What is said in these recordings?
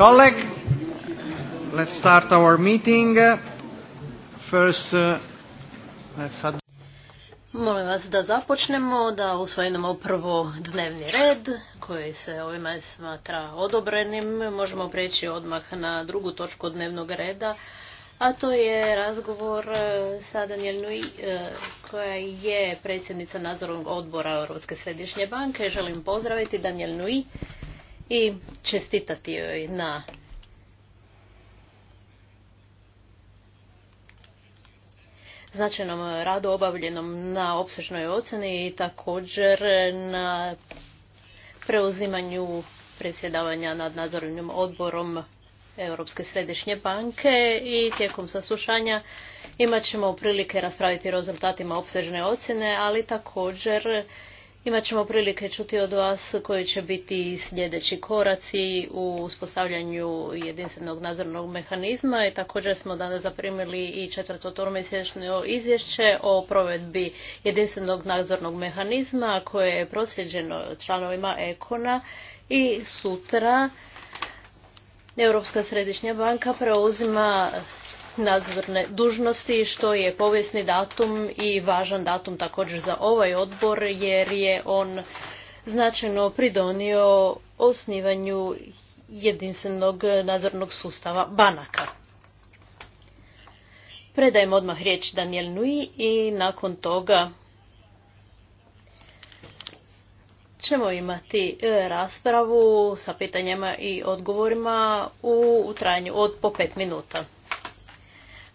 colleague. Let's start our meeting. First, uh, let's Molim vas da započnemo, da usvojimo prvo dnevni red koji se ovime smatra odobrenim. Možemo preći odmah na drugu točku dnevnog reda, a to je razgovor e, sa Daniel Nui, e, koja je predsjednica nadzornog odbora Europske središnje banke. Želim pozdraviti Daniel i i čestitati joj na značajnom radu obavljenom na opsežnoj ocjeni i također na preuzimanju predsjedavanja nad nadzornim odborom Europske središnje banke i tijekom saslušanja imat ćemo prilike raspraviti rezultatima opsežne ocjene, ali također Imat ćemo prilike čuti od vas koji će biti sljedeći koraci u uspostavljanju jedinstvenog nadzornog mehanizma i također smo danas zaprimili i četvrto tromjesečno izvješće o provedbi jedinstvenog nadzornog mehanizma koje je prosljeđeno članovima Ekona i sutra Europska središnja banka preuzima nadzorne dužnosti, što je povijesni datum i važan datum također za ovaj odbor, jer je on značajno pridonio osnivanju jedinstvenog nadzornog sustava banaka. Predajem odmah riječ Daniel Nui i nakon toga ćemo imati e, raspravu sa pitanjima i odgovorima u trajanju od po pet minuta.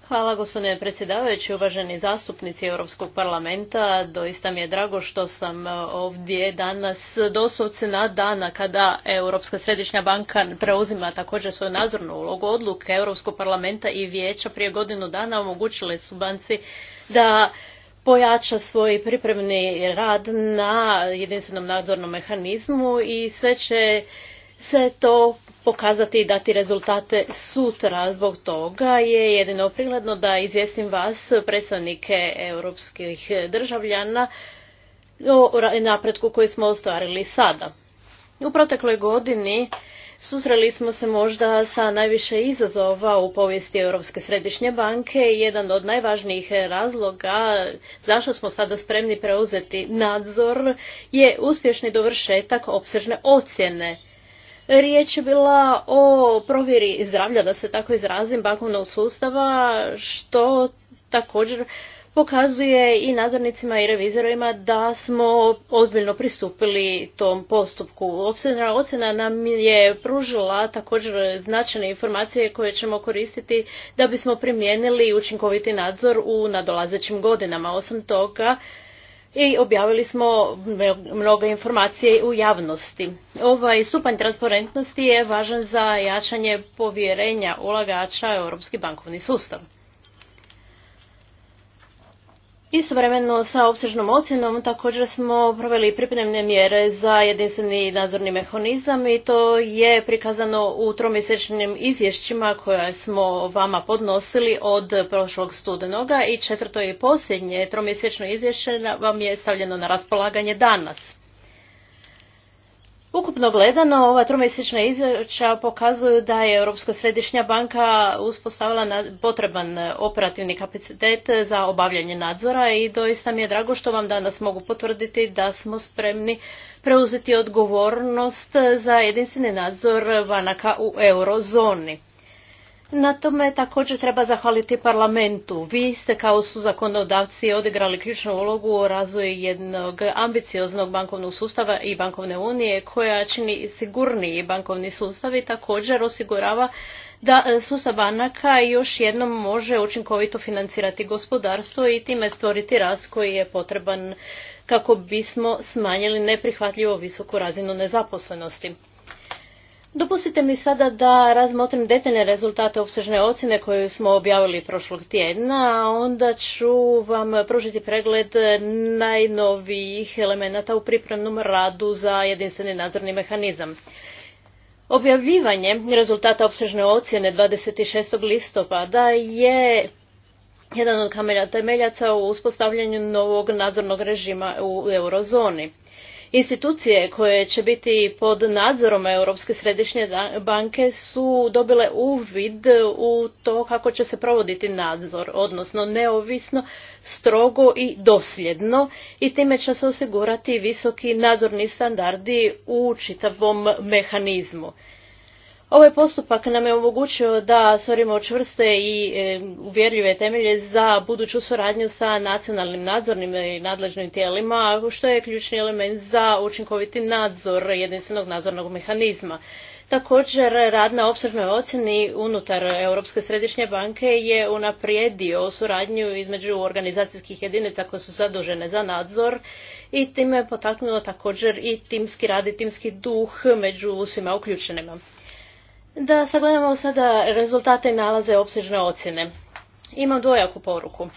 Hvala gospodine predsjedavajući, uvaženi zastupnici Europskog parlamenta. Doista mi je drago što sam e, ovdje danas doslovce na dana kada Europska središnja banka preuzima također svoju nadzornu ulogu odluke Europskog parlamenta i vijeća prije godinu dana omogućile su banci da pojača svoj pripremni rad na jedinstvenom nadzornom mehanizmu i sve će se to pokazati i dati rezultate sutra. Zbog toga je jedino prigledno da izvijestim vas, predstavnike europskih državljana, o napretku koji smo ostvarili sada. U protekloj godini susreli smo se možda sa najviše izazova u povijesti Europske središnje banke i jedan od najvažnijih razloga zašto smo sada spremni preuzeti nadzor je uspješni dovršetak opsežne ocjene Riječ je bila o provjeri zdravlja, da se tako izrazim, bankovnog sustava, što također pokazuje i nadzornicima i revizorima da smo ozbiljno pristupili tom postupku. Opsedna ocena nam je pružila također značajne informacije koje ćemo koristiti da bismo primijenili učinkoviti nadzor u nadolazećim godinama. Osim toga, i objavili smo mnoge informacije u javnosti. Ovaj stupanj transparentnosti je važan za jačanje povjerenja ulagača u europski bankovni sustav. Istovremeno sa opsežnom ocjenom također smo proveli pripremne mjere za jedinstveni nadzorni mehanizam i to je prikazano u tromjesečnim izvješćima koje smo vama podnosili od prošlog studenoga i četvrto i posljednje tromjesečno izvješće vam je stavljeno na raspolaganje danas. Ukupno gledano, ova tromjesečna izvješća pokazuju da je Europska središnja banka uspostavila potreban operativni kapacitet za obavljanje nadzora i doista mi je drago što vam danas mogu potvrditi da smo spremni preuzeti odgovornost za jedinstveni nadzor banaka u eurozoni. Na tome također treba zahvaliti parlamentu. Vi ste kao su zakonodavci odigrali ključnu ulogu u razvoju jednog ambicioznog bankovnog sustava i bankovne unije koja čini sigurniji bankovni sustav i također osigurava da sustav banaka još jednom može učinkovito financirati gospodarstvo i time stvoriti rast koji je potreban kako bismo smanjili neprihvatljivo visoku razinu nezaposlenosti. Dopustite mi sada da razmotrim detaljne rezultate opsežne ocjene koju smo objavili prošlog tjedna, a onda ću vam pružiti pregled najnovijih elemenata u pripremnom radu za jedinstveni nadzorni mehanizam. Objavljivanje rezultata opsežne ocjene 26. listopada je jedan od kamelja temeljaca u uspostavljanju novog nadzornog režima u eurozoni. Institucije koje će biti pod nadzorom Europske središnje banke su dobile uvid u to kako će se provoditi nadzor, odnosno neovisno, strogo i dosljedno i time će se osigurati visoki nadzorni standardi u čitavom mehanizmu. Ovaj postupak nam je omogućio da stvorimo čvrste i e, uvjerljive temelje za buduću suradnju sa nacionalnim nadzornim i nadležnim tijelima, što je ključni element za učinkoviti nadzor jedinstvenog nadzornog mehanizma. Također, rad na opsežnoj ocjeni unutar Europske središnje banke je unaprijedio suradnju između organizacijskih jedinica koje su zadužene za nadzor i time je potaknuo također i timski rad i timski duh među svima uključenima. Da sagledamo sada rezultate i nalaze opsežne ocjene. Imam dvojaku poruku.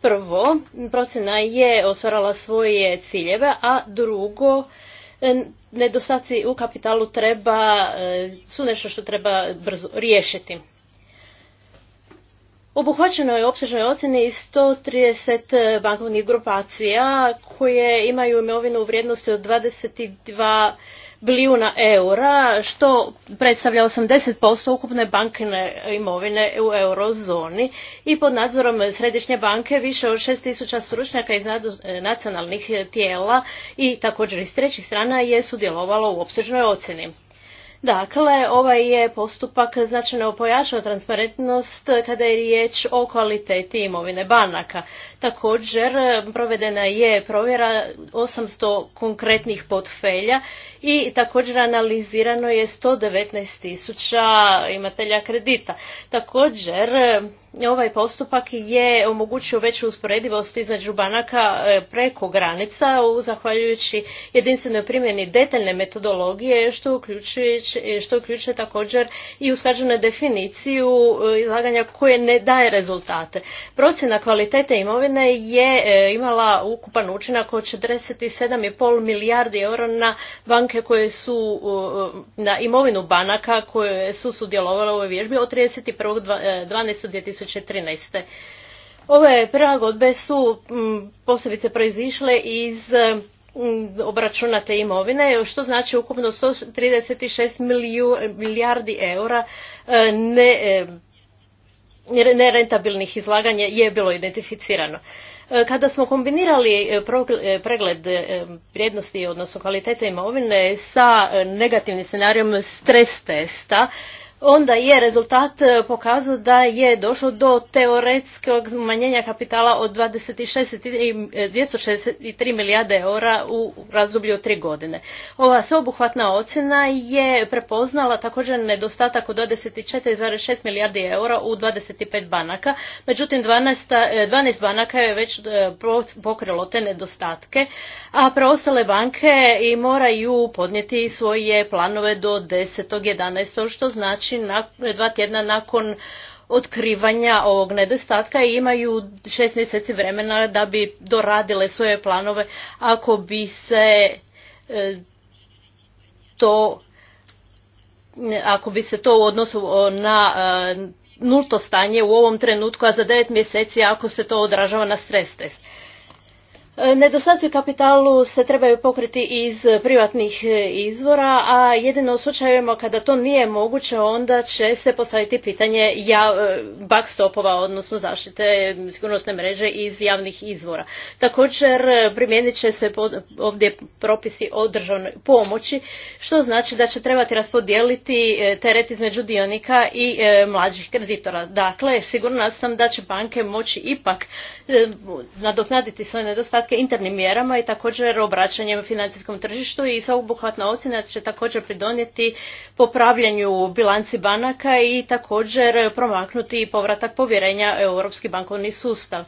Prvo, procjena je osvarala svoje ciljeve, a drugo, e, nedostaci u kapitalu treba, e, su nešto što treba brzo riješiti. Obuhvaćeno je opsežnoj ocjeni 130 bankovnih grupacija koje imaju imovinu u vrijednosti od 22 bilijuna eura, što predstavlja 80% ukupne bankine imovine u eurozoni i pod nadzorom Središnje banke više od 6000 stručnjaka iz nacionalnih tijela i također iz trećih strana je sudjelovalo u opsežnoj ocjeni. Dakle, ovaj je postupak značajno pojačao transparentnost kada je riječ o kvaliteti imovine banaka. Također, provedena je provjera 800 konkretnih portfelja i također analizirano je 119 tisuća imatelja kredita. Također, e, ovaj postupak je omogućio veću usporedivost između banaka e, preko granica zahvaljujući jedinstvenoj primjeni detaljne metodologije što uključuje, što uključuje također i uskađenu definiciju e, izlaganja koje ne daje rezultate. Procjena kvalitete imovine je imala ukupan učinak od 47,5 milijardi eura na banke koje su, na imovinu banaka koje su sudjelovale u ovoj vježbi od 31.12.2013. E, Ove prilagodbe su posebice proizišle iz obračunate te imovine, što znači ukupno 136 milijardi eura e, e, nerentabilnih izlaganja je bilo identificirano. E, kada smo kombinirali e, e, pregled vrijednosti, odnosno kvalitete imovine sa negativnim scenarijom stres testa, onda je rezultat e, pokazao da je došlo do teoretskog manjenja kapitala od 263 e, milijarde eura u razdoblju od tri godine. Ova sveobuhvatna ocjena je prepoznala također nedostatak od 24,6 milijardi eura u 25 banaka, međutim 12, 12 e, banaka je već pokrilo te nedostatke, a preostale banke i moraju podnijeti svoje planove do 10. 11. što znači Znači dva tjedna nakon otkrivanja ovog nedostatka i imaju šest mjeseci vremena da bi doradile svoje planove ako bi se e, to ako bi se to u odnosu na e, nulto stanje u ovom trenutku, a za devet mjeseci ako se to odražava na stres test. E, Nedostaci u kapitalu se trebaju pokriti iz privatnih e, izvora, a jedino u slučajevima kada to nije moguće, onda će se postaviti pitanje e, backstopova, odnosno zaštite sigurnosne mreže iz javnih izvora. Također primijenit će se ovdje propisi o državnoj pomoći, što znači da će trebati raspodijeliti teret između dionika i mlađih kreditora. Dakle, sigurna sam da će banke moći ipak nadoknaditi svoje nedostatke internim mjerama i također obraćanjem financijskom tržištu i sveobuhvatna ocjena će također pridonijeti popravljanju bilanci banaka i također promaknuti povratak povjerenja u europski bankovni sustav.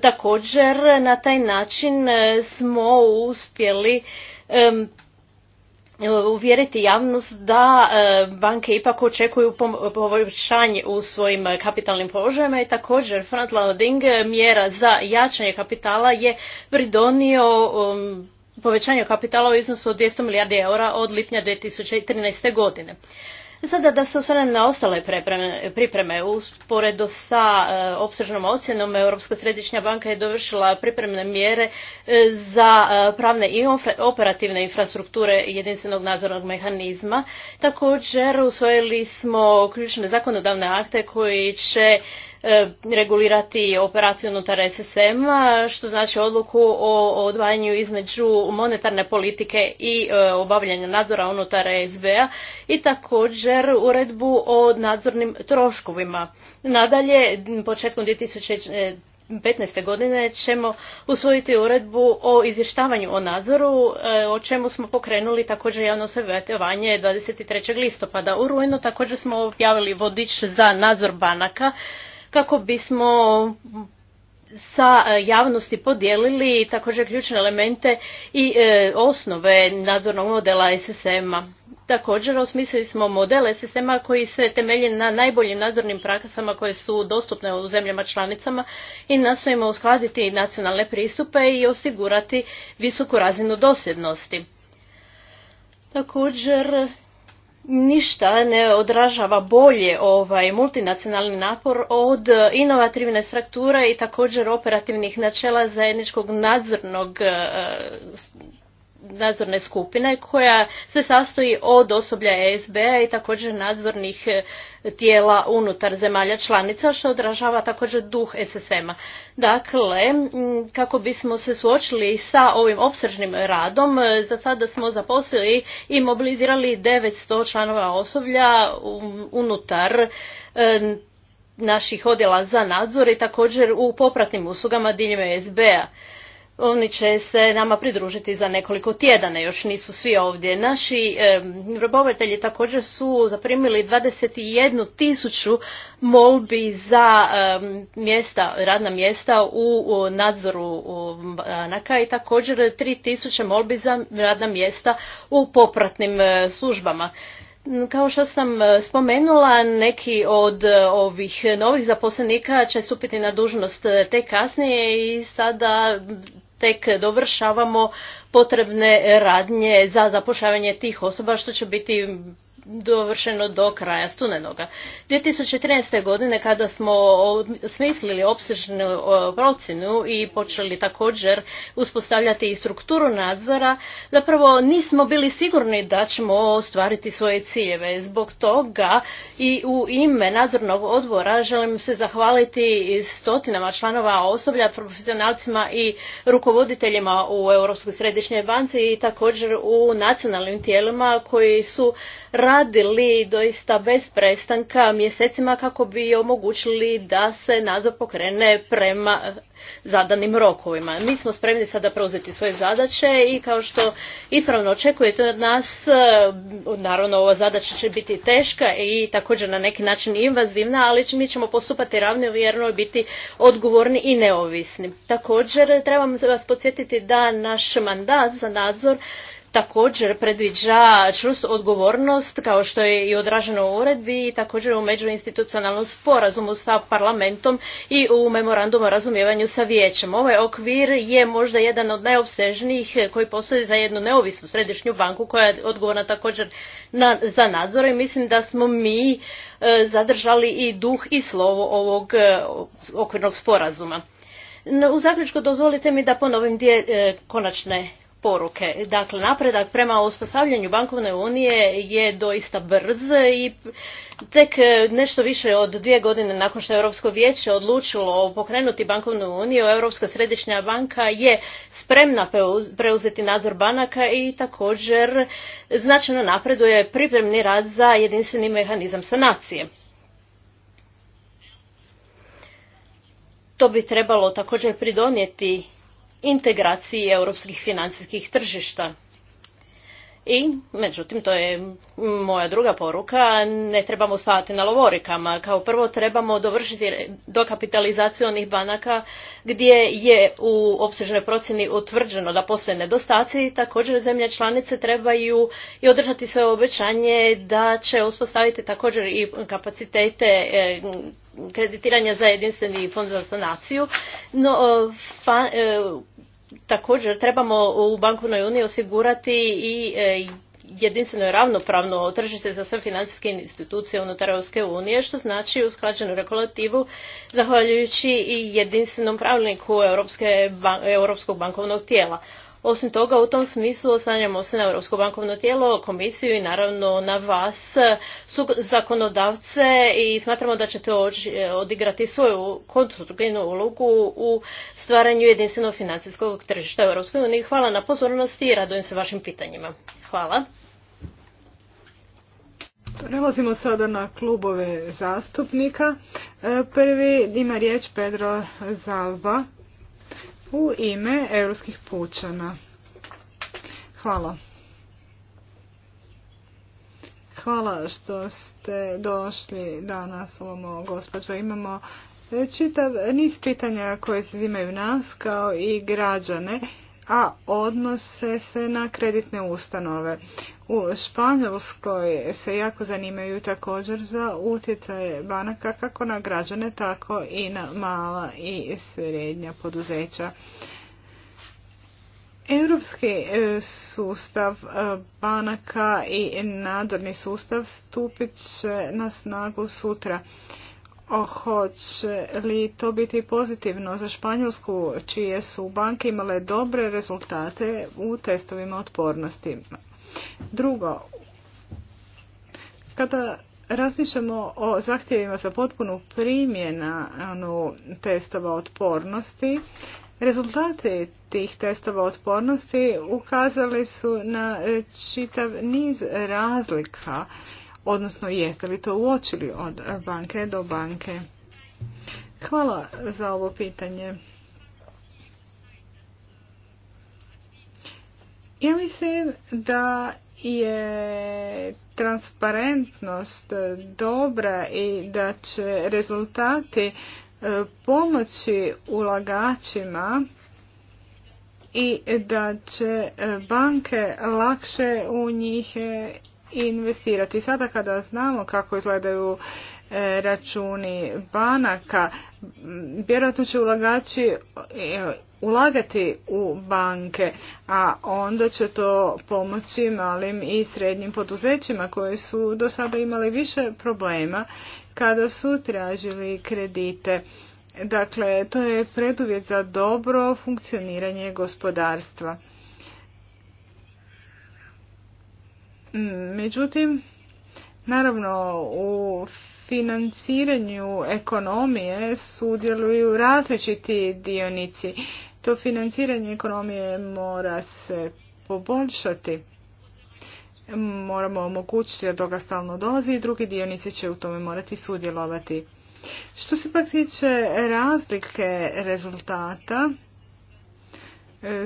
Također na taj način e, smo uspjeli E, uvjeriti javnost da e, banke ipak očekuju poboljšanje u svojim kapitalnim položajima i također frontloading mjera za jačanje kapitala je pridonio e, povećanje kapitala u iznosu od 200 milijardi eura od lipnja 2013. godine. Sada da se osvrnem na ostale pripreme. Usporedo sa e, opsežnom ocjenom, Europska središnja banka je dovršila pripremne mjere e, za e, pravne i operativne infrastrukture jedinstvenog nadzornog mehanizma. Također usvojili smo ključne zakonodavne akte koji će E, regulirati operaciju unutar ssm što znači odluku o odvajanju između monetarne politike i e, obavljanja nadzora unutar sba a i također uredbu o nadzornim troškovima. Nadalje, početkom 2000 2015. godine ćemo usvojiti uredbu o izvještavanju o nadzoru, e, o čemu smo pokrenuli također javno savjetovanje 23. listopada. U rujnu također smo objavili vodič za nadzor banaka kako bismo sa e, javnosti podijelili također ključne elemente i e, osnove nadzornog modela SSM-a. Također osmislili smo model SSM-a koji se temelji na najboljim nadzornim praksama koje su dostupne u zemljama članicama i nastojimo uskladiti nacionalne pristupe i osigurati visoku razinu dosljednosti. Također ništa ne odražava bolje ovaj multinacionalni napor od inovativne strukture i također operativnih načela zajedničkog nadzornog e, nadzorne skupine koja se sastoji od osoblja ESB-a i također nadzornih e, tijela unutar zemalja članica što odražava također duh SSM-a. Dakle, kako bismo se suočili sa ovim opsežnim radom, e, za sada smo zaposlili i mobilizirali 900 članova osoblja um, unutar e, naših odjela za nadzor i također u popratnim uslugama diljem sba. a oni će se nama pridružiti za nekoliko tjedana, još nisu svi ovdje. Naši e, također su zaprimili 21 tisuću molbi za mjesta, radna mjesta u, nadzoru banaka i također 3 tisuće molbi za radna mjesta u popratnim e, službama. Kao što sam e, spomenula, neki od e, ovih novih zaposlenika će stupiti na dužnost te kasnije i sada tek dovršavamo potrebne radnje za zapošljavanje tih osoba što će biti dovršeno do kraja studenoga. 2013. godine kada smo smislili opsežnu e, procjenu i počeli također uspostavljati i strukturu nadzora, zapravo nismo bili sigurni da ćemo ostvariti svoje ciljeve. Zbog toga i u ime nadzornog odbora želim se zahvaliti stotinama članova osoblja, profesionalcima i rukovoditeljima u Europskoj središnjoj banci i također u nacionalnim tijelima koji su radili doista bez prestanka mjesecima kako bi omogućili da se nadzor pokrene prema zadanim rokovima. Mi smo spremni sada preuzeti svoje zadaće i kao što ispravno očekujete od nas, eh, naravno ova zadaća će biti teška i također na neki način invazivna, ali mi ćemo postupati ravno i biti odgovorni i neovisni. Također trebam vas podsjetiti da naš mandat za nadzor također predviđa čvrstu odgovornost kao što je i odraženo u uredbi i također u međuinstitucionalnom sporazumu sa parlamentom i u memorandumu o razumijevanju sa vijećem. Ovaj okvir je možda jedan od najopsežnijih koji postoji za jednu neovisnu središnju banku koja je odgovorna također na, za nadzor i mislim da smo mi e, zadržali i duh i slovo ovog e, okvirnog sporazuma. U zaključku dozvolite mi da ponovim dje, e, konačne poruke. Dakle, napredak prema uspostavljanju bankovne unije je doista brz i tek e, nešto više od dvije godine nakon što je Europsko vijeće odlučilo pokrenuti bankovnu uniju, Europska središnja banka je spremna preuzeti nadzor banaka i također značajno napreduje pripremni rad za jedinstveni mehanizam sanacije. To bi trebalo također pridonijeti integraciji europskih financijskih tržišta. I, međutim, to je moja druga poruka, ne trebamo spavati na lovorikama. Kao prvo trebamo dovršiti dokapitalizaciju onih banaka gdje je u opsežnoj procjeni utvrđeno da postoje nedostaci. Također zemlje članice trebaju i održati sve obećanje da će uspostaviti također i kapacitete e, kreditiranja za jedinstveni fond za sanaciju. No, e, e, Također trebamo u bankovnoj uniji osigurati i e, jedinstveno ravnopravno tržište za sve financijske institucije unutar Europske unije, što znači usklađenu regulativu zahvaljujući i jedinstvenom pravilniku Europskog bankovnog tijela. Osim toga, u tom smislu oslanjamo se na Europsko bankovno tijelo, komisiju i naravno na vas, zakonodavce i smatramo da ćete odigrati svoju konstruktivnu ulogu u stvaranju jedinstvenog financijskog tržišta u Europskoj uniji. Hvala na pozornosti i radujem se vašim pitanjima. Hvala. Prelazimo sada na klubove zastupnika. E, prvi ima riječ Pedro Zalba u ime europskih pučana. Hvala. Hvala što ste došli danas ovamo, gospođo. Imamo e, čitav niz pitanja koje se zimaju nas kao i građane, a odnose se na kreditne ustanove. U Španjolskoj se jako zanimaju također za utjecaje banaka kako na građane, tako i na mala i srednja poduzeća. Europski e, sustav e, banaka i nadzorni sustav stupit će na snagu sutra. Hoće li to biti pozitivno za Španjolsku, čije su banke imale dobre rezultate u testovima otpornosti? Drugo, kada razmišljamo o zahtjevima za potpunu primjenu ono, testova otpornosti, Rezultati tih testova otpornosti ukazali su na e, čitav niz razlika, odnosno jeste li to uočili od banke do banke. Hvala za ovo pitanje. Ja mislim da je transparentnost dobra i da će rezultati e, pomoći ulagačima i da će e, banke lakše u njih e, investirati. Sada kada znamo kako izgledaju E, računi banaka. Vjerojatno će ulagači e, ulagati u banke, a onda će to pomoći malim i srednjim poduzećima koji su do sada imali više problema kada su tražili kredite. Dakle, to je preduvjet za dobro funkcioniranje gospodarstva. Mm, međutim, naravno u financiranju ekonomije sudjeluju različiti dionici. To financiranje ekonomije mora se poboljšati. Moramo omogućiti da toga stalno dolazi i drugi dionici će u tome morati sudjelovati. Što se pak tiče razlike rezultata,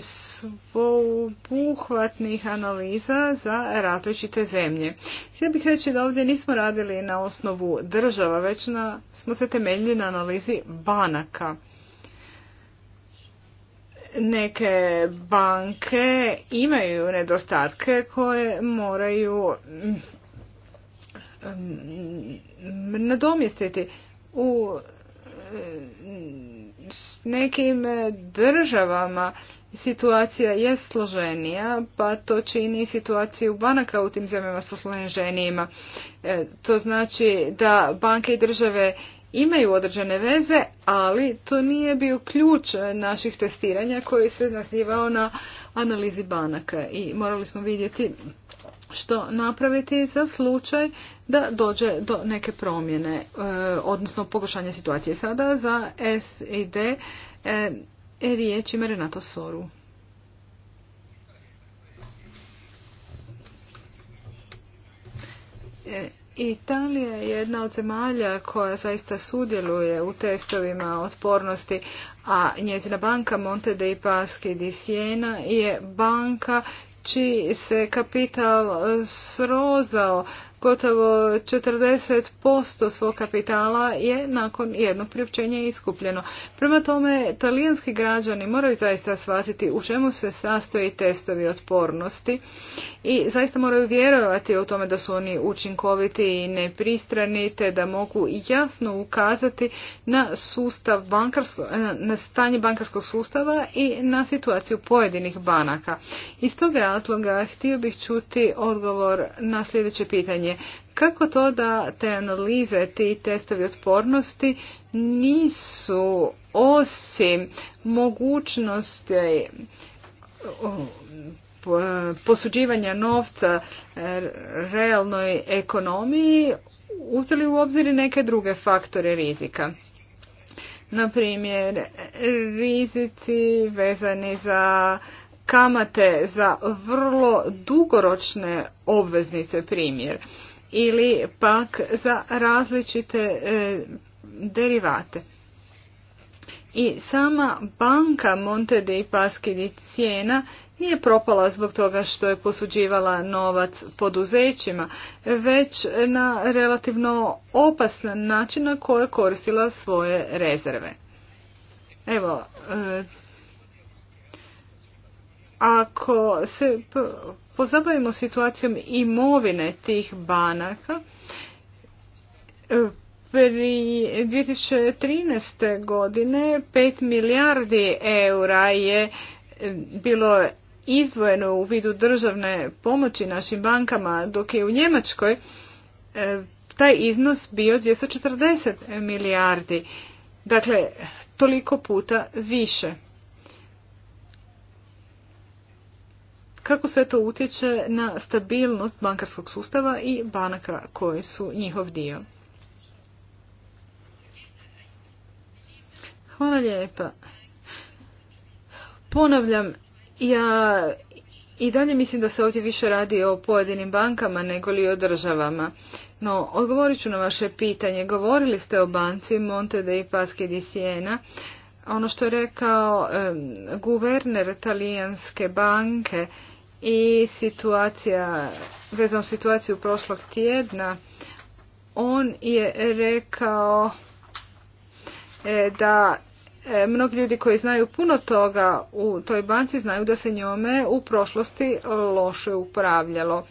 svobuhvatnih analiza za različite zemlje. Htio bih reći da ovdje nismo radili na osnovu država, već smo se temeljili na analizi banaka. Neke banke imaju nedostatke koje moraju mm, mm, nadomjestiti u mm, nekim državama situacija je složenija, pa to čini situaciju banaka u tim zemljama složenijima. E, to znači da banke i države imaju određene veze, ali to nije bio ključ naših testiranja koji se nazivao na analizi banaka i morali smo vidjeti što napraviti za slučaj da dođe do neke promjene, e, odnosno pogošanja situacije. Sada za SID e, E, riječ ima Renato Soru. E, Italija je jedna od zemalja koja zaista sudjeluje u testovima otpornosti, a njezina banka Monte dei Paschi di Siena je banka čiji se kapital srozao gotovo 40% svog kapitala je nakon jednog priopćenja iskupljeno. Prema tome, talijanski građani moraju zaista shvatiti u čemu se sastoji testovi otpornosti i zaista moraju vjerovati o tome da su oni učinkoviti i nepristrani te da mogu jasno ukazati na sustav eh, na stanje bankarskog sustava i na situaciju pojedinih banaka. Iz tog razloga htio bih čuti odgovor na sljedeće pitanje kako to da te analize, ti testovi otpornosti nisu osim mogućnosti eh, posuđivanja novca eh, realnoj ekonomiji uzeli u obzir neke druge faktore rizika. Na primjer, rizici vezani za kamate za vrlo dugoročne obveznice primjer ili pak za različite e, derivate. I sama banka Monte dei Paschi di Siena nije propala zbog toga što je posuđivala novac poduzećima, već na relativno opasan način na koje je koristila svoje rezerve. Evo, e, ako se pozabavimo situacijom imovine tih banaka, e, pri 2013. godine 5 milijardi eura je e, bilo izvojeno u vidu državne pomoći našim bankama, dok je u Njemačkoj e, taj iznos bio 240 milijardi. Dakle, toliko puta više. kako sve to utječe na stabilnost bankarskog sustava i banaka koje su njihov dio. Hvala lijepa. Ponavljam, ja i dalje mislim da se ovdje više radi o pojedinim bankama nego li o državama. No, odgovorit ću na vaše pitanje. Govorili ste o banci Monte dei Paschi di Siena. Ono što je rekao guverner talijanske banke i situacija, vezano situaciju prošlog tjedna, on je rekao e, da e, mnogi ljudi koji znaju puno toga u toj banci znaju da se njome u prošlosti loše upravljalo.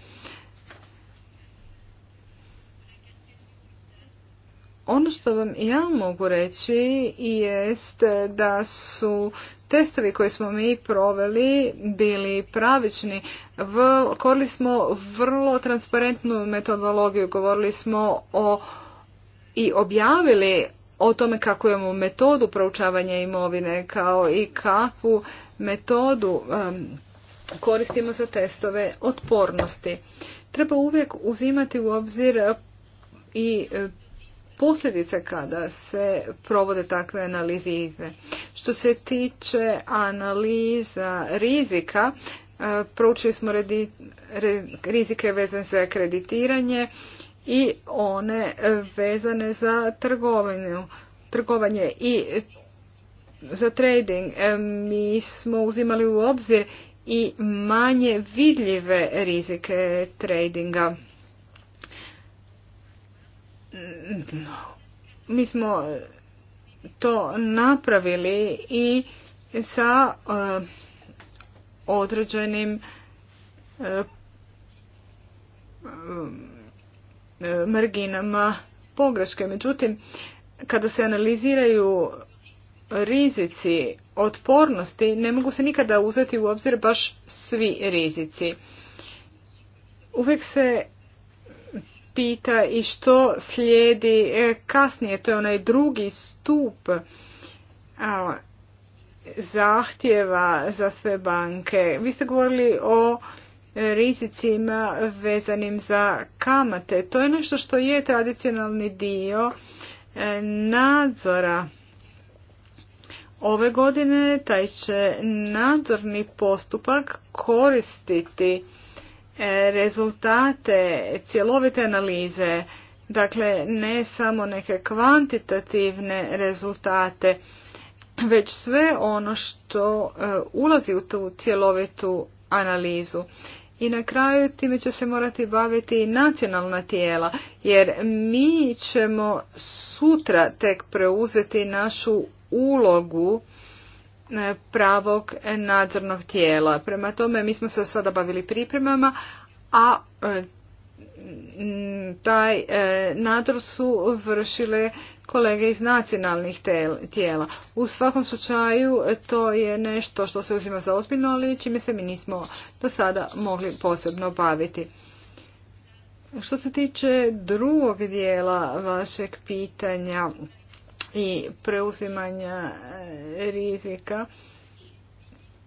Ono što vam ja mogu reći jest da su testovi koje smo mi proveli bili pravični. korili smo vrlo transparentnu metodologiju, govorili smo o i objavili o tome kako imamo metodu proučavanja imovine kao i kakvu metodu koristimo za testove otpornosti. Treba uvijek uzimati u obzir i posljedice kada se provode takve analize. Što se tiče analiza rizika, e, proučili smo rizike vezane za kreditiranje i one vezane za trgovanje i za trading. E, mi smo uzimali u obzir i manje vidljive rizike tradinga mi smo to napravili i sa e, određenim e, e, marginama pogreške. Međutim, kada se analiziraju rizici otpornosti, ne mogu se nikada uzeti u obzir baš svi rizici. Uvijek se pita i što slijedi e, kasnije. To je onaj drugi stup zahtjeva za sve banke. Vi ste govorili o rizicima vezanim za kamate. To je nešto što je tradicionalni dio e, nadzora. Ove godine taj će nadzorni postupak koristiti E, rezultate cjelovite analize, dakle ne samo neke kvantitativne rezultate, već sve ono što e, ulazi u tu cjelovitu analizu. I na kraju time će se morati baviti i nacionalna tijela, jer mi ćemo sutra tek preuzeti našu ulogu E, pravog nadzornog tijela. Prema tome, mi smo se sada bavili pripremama, a e, taj e, nadzor su vršile kolege iz nacionalnih tijela. U svakom slučaju to je nešto što se uzima za ozbiljno, ali čime se mi nismo do sada mogli posebno baviti. Što se tiče drugog dijela vašeg pitanja, i preuzimanja e, rizika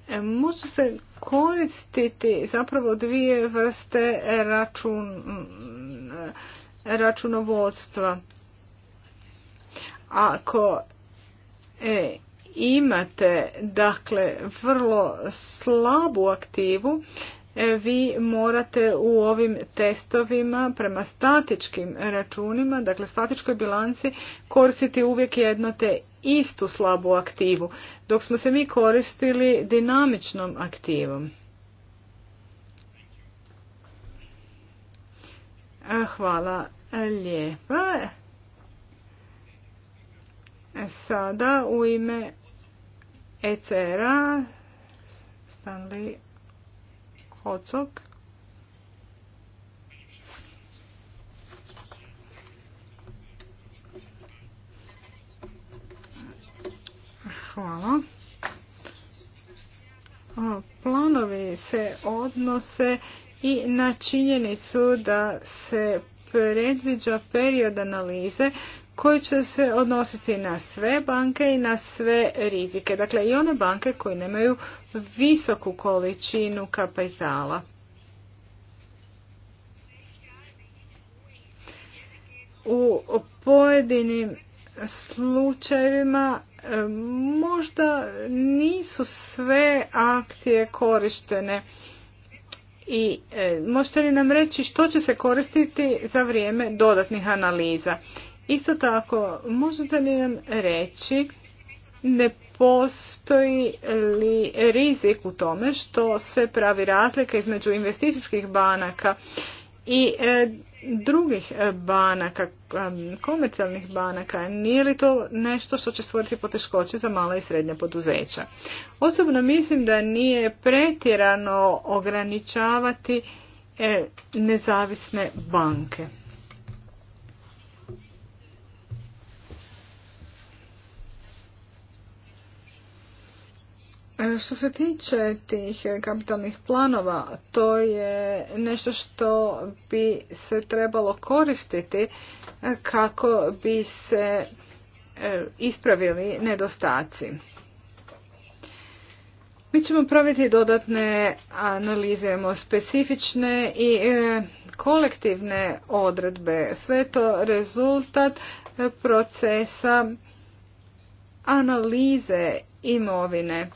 e, može se koristiti zapravo dvije vrste račun, e, računovodstva. Ako imate dakle vrlo slabu aktivu, E, vi morate u ovim testovima prema statičkim računima, dakle statičkoj bilanci, koristiti uvijek jedno te istu slabu aktivu, dok smo se mi koristili dinamičnom aktivom. E, hvala lijepa. E, sada u ime ECR-a Stanley ocok. Hvala. Planovi se odnose i na činjenicu da se predviđa period analize koji će se odnositi na sve banke i na sve rizike. Dakle, i one banke koje nemaju visoku količinu kapitala. U pojedinim slučajevima e, možda nisu sve akcije korištene i e, možete li nam reći što će se koristiti za vrijeme dodatnih analiza Isto tako, možete li nam reći ne postoji li rizik u tome što se pravi razlika između investicijskih banaka i e, drugih e, banaka, komercijalnih banaka, nije li to nešto što će stvoriti poteškoće za mala i srednja poduzeća? Osobno mislim da nije pretjerano ograničavati e, nezavisne banke. E, što se tiče tih kapitalnih planova, to je nešto što bi se trebalo koristiti e, kako bi se e, ispravili nedostaci. Mi ćemo praviti dodatne analize, specifične i kolektivne odredbe. Sve to rezultat procesa analize imovine.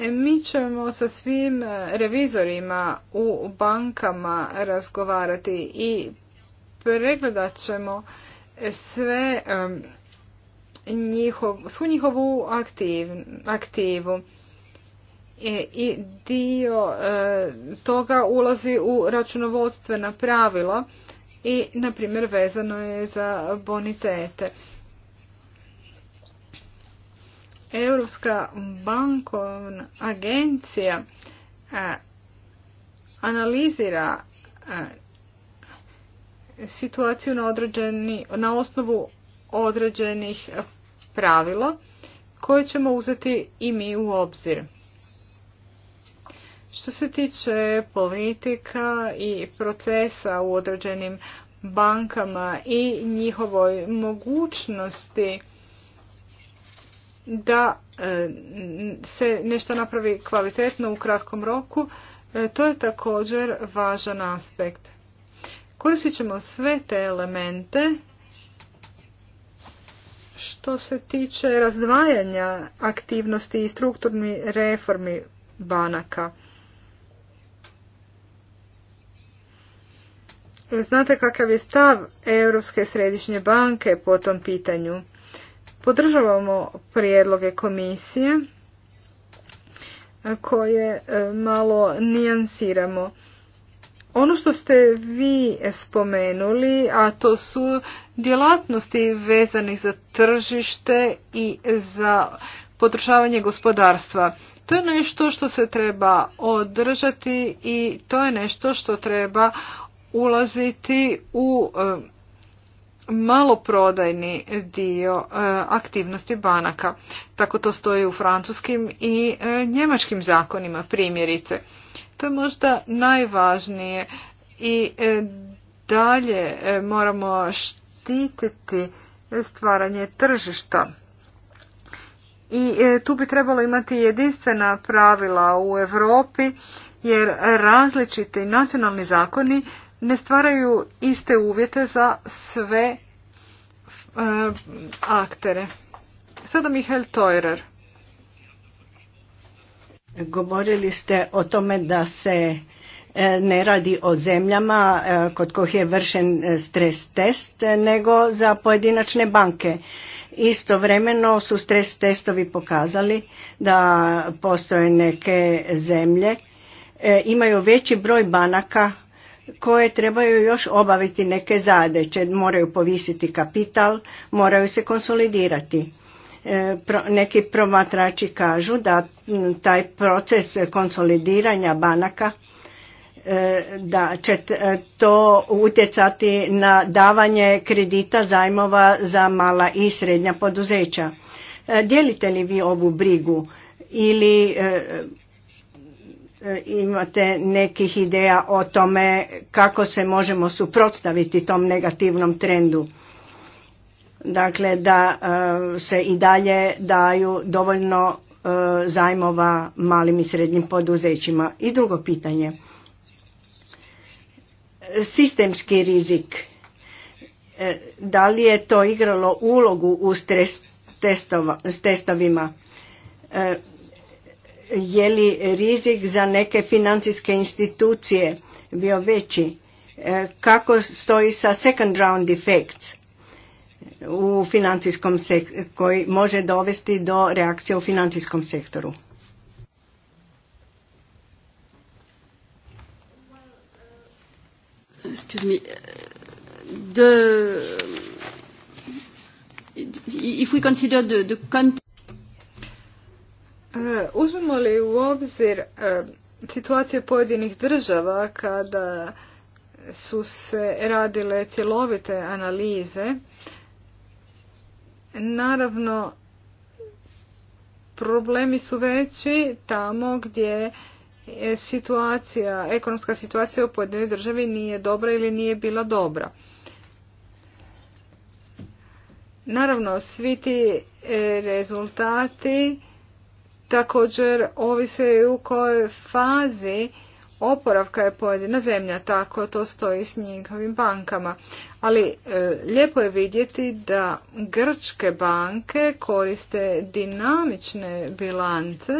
E, mi ćemo sa svim e, revizorima u bankama razgovarati i pregledat ćemo sve njihov, svu njihovu aktiv, aktivu e, i dio toga ulazi u računovodstvena pravila i na primjer vezano je za bonitete Europska bankovna agencija analizira situaciju na, na osnovu određenih pravila koje ćemo uzeti i mi u obzir. Što se tiče politika i procesa u određenim bankama i njihovoj mogućnosti da e, se nešto napravi kvalitetno u kratkom roku, e, to je također važan aspekt. Koristit ćemo sve te elemente što se tiče razdvajanja aktivnosti i strukturnih reformi banaka. Znate kakav je stav Europske središnje banke po tom pitanju? Podržavamo prijedloge komisije e, koje e, malo nijansiramo. Ono što ste vi spomenuli, a to su djelatnosti vezanih za tržište i za podržavanje gospodarstva. To je nešto što se treba održati i to je nešto što treba ulaziti u e, maloprodajni dio e, aktivnosti banaka. Tako to stoji u francuskim i e, njemačkim zakonima primjerice. To je možda najvažnije i e, dalje moramo štititi stvaranje tržišta. I tu bi trebalo imati jedinstvena pravila u Europi jer različiti nacionalni zakoni ne stvaraju iste uvjete za sve e, aktere. Sada Mihael Teurer. Govorili ste o tome da se e, ne radi o zemljama e, kod kojih je vršen stres test, nego za pojedinačne banke. Istovremeno su stres testovi pokazali da postoje neke zemlje, imaju veći broj banaka koje trebaju još obaviti neke zadeće, moraju povisiti kapital, moraju se konsolidirati. E, neki promatrači kažu da taj proces konsolidiranja banaka e, da će e, to utjecati na davanje kredita zajmova za mala i srednja poduzeća. Dijelite li vi ovu brigu ili E, imate nekih ideja o tome kako se možemo suprotstaviti tom negativnom trendu. Dakle, da e, se i dalje daju dovoljno e, zajmova malim i srednjim poduzećima. I drugo pitanje. Sistemski rizik. Da li je to igralo ulogu u stres testovima? je li rizik za neke financijske institucije bio veći? E, kako stoji sa second round effects u financijskom sektoru koji može dovesti do reakcije u financijskom sektoru? excuse me, uh, if we consider the content Eh, uzmemo li u obzir eh, situacije pojedinih država kada su se radile cjelovite analize, naravno problemi su veći tamo gdje situacija, ekonomska situacija u pojedinoj državi nije dobra ili nije bila dobra. Naravno, svi ti eh, rezultati također ovise i u kojoj fazi oporavka je pojedina zemlja, tako to stoji s njihovim bankama. Ali e, lijepo je vidjeti da grčke banke koriste dinamične bilance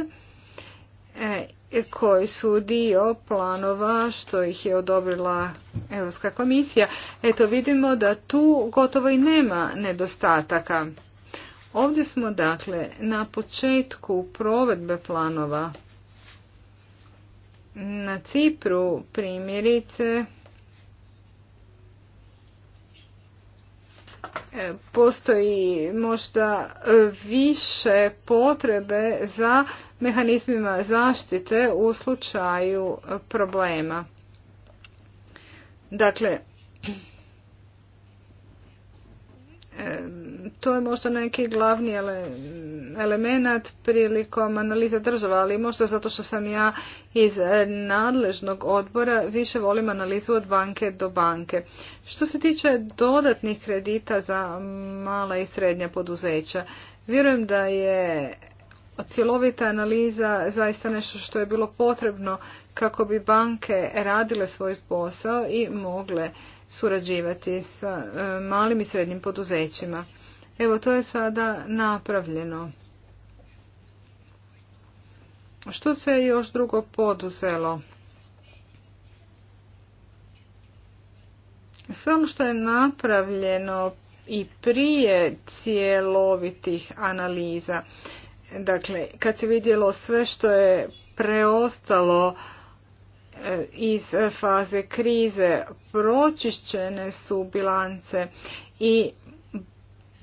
e, koji su dio planova što ih je odobrila Europska komisija. Eto vidimo da tu gotovo i nema nedostataka. Ovdje smo dakle na početku provedbe planova na Cipru primjerice e, postoji možda više potrebe za mehanizmima zaštite u slučaju problema. Dakle, e, to je možda neki glavni ele, element prilikom analize država, ali možda zato što sam ja iz e, nadležnog odbora više volim analizu od banke do banke. Što se tiče dodatnih kredita za mala i srednja poduzeća, vjerujem da je cjelovita analiza zaista nešto što je bilo potrebno kako bi banke radile svoj posao i mogle surađivati sa e, malim i srednjim poduzećima. Evo, to je sada napravljeno. Što se još drugo poduzelo? Sve ono što je napravljeno i prije cjelovitih analiza, dakle, kad se vidjelo sve što je preostalo e, iz faze krize, pročišćene su bilance i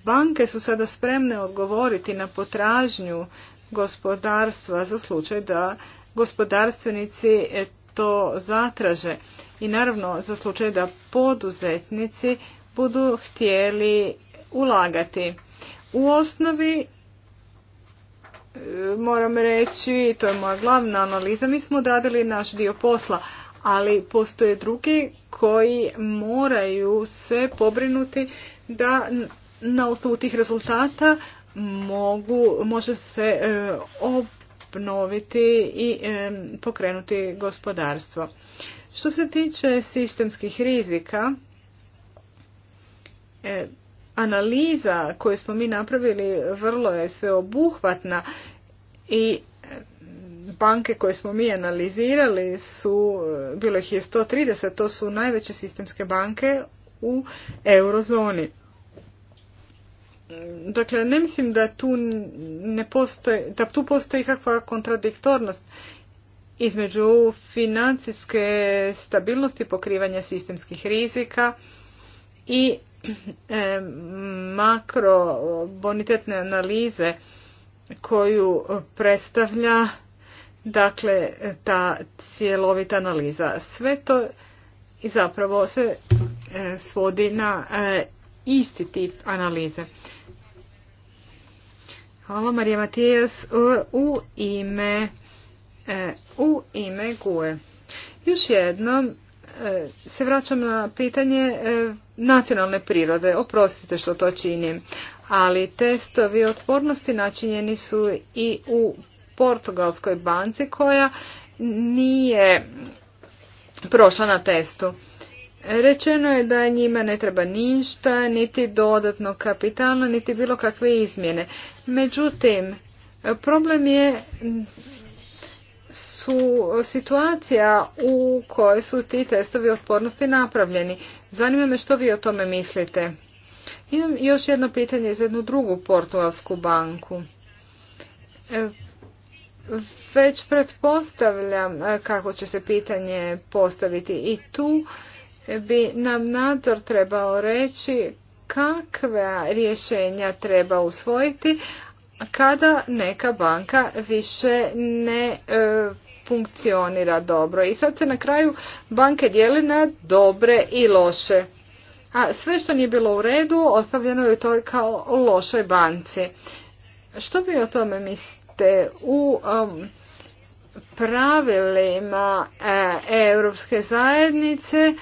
Banke su sada spremne odgovoriti na potražnju gospodarstva za slučaj da gospodarstvenici e, to zatraže i naravno za slučaj da poduzetnici budu htjeli ulagati. U osnovi e, moram reći, to je moja glavna analiza, mi smo odradili naš dio posla, ali postoje drugi koji moraju se pobrinuti da na osnovu tih rezultata mogu, može se e, obnoviti i e, pokrenuti gospodarstvo. Što se tiče sistemskih rizika, e, analiza koju smo mi napravili vrlo je sveobuhvatna i banke koje smo mi analizirali su, bilo ih je 130, to su najveće sistemske banke u eurozoni. Dakle, ne mislim da tu ne postoji, da tu postoji kakva kontradiktornost između financijske stabilnosti pokrivanja sistemskih rizika i makrobonitetne analize koju predstavlja dakle ta cjelovita analiza. Sve to zapravo se e, svodi na e, isti tip analize. Hvala Marija Matijas e, u ime e, u ime GUE. Još jednom e, se vraćam na pitanje nacionalne prirode. Oprostite što to činim. Ali testovi otpornosti načinjeni su i u Portugalskoj banci koja nije prošla na testu. Rečeno je da njima ne treba ništa, niti dodatno kapitalno, niti bilo kakve izmjene. Međutim, problem je su situacija u kojoj su ti testovi otpornosti napravljeni. Zanima me što vi o tome mislite. Imam još jedno pitanje za jednu drugu portugalsku banku. E, već pretpostavljam e, kako će se pitanje postaviti i tu bi nam nadzor trebao reći kakva rješenja treba usvojiti kada neka banka više ne e, funkcionira dobro. I sad se na kraju banke dijeli na dobre i loše. A sve što nije bilo u redu ostavljeno je to kao lošoj banci. Što bi o tome mislite u um, pravilima e, Europske zajednice?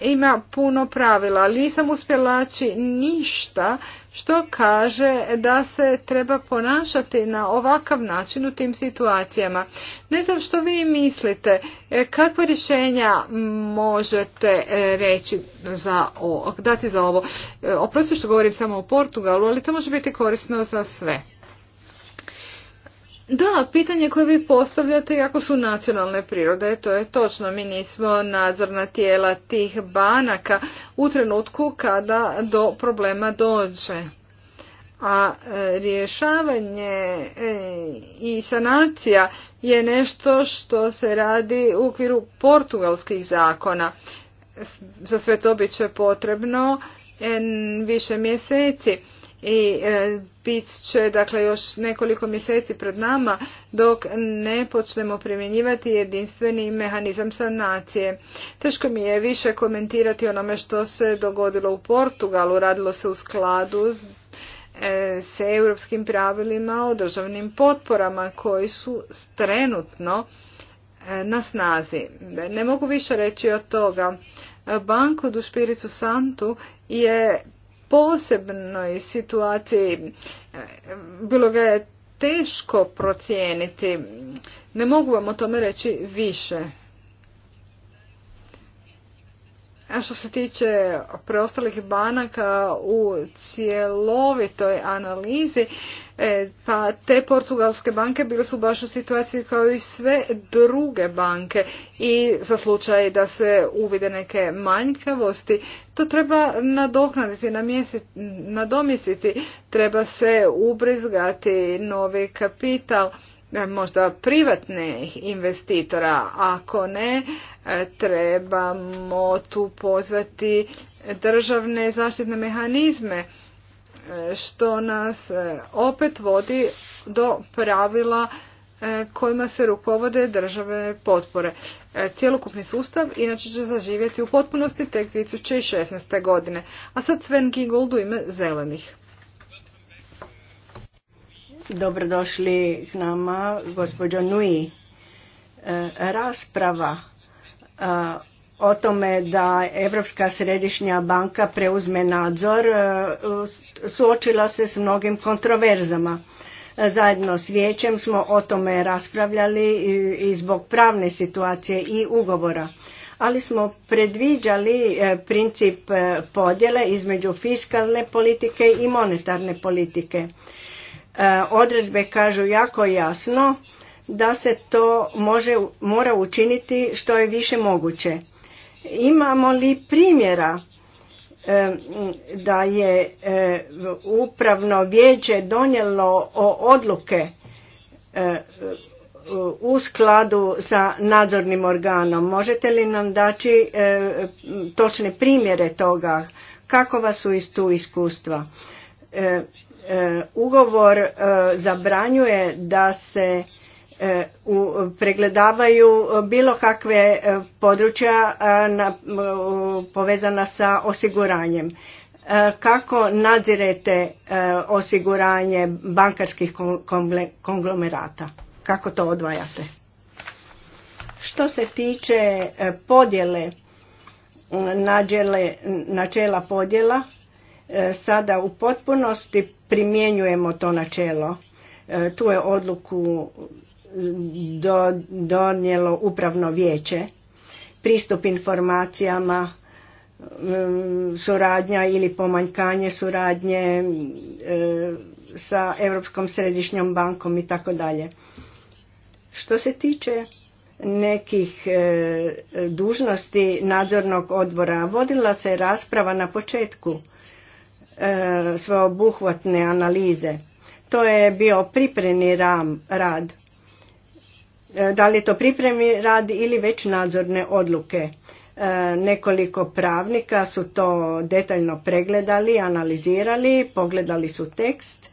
ima puno pravila, ali nisam uspjela ništa što kaže da se treba ponašati na ovakav način u tim situacijama. Ne znam što vi mislite, e, kakve rješenja možete e, reći za ovo dati za ovo. E, oprosti što govorim samo o Portugalu, ali to može biti korisno za sve. Da, pitanje koje vi postavljate jako su nacionalne prirode, to je točno. Mi nismo nadzorna tijela tih banaka u trenutku kada do problema dođe. A e, rješavanje e, i sanacija je nešto što se radi u okviru portugalskih zakona. Za sve to bit će potrebno više mjeseci i e, bit će dakle još nekoliko mjeseci pred nama dok ne počnemo primjenjivati jedinstveni mehanizam sanacije. Teško mi je više komentirati onome što se dogodilo u Portugalu, radilo se u skladu s e, europskim pravilima o državnim potporama koji su trenutno e, na snazi. Ne mogu više reći od toga. Banko du Špiricu Santu je posebnoj situaciji. E, bilo ga je teško procijeniti. Ne mogu vam o tome reći više. A što se tiče preostalih banaka u cjelovitoj analizi, E, pa te portugalske banke bile su baš u situaciji kao i sve druge banke i za slučaj da se uvide neke manjkavosti, to treba nadoknaditi, nadomjestiti, treba se ubrizgati novi kapital e, možda privatnih investitora, ako ne e, trebamo tu pozvati državne zaštitne mehanizme što nas e, opet vodi do pravila e, kojima se rukovode države potpore. E, cjelokupni sustav inače će zaživjeti u potpunosti tek 2016. godine. A sad Sven Gingold u ime zelenih. Dobrodošli k nama, gospođo Nui. rasprava o tome da Europska središnja banka preuzme nadzor e, suočila se s mnogim kontroverzama. E, zajedno s vijećem smo o tome raspravljali i zbog pravne situacije i ugovora. Ali smo predviđali e, princip podjele između fiskalne politike i monetarne politike. Odredbe kažu jako jasno da se to može, mora učiniti što je više moguće Imamo li primjera e, da je e, upravno vijeće donijelo odluke e, u skladu sa nadzornim organom. Možete li nam daći točne primjere toga? Kakova su iz tu iskustva? Ugovor zabranjuje da se E, pregledavaju bilo kakve e, područja e, povezana sa osiguranjem. Kako nadzirete osiguranje bankarskih konglomerata? Kako to odvajate? Što se tiče podjele, načela podjela, sada u potpunosti primjenjujemo to načelo. Tu je odluku donijelo upravno vijeće, pristup informacijama, um, suradnja ili pomanjkanje suradnje um, sa Europskom središnjom bankom i tako dalje. Što se tiče nekih um, dužnosti nadzornog odbora, vodila se rasprava na početku sveobuhvatne analize. To je bio pripremni rad E, da li je to pripremi rad ili već nadzorne odluke. E, nekoliko pravnika su to detaljno pregledali, analizirali, pogledali su tekst.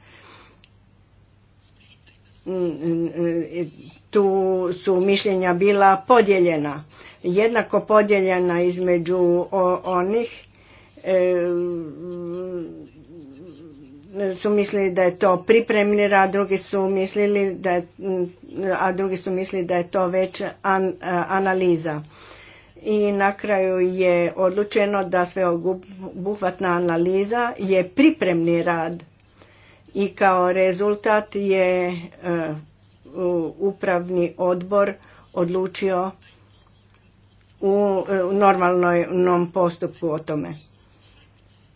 Mm, mm, e, tu su mišljenja bila podijeljena. Jednako podijeljena između onih su mislili da je to pripremni rad, drugi su mislili da je, mm, a drugi su mislili da je to već analiza. I na kraju je odlučeno da sveobuhvatna analiza je pripremni rad i kao rezultat je e, upravni odbor odlučio u e, normalnom postupku o tome.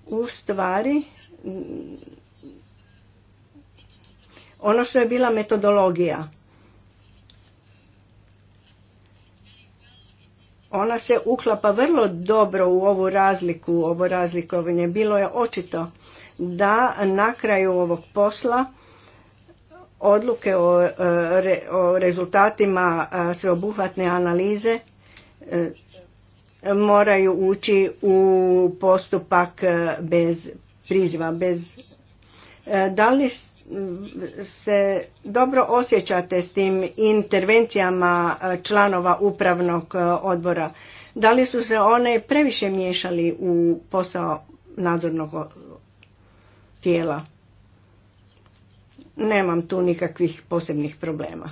U stvari ono što je bila metodologija. Ona se uklapa vrlo dobro u ovu razliku, ovo razlikovanje. Bilo je očito da na kraju ovog posla odluke o, e, o rezultatima e, sveobuhvatne analize e, moraju ući u postupak bez priziva, bez da li se dobro osjećate s tim intervencijama e, članova upravnog e, odbora? Da li su se one previše miješali u posao nadzornog e, tijela? Nemam tu nikakvih posebnih problema.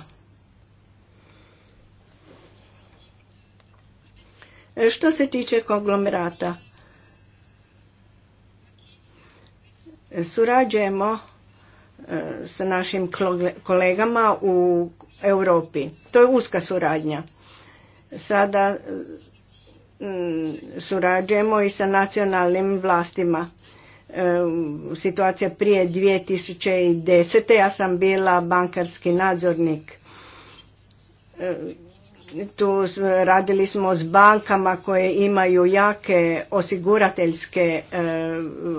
Što se tiče konglomerata, surađujemo E, sa našim kolegama u Europi. To je uska suradnja. Sada e, surađujemo i sa nacionalnim vlastima. E, situacija prije 2010. ja sam bila bankarski nadzornik. Tu radili smo s bankama koje imaju jake osigurateljske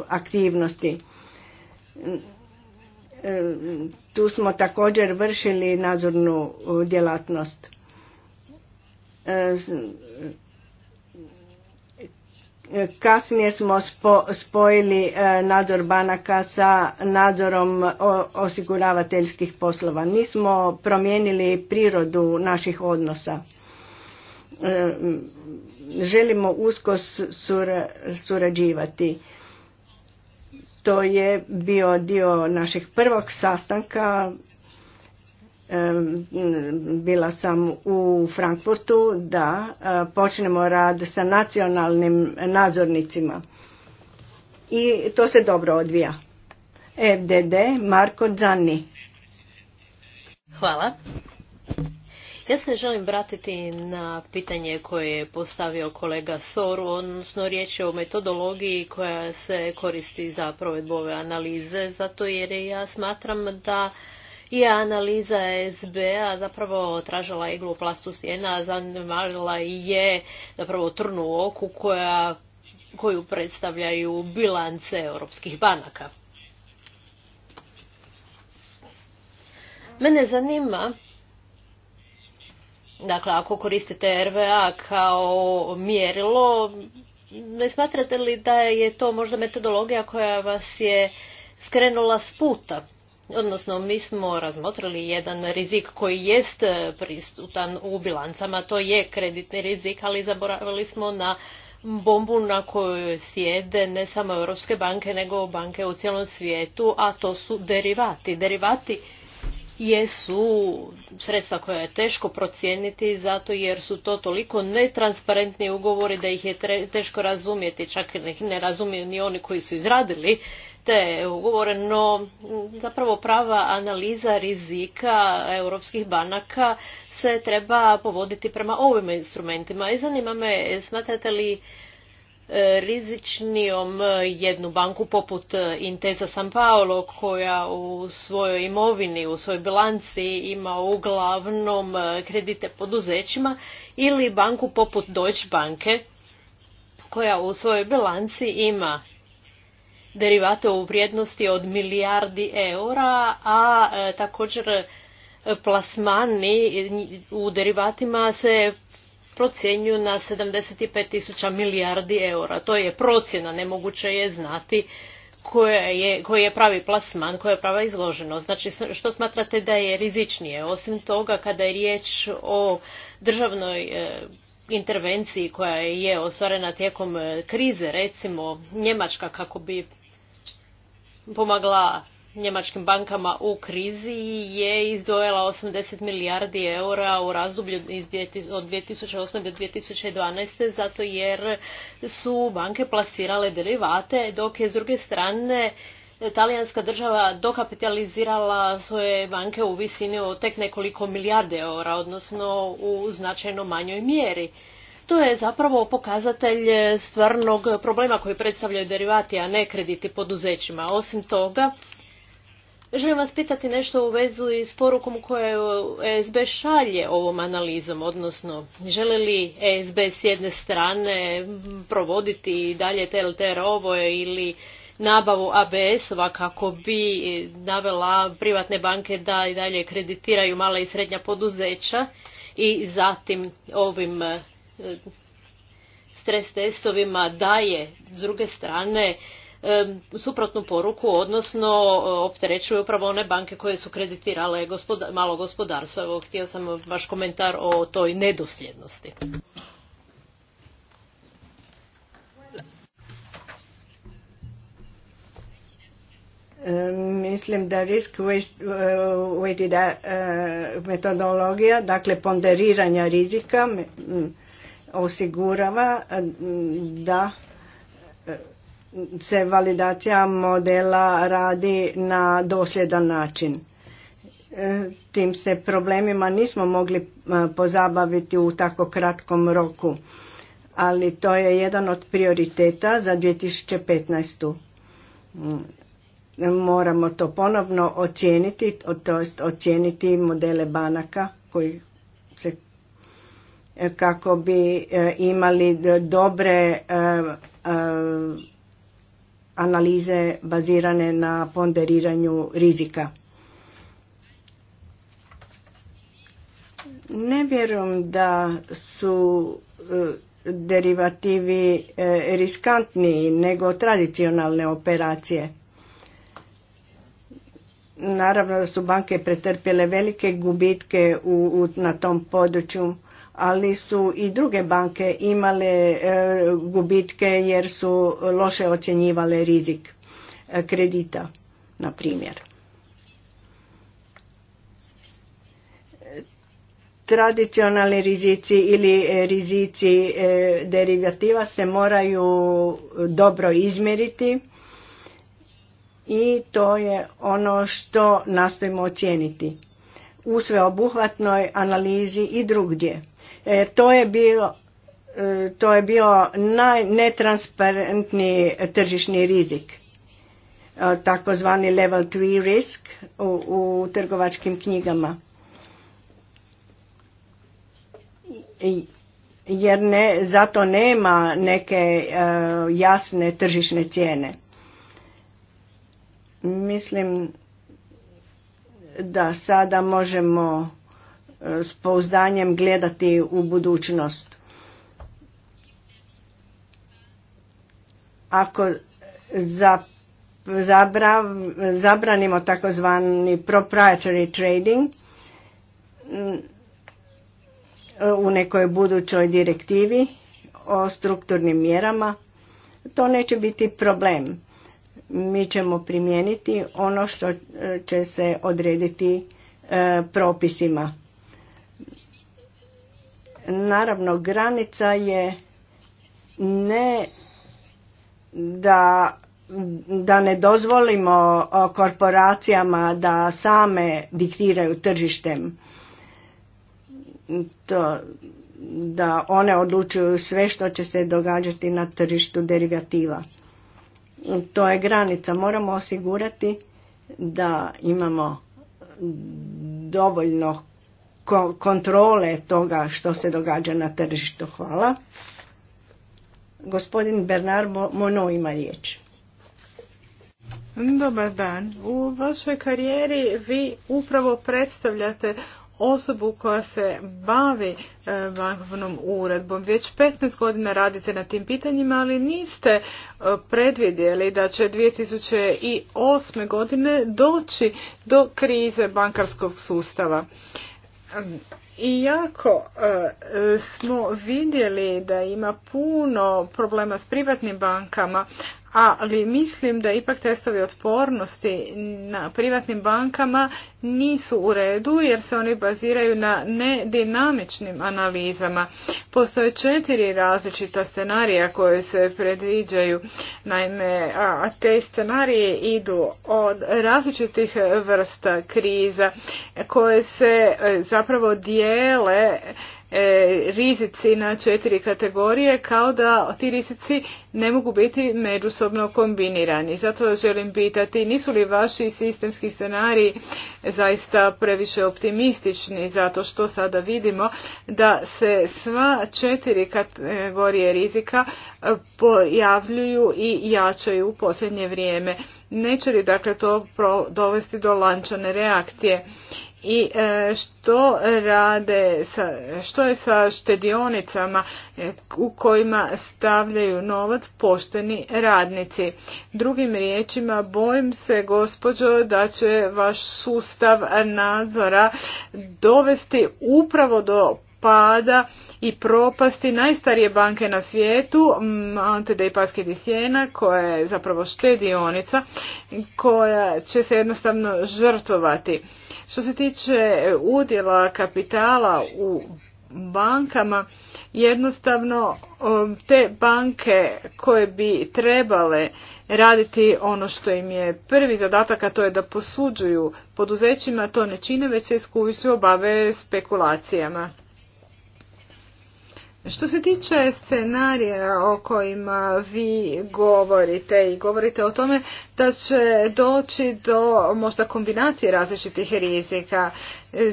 aktivnosti E, tu smo također vršili nadzornu e, djelatnost. E, kasnije smo spojili nadzor banaka sa nadzorom osiguravateljskih poslova. Nismo promijenili prirodu naših odnosa. Želimo usko surađivati. To je bio dio našeg prvog sastanka. Bila sam u Frankfurtu da e, počnemo rad sa nacionalnim nadzornicima. I to se dobro odvija. FDD e, Marko Zanni. Hvala. Ja se želim vratiti na pitanje koje je postavio kolega Soru, odnosno riječ je o metodologiji koja se koristi za provedbu ove analize, zato jer ja smatram da je analiza SBA zapravo tražila iglu plastu stijena, i je zapravo trnu oku koja, koju predstavljaju bilance europskih banaka. Mene zanima Dakle, ako koristite RVA kao mjerilo, ne smatrate li da je to možda metodologija koja vas je skrenula s puta? Odnosno, mi smo razmotrili jedan rizik koji jest prisutan u bilancama, to je kreditni rizik, ali zaboravili smo na bombu na kojoj sjede ne samo europske banke, nego banke u cijelom svijetu, a to su derivati. Derivati jesu sredstva koja je teško procijeniti zato jer su to toliko netransparentni ugovori da ih je teško razumjeti, čak ne razumiju ni oni koji su izradili te ugovore, no zapravo prava analiza rizika europskih banaka se treba povoditi prema ovim instrumentima. I zanima me, smatrate li rizičnijom e, jednu banku poput e, Intesa San Paolo koja u svojoj imovini, u svojoj bilanci ima uglavnom e, kredite poduzećima ili banku poput Deutsche banke koja u svojoj bilanci ima derivate u vrijednosti od milijardi eura, a također plasmani u derivatima se procjenjuju na 75 tisuća milijardi eura. To je procjena, nemoguće je znati koji je, pravi plasman, koja je prava izloženost. Znači, što smatrate da je rizičnije? Osim toga, kada je riječ o državnoj e, intervenciji koja je ostvarena tijekom e, krize, recimo Njemačka kako bi pomagla njemačkim bankama u krizi je izdvojila 80 milijardi eura u razdoblju od 2008. do 2012. zato jer su banke plasirale derivate dok je s druge strane talijanska država dokapitalizirala svoje banke u visini od tek nekoliko milijardi eura, odnosno u značajno manjoj mjeri. To je zapravo pokazatelj stvarnog problema koji predstavljaju derivati, a ne krediti poduzećima. Osim toga, Želim vas pitati nešto u vezu i s porukom koju ESB šalje ovom analizom, odnosno želi li ESB s jedne strane provoditi dalje TLTR ovo ili nabavu ABS-ova kako bi navela privatne banke da i dalje kreditiraju mala i srednja poduzeća i zatim ovim e, stres testovima daje s druge strane suprotnu poruku, odnosno e, opterećuju upravo one banke koje su kreditirale malo gospodarstvo. Evo, htio sam vaš komentar o toj nedosljednosti. E, mislim da risk weighted e, metodologija, dakle ponderiranja rizika osigurava da se validacija modela radi na dosljedan način. E, tim se problemima nismo mogli e, pozabaviti u tako kratkom roku, ali to je jedan od prioriteta za 2015. Mm, moramo to ponovno ocijeniti, to ocijeniti modele banaka koji se e, kako bi imali dobre analize bazirane na ponderiranju rizika. Ne vjerujem da su e, derivativi e, riskantniji nego tradicionalne operacije. Naravno da su banke pretrpjele velike gubitke na tom području ali su i druge banke imale e, gubitke jer su loše ocjenjivale rizik e, kredita, na primjer. Tradicionalni rizici ili e, rizici derivativa se moraju dobro izmjeriti i to je ono što nastojimo ocijeniti u sveobuhvatnoj analizi i drugdje E, to je bilo e, to je bio najnetransparentniji tržišni rizik, e, takozvani level 3 risk u, u trgovačkim knjigama. Jer ne, zato nema neke jasne tržišne cijene. Mislim da sada možemo s pouzdanjem gledati u budućnost. Ako zabranimo takozvani proprietary trading mm, u nekoj budućoj direktivi o strukturnim mjerama, to neće biti problem. Mi ćemo primijeniti ono što e, će se odrediti e, propisima Naravno, granica je ne da, da ne dozvolimo korporacijama da same diktiraju tržištem. To, da one odlučuju sve što će se događati na tržištu derivativa. To je granica. Moramo osigurati da imamo dovoljno kontrole toga što se događa na tržištu. Hvala. Gospodin Bernard Mono ima riječ. Dobar dan. U vašoj karijeri vi upravo predstavljate osobu koja se bavi e, bankovnom uredbom. Već 15 godina radite na tim pitanjima, ali niste e, predvidjeli da će 2008. godine doći do krize bankarskog sustava. Iako e, smo vidjeli da ima puno problema s privatnim bankama, ali mislim da ipak testovi otpornosti na privatnim bankama nisu u redu jer se oni baziraju na nedinamičnim analizama. Postoje četiri različita scenarija koje se predviđaju. Naime, a te scenarije idu od različitih vrsta kriza koje se e, zapravo dijele e, rizici na četiri kategorije kao da ti rizici ne mogu biti međusobno kombinirani. Zato želim pitati nisu li vaši sistemski scenariji zaista previše optimistični zato što sada vidimo da se sva četiri kategorije rizika e, pojavljuju i jačaju u posljednje vrijeme. Neće li dakle to dovesti do lančane reakcije? i e, što rade, sa, što je sa štedionicama e, u kojima stavljaju novac pošteni radnici. Drugim riječima, bojim se gospođo da će vaš sustav nadzora dovesti upravo do pada i propasti najstarije banke na svijetu, Ante de Paske di Siena, koja je zapravo štedionica, koja će se jednostavno žrtovati. Što se tiče udjela kapitala u bankama, jednostavno te banke koje bi trebale raditi ono što im je prvi zadatak, a to je da posuđuju poduzećima, to ne čine, već se iskuviću obave spekulacijama. Što se tiče scenarija o kojima vi govorite i govorite o tome da će doći do možda kombinacije različitih rizika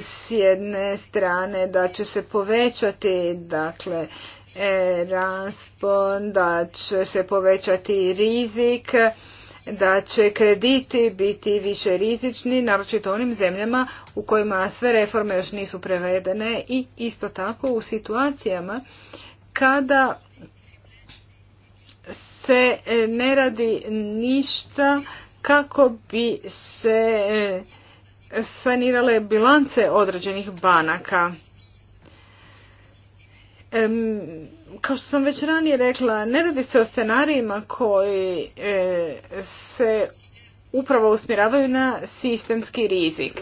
s jedne strane da će se povećati dakle e, raspon, da će se povećati rizik da će krediti biti više rizični, naročito onim zemljama u kojima sve reforme još nisu prevedene i isto tako u situacijama kada se e, ne radi ništa kako bi se e, sanirale bilance određenih banaka kao što sam već ranije rekla, ne radi se o scenarijima koji e, se upravo usmjeravaju na sistemski rizik.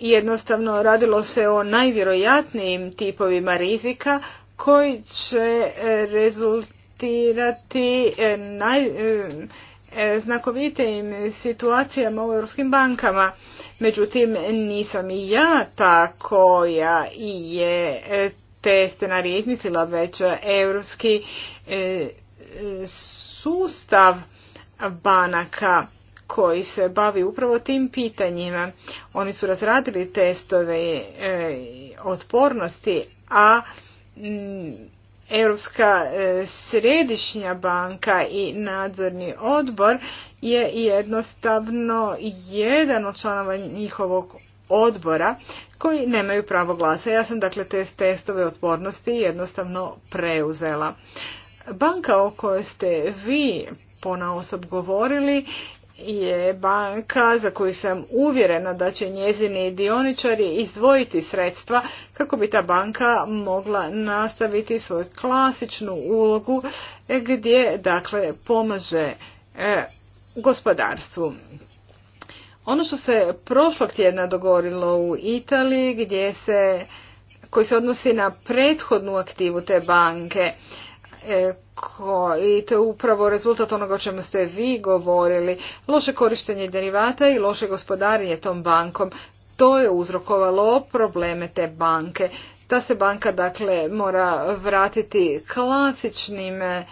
Jednostavno radilo se o najvjerojatnijim tipovima rizika koji će e, rezultirati e, naj, situacijama u europskim bankama. Međutim, nisam i ja ta koja je te scenarije izmislila, već europski e, sustav banaka koji se bavi upravo tim pitanjima. Oni su razradili testove e, otpornosti, a mm, Europska e, središnja banka i nadzorni odbor je jednostavno jedan od članova njihovog odbora koji nemaju pravo glasa. Ja sam dakle te testove otpornosti jednostavno preuzela. Banka o kojoj ste vi pona osob govorili je banka za koju sam uvjerena da će njezini dioničari izdvojiti sredstva kako bi ta banka mogla nastaviti svoju klasičnu ulogu gdje dakle pomaže e, gospodarstvu. Ono što se prošlog tjedna dogodilo u Italiji gdje se, koji se odnosi na prethodnu aktivu te banke, e, i to je upravo rezultat onoga o čemu ste vi govorili. Loše korištenje derivata i loše gospodarenje tom bankom. To je uzrokovalo probleme te banke. Ta se banka dakle mora vratiti klasičnim e,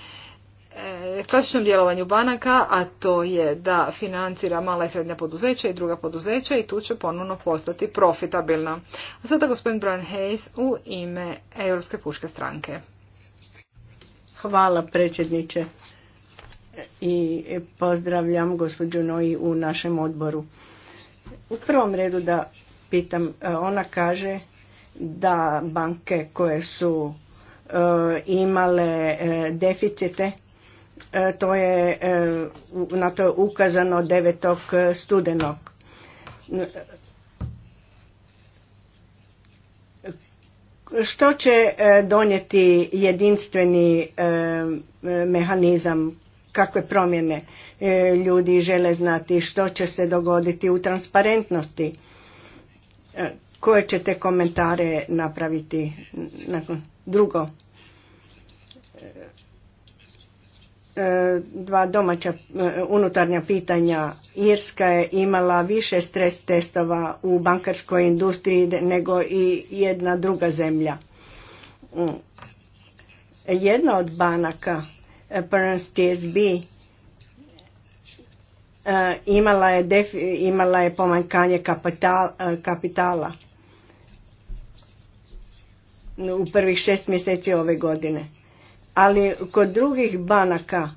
E, klasičnom djelovanju banaka, a to je da financira mala i srednja poduzeća i druga poduzeća i tu će ponovno postati profitabilna. A sada gospodin Brian Hayes u ime Europske puške stranke. Hvala predsjedniče i pozdravljam gospođu Noji u našem odboru. U prvom redu da pitam, e, ona kaže da banke koje su e, imale deficite E, to je, e, na to je ukazano 9. E, studenog. Što će donijeti jedinstveni mehanizam? Kakve promjene ljudi žele znati? Što će se dogoditi u transparentnosti? Koje te komentare napraviti drugo? E, dva domaća e, unutarnja pitanja. Irska je imala više stres testova u bankarskoj industriji nego i jedna druga zemlja. Mm. Jedna od banaka, e, Perns TSB, imala je, imala je pomanjkanje kapital, kapitala u prvih šest mjeseci ove godine ali kod drugih banaka,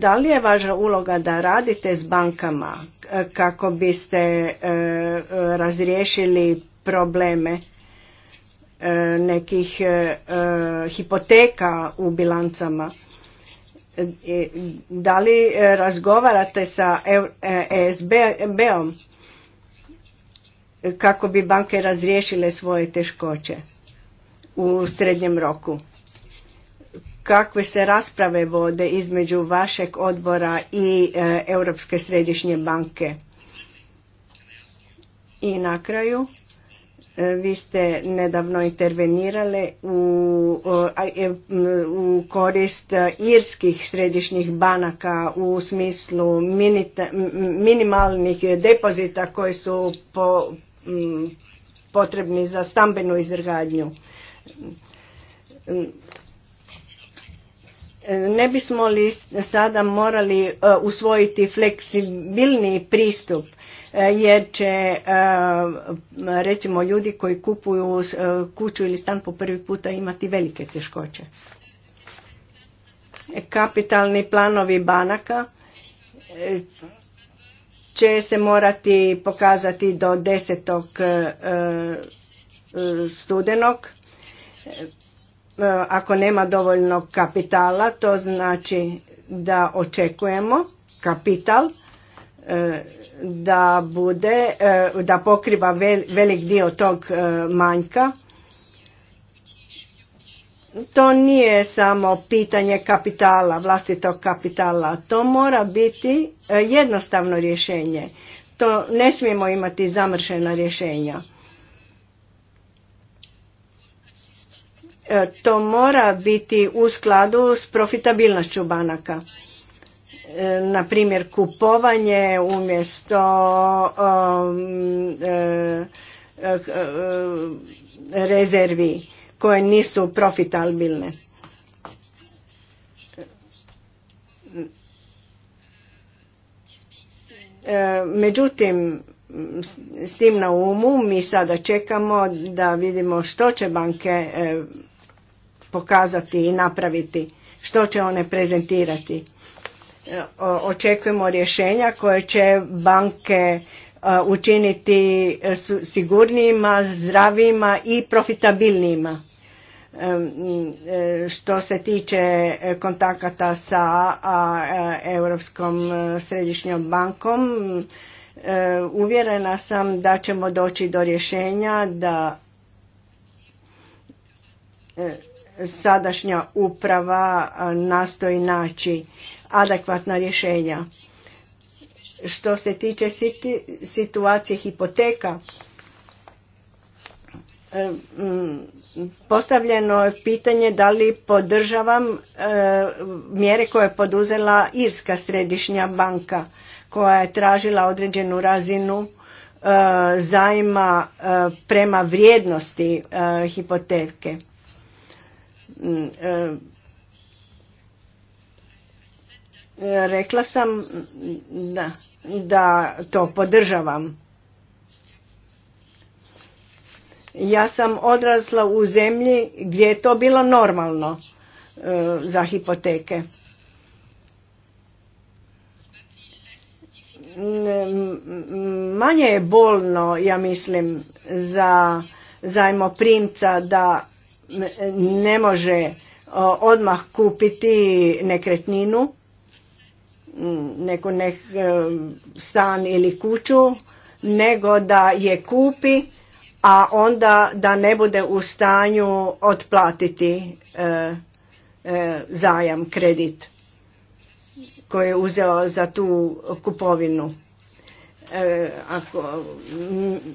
da li je vaša uloga da radite s bankama e, kako biste e, e, razriješili probleme nekih hipoteka u bilancama? Da li razgovarate sa ESB-om kako bi banke razriješile svoje teškoće u srednjem roku? kakve se rasprave vode između vašeg odbora i e, Europske središnje banke. I na kraju, e, vi ste nedavno intervenirali u, e, u korist irskih središnjih banaka u smislu minimalnih depozita koji su potrebni za stambenu izgradnju ne bismo li sada morali e, usvojiti fleksibilni pristup e, jer će e, recimo ljudi koji kupuju kuću ili stan po prvi puta imati velike teškoće. Kapitalni planovi banaka će se morati pokazati do 10. studenog E, ako nema dovoljno kapitala, to znači da očekujemo kapital e, da bude, e, da pokriva velik dio tog manjka. To nije samo pitanje kapitala, vlastitog kapitala. To mora biti jednostavno rješenje. To ne smijemo imati zamršena rješenja. E, to mora biti u skladu s profitabilnošću banaka. E, na primjer, kupovanje umjesto um, e, rezervi koje nisu profitabilne. Međutim, s tim na umu mi sada čekamo da vidimo što će banke pokazati i napraviti, što će one prezentirati. E, očekujemo rješenja koje će banke e, učiniti e, sigurnijima, zdravijima i profitabilnijima. Što se tiče kontakata sa Europskom središnjom bankom, uvjerena sam da ćemo doći do rješenja da sadašnja uprava nastoji naći adekvatna rješenja. Što se tiče situacije hipoteka, e, postavljeno je pitanje da li podržavam e, mjere koje je poduzela Irska središnja banka koja je tražila određenu razinu e, zajma prema vrijednosti hipoteke Mm, e, rekla sam da, da to podržavam. Ja sam odrasla u zemlji gdje je to bilo normalno e, za hipoteke. Mm, manje je bolno, ja mislim, za zajmoprimca da ne može odmah kupiti nekretninu, neku nek e, stan ili kuću, nego da je kupi, a onda da ne bude u stanju otplatiti e, e, zajam, kredit koji je uzeo za tu kupovinu. E, ako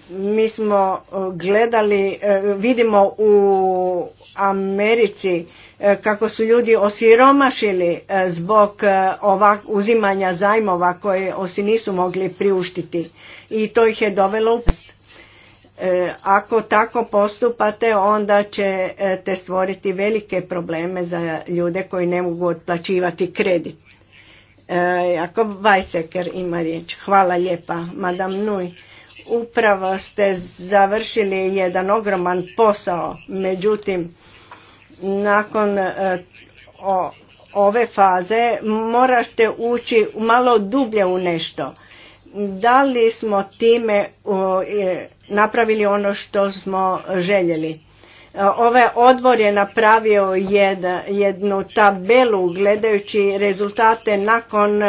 mi smo e, gledali, e, vidimo u Americi kako su ljudi osiromašili zbog ovak uzimanja zajmova koje osi nisu mogli priuštiti i to ih je dovelo u Ako tako postupate onda ćete stvoriti velike probleme za ljude koji ne mogu otplaćivati kredit Jakob e, Vajseker ima riječ. Hvala lijepa, madam Nui. Upravo ste završili jedan ogroman posao, međutim, nakon e, ove faze morate ući malo dublje u nešto. Da li smo time e, napravili ono što smo željeli? Ovaj odbor je napravio jednu tabelu gledajući rezultate nakon e,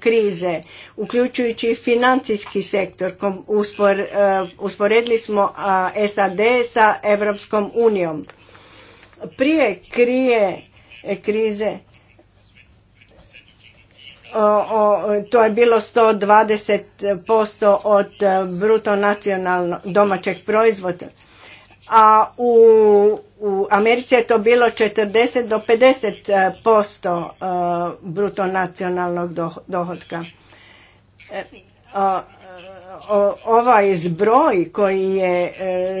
krize, uključujući financijski sektor. E, usporedili smo SAD sa Europskom unijom. Prije krije, e, krize to je bilo 120% od bruto nacionalno domaćeg proizvoda a u, u Americi je to bilo 40 do 50 e, posto e, bruto nacionalnog dohotka. E, ovaj zbroj koji je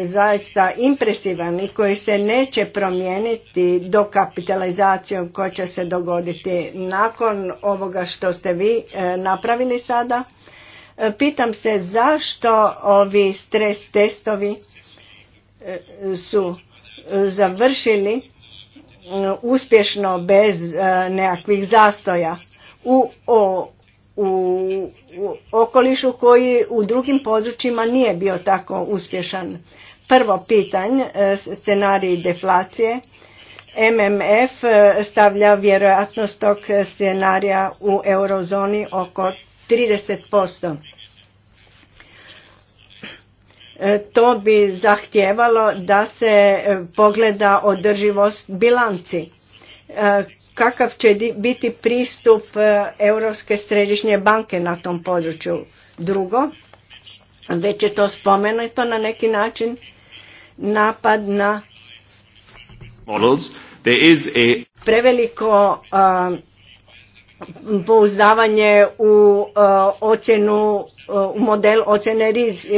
zaista impresivan i koji se neće promijeniti do kapitalizacijom koja će se dogoditi nakon ovoga što ste vi napravili sada, pitam se zašto ovi stres testovi su e, završili e, uspješno bez e, nekakvih zastoja u, u, okolišu koji u drugim područjima nije bio tako uspješan. Prvo pitanje, scenarij deflacije. MMF stavlja vjerojatnost tog scenarija u eurozoni oko 30%. E, to bi zahtijevalo da se e, pogleda održivost bilanci. E, kakav će biti pristup Europske središnje banke na tom području? Drugo, već je to spomenuto na neki način, napad na preveliko pouzdavanje u e, ocjenu, e, u model ocjene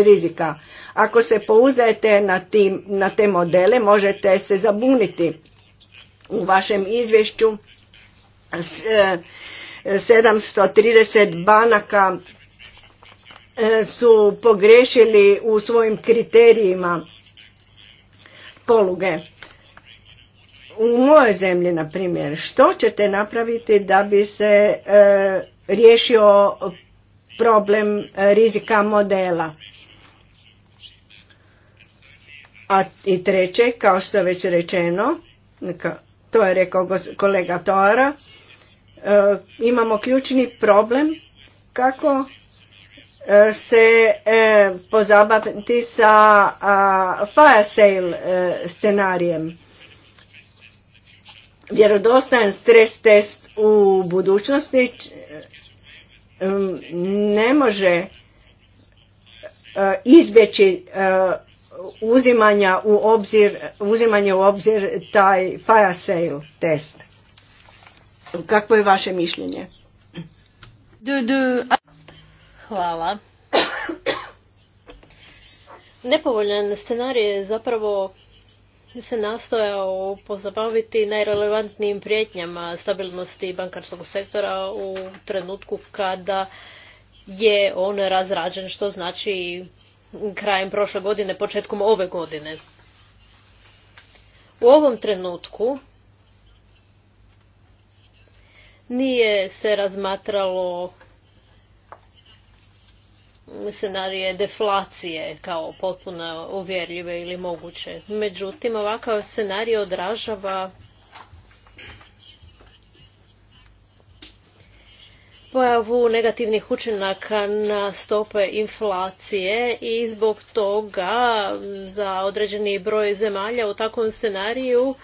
rizika. Ako se pouzdajete na, tim, na te modele možete se zabuniti. U vašem izvješću 730 e, banaka su pogrešili u svojim kriterijima poluge u mojoj zemlji, na primjer, što ćete napraviti da bi se e, riješio problem e, rizika modela? A i treće, kao što je već rečeno, to je rekao kolega Toara, e, imamo ključni problem kako se e, pozabaviti sa a, fire sale scenarijem vjerodostojan stres test u budućnosti ne može e, izbjeći e, uzimanja u obzir, uzimanje u obzir taj fire sale test. Kako je vaše mišljenje? Hvala. Nepovoljan scenarij je zapravo se nastojao pozabaviti najrelevantnijim prijetnjama stabilnosti bankarskog sektora u trenutku kada je on razrađen, što znači krajem prošle godine, početkom ove godine. U ovom trenutku nije se razmatralo scenarije deflacije kao potpuno uvjerljive ili moguće. Međutim, ovakav scenarij odražava pojavu negativnih učinaka na stope inflacije i zbog toga za određeni broj zemalja u takvom scenariju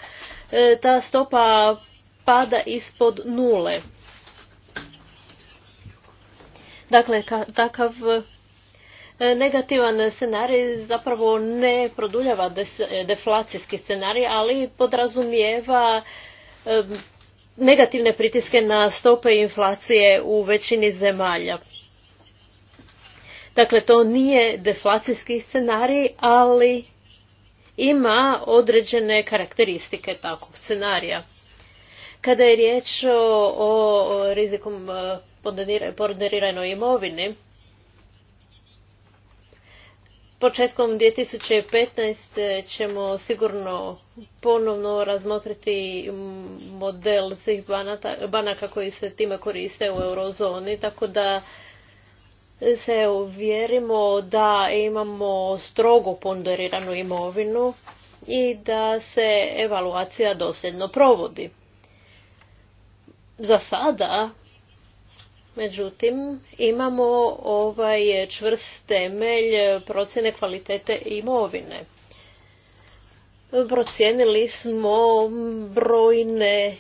e, ta stopa pada ispod nule. Dakle, takav E, negativan scenarij zapravo ne produljava deflacijski scenarij, ali podrazumijeva e, negativne pritiske na stope inflacije u većini zemalja. Dakle, to nije deflacijski scenarij, ali ima određene karakteristike takvog scenarija. Kada je riječ o, rizikom e, ponderiranoj imovini, Početkom 2015. ćemo sigurno ponovno razmotriti model svih banaka koji se time koriste u eurozoni, tako da se uvjerimo da imamo strogo ponderiranu imovinu i da se evaluacija dosljedno provodi. Za sada Međutim, imamo ovaj čvrst temelj procjene kvalitete imovine. Procijenili smo brojne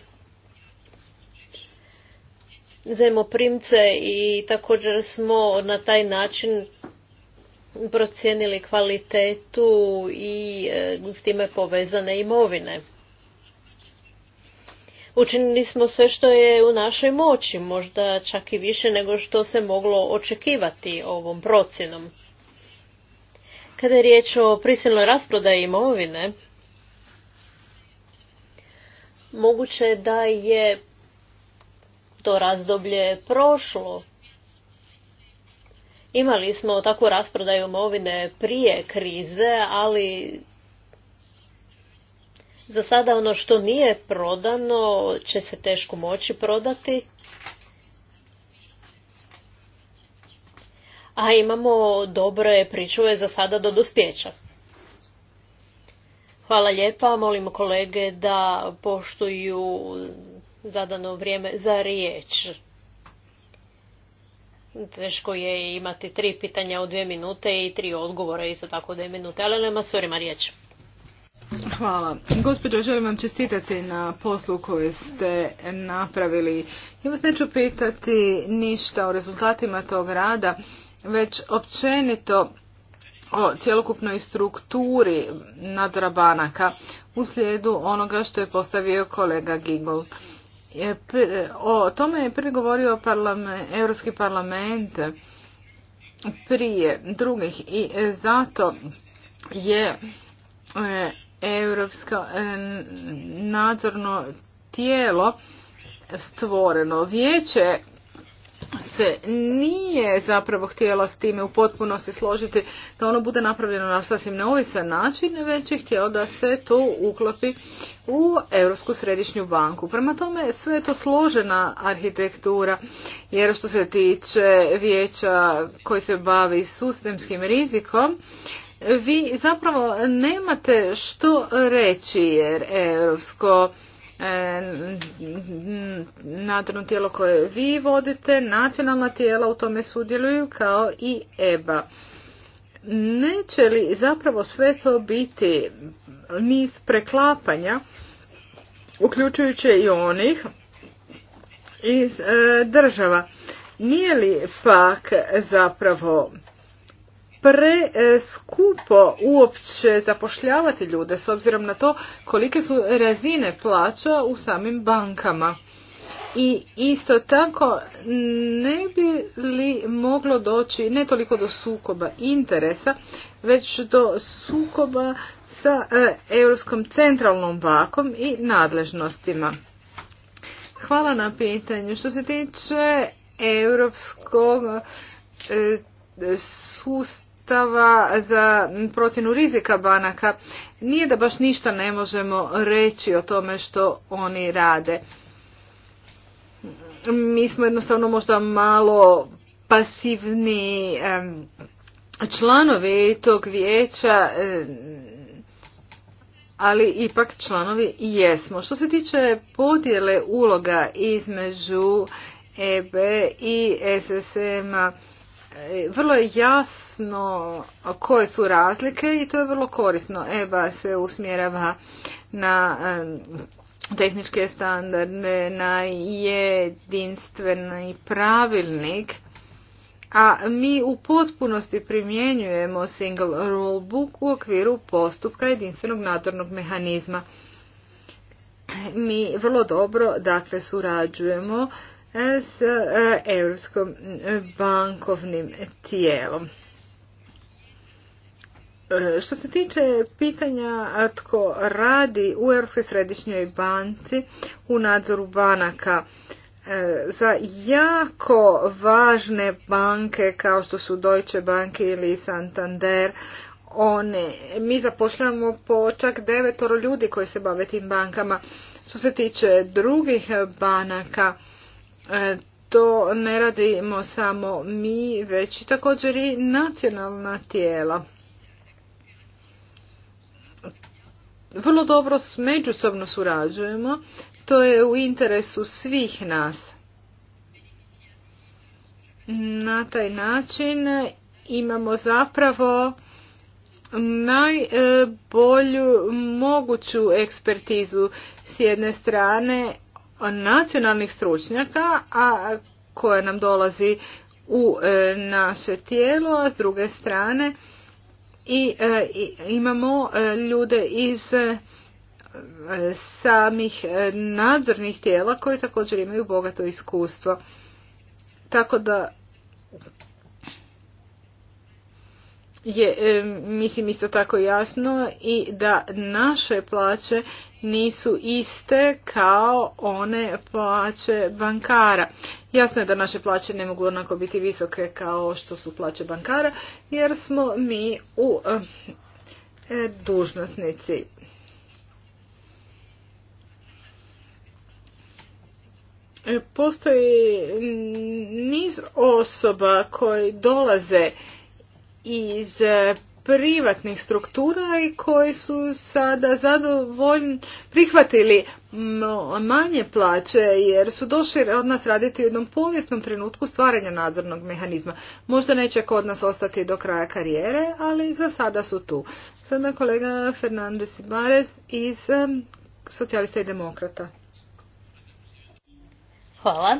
zemoprimce i također smo na taj način procijenili kvalitetu i e, s time povezane imovine učinili smo sve što je u našoj moći, možda čak i više nego što se moglo očekivati ovom procjenom. Kada je riječ o prisilnoj rasprodaji imovine, moguće da je to razdoblje prošlo. Imali smo takvu rasprodaju imovine prije krize, ali za sada ono što nije prodano će se teško moći prodati. A imamo dobre pričuve za sada do dospjeća. Hvala lijepa. Molim kolege da poštuju zadano vrijeme za riječ. Teško je imati tri pitanja u dvije minute i tri odgovora isto tako dvije minute, ali nema svorima riječ. Hvala. Gospođo, želim vam čestitati na poslu koju ste napravili. Ja vas neću pitati ništa o rezultatima tog rada, već općenito o cjelokupnoj strukturi nadra banaka u slijedu onoga što je postavio kolega Gigol. O tome je prvi govorio parlament, Europski parlament prije drugih i zato je e, europsko e, nadzorno tijelo stvoreno. Vijeće se nije zapravo htjela s time u potpunosti složiti da ono bude napravljeno na sasvim neovisan način, već je htjelo da se to uklopi u Europsku središnju banku. Prema tome sve je to složena arhitektura, jer što se tiče vijeća koji se bavi sistemskim rizikom, vi zapravo nemate što reći jer europsko e, nadzorno tijelo koje vi vodite, nacionalna tijela u tome sudjeluju kao i EBA. Neće li zapravo sve to biti niz preklapanja, uključujući i onih iz e, država? Nije li pak zapravo preskupo uopće zapošljavati ljude s obzirom na to kolike su razine plaća u samim bankama. I isto tako ne bi li moglo doći ne toliko do sukoba interesa, već do sukoba sa e, Europskom centralnom bankom i nadležnostima. Hvala na pitanju. Što se tiče europskog e, sustava, sustava za procjenu rizika banaka. Nije da baš ništa ne možemo reći o tome što oni rade. Mi smo jednostavno možda malo pasivni članovi tog vijeća, ali ipak članovi jesmo. Što se tiče podjele uloga između EB i SSM-a, e, vrlo je jasno jasno koje su razlike i to je vrlo korisno. EBA se usmjerava na tehničke standarde, na jedinstveni pravilnik, a mi u potpunosti primjenjujemo single rule book u okviru postupka jedinstvenog nadzornog mehanizma. Mi vrlo dobro dakle surađujemo e, s e, Europskom bankovnim tijelom. E, što se tiče pitanja tko radi u Europskoj središnjoj banci u nadzoru banaka, e, za jako važne banke kao što su Deutsche Bank ili Santander, one, mi zapošljamo po čak devetoro ljudi koji se bave tim bankama. Što se tiče drugih banaka, e, to ne radimo samo mi, već i također i nacionalna tijela. vrlo dobro međusobno surađujemo, to je u interesu svih nas. Na taj način imamo zapravo najbolju moguću ekspertizu s jedne strane nacionalnih stručnjaka, a koja nam dolazi u e, naše tijelo, a s druge strane E, i imamo e, ljude iz e, samih nadzornih tijela koji također imaju bogato iskustvo. Tako da je mislim isto tako jasno i da naše plaće nisu iste kao one plaće bankara. Jasno je da naše plaće ne mogu onako biti visoke kao što su plaće bankara, jer smo mi u eh, eh, e, dužnosnici. Postoji niz osoba koji dolaze iz eh, privatnih struktura i koji su sada zadovoljni prihvatili manje plaće jer su došli od nas raditi u jednom povijesnom trenutku stvaranja nadzornog mehanizma. Možda neće kod nas ostati do kraja karijere, ali za sada su tu. Sada kolega Fernandez Ibarez iz Socijalista i Demokrata. Hvala.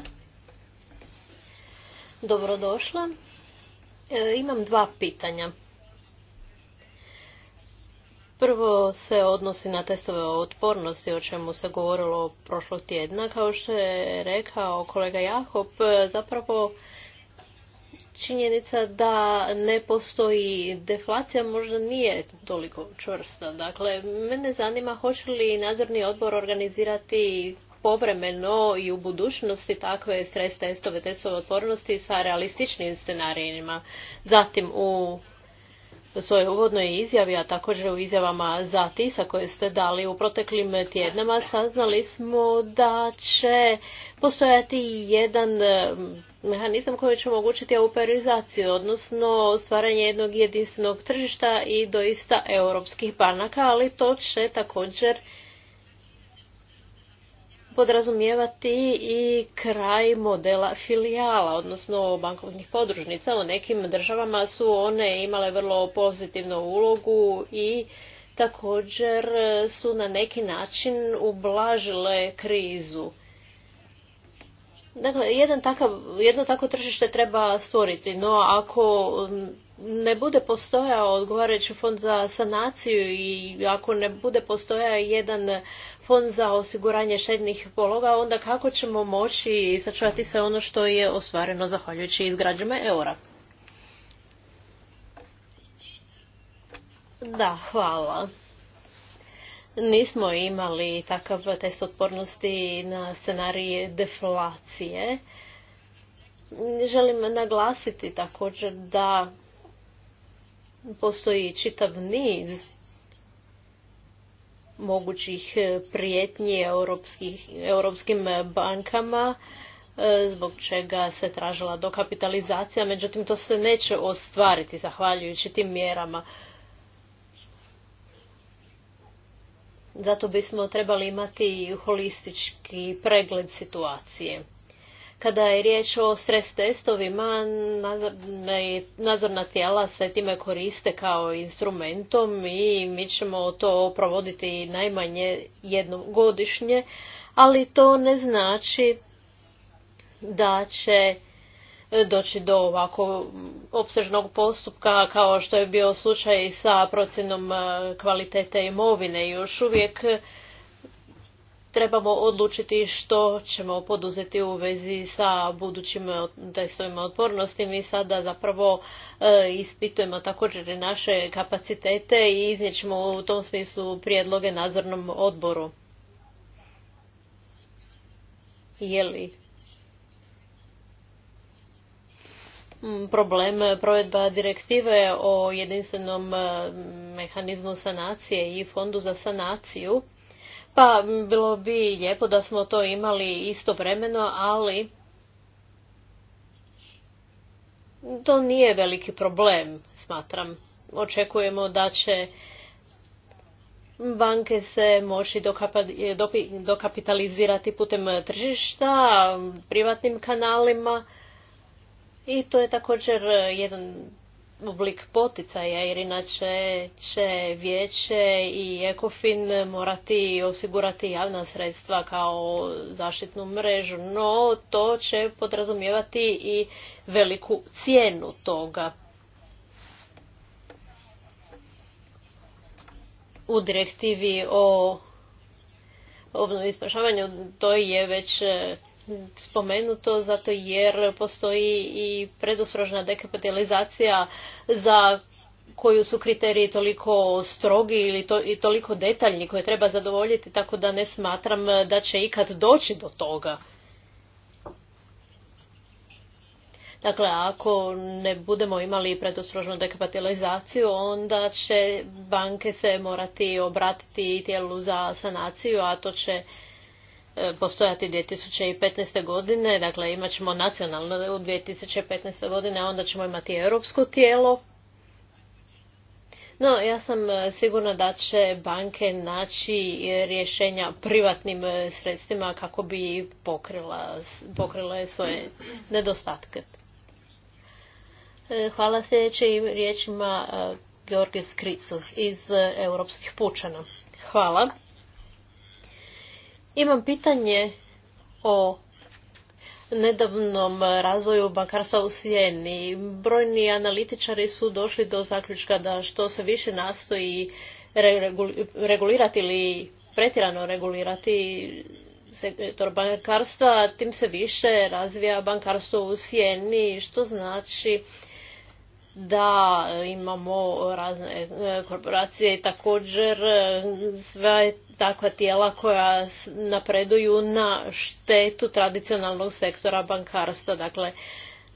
Dobrodošla. E, imam dva pitanja. Prvo se odnosi na testove otpornosti, o čemu se govorilo prošlog tjedna. Kao što je rekao kolega Jakob, zapravo činjenica da ne postoji deflacija možda nije toliko čvrsta. Dakle, mene zanima hoće li nadzorni odbor organizirati povremeno i u budućnosti takve stres testove, testove otpornosti sa realističnim scenarijima. Zatim u svojoj uvodnoj izjavi, a također u izjavama za TISA koje ste dali u proteklim tjednama, saznali smo da će postojati jedan e, mehanizam koji će omogućiti auperizaciju, odnosno stvaranje jednog jedinstvenog tržišta i doista europskih banaka, ali to će također podrazumijevati i kraj modela filijala, odnosno bankovnih podružnica. U nekim državama su one imale vrlo pozitivnu ulogu i također su na neki način ublažile krizu. Dakle, jedan takav, jedno takvo tržište treba stvoriti, no ako ne bude postojao odgovarajući fond za sanaciju i ako ne bude postojao jedan fond za osiguranje štednih pologa, onda kako ćemo moći sačuvati sve ono što je ostvareno zahvaljujući izgrađama eura? Da, hvala. Nismo imali takav test otpornosti na scenarije deflacije. Želim naglasiti također da postoji čitav niz mogućih e, prijetnji europskim e, bankama e, zbog čega se tražila dokapitalizacija, međutim to se neće ostvariti zahvaljujući tim mjerama. Zato bismo trebali imati holistički pregled situacije. Kada je riječ o stres testovima, nadzorna tijela se time koriste kao instrumentom i mi ćemo to provoditi najmanje jednom godišnje, ali to ne znači da će doći do ovako opsežnog postupka kao što je bio slučaj sa procjenom e, kvalitete imovine. Još uvijek trebamo odlučiti što ćemo poduzeti u vezi sa budućim testovima otpornosti. Mi sada zapravo e, ispitujemo također i naše kapacitete i iznijećemo u tom smislu prijedloge nadzornom odboru. Je li mm, problem provedba direktive o jedinstvenom e, mehanizmu sanacije i fondu za sanaciju? Pa bilo bi lijepo da smo to imali istovremeno, ali to nije veliki problem, smatram. Očekujemo da će banke se moći dokapitalizirati putem tržišta, privatnim kanalima i to je također jedan oblik poticaja jer inače će vijeće i ECOFIN morati osigurati javna sredstva kao zaštitnu mrežu, no to će podrazumijevati i veliku cijenu toga. U direktivi o obnovi i to je već spomenuto zato jer postoji i predustrožna dekapitalizacija za koju su kriteriji toliko strogi ili i toliko detaljni koje treba zadovoljiti, tako da ne smatram da će ikad doći do toga. Dakle, ako ne budemo imali predostrožnu dekapitalizaciju, onda će banke se morati obratiti tijelu za sanaciju, a to će E, postojati 2015. godine, dakle imat ćemo nacionalno u 2015. godine, a onda ćemo imati europsko tijelo. No, ja sam e, sigurna da će banke naći rješenja privatnim e, sredstvima kako bi pokrila, pokrile svoje nedostatke. Hvala sljedećim riječima Georges Kricos iz Europskih pučana. Hvala. Imam pitanje o nedavnom razvoju bankarstva u sjeni. Brojni analitičari su došli do zaključka da što se više nastoji regulirati ili pretjerano regulirati sektor bankarstva, tim se više razvija bankarstvo u sjeni, što znači da imamo razne e, korporacije i također e, sve takva tijela koja napreduju na štetu tradicionalnog sektora bankarstva. Dakle,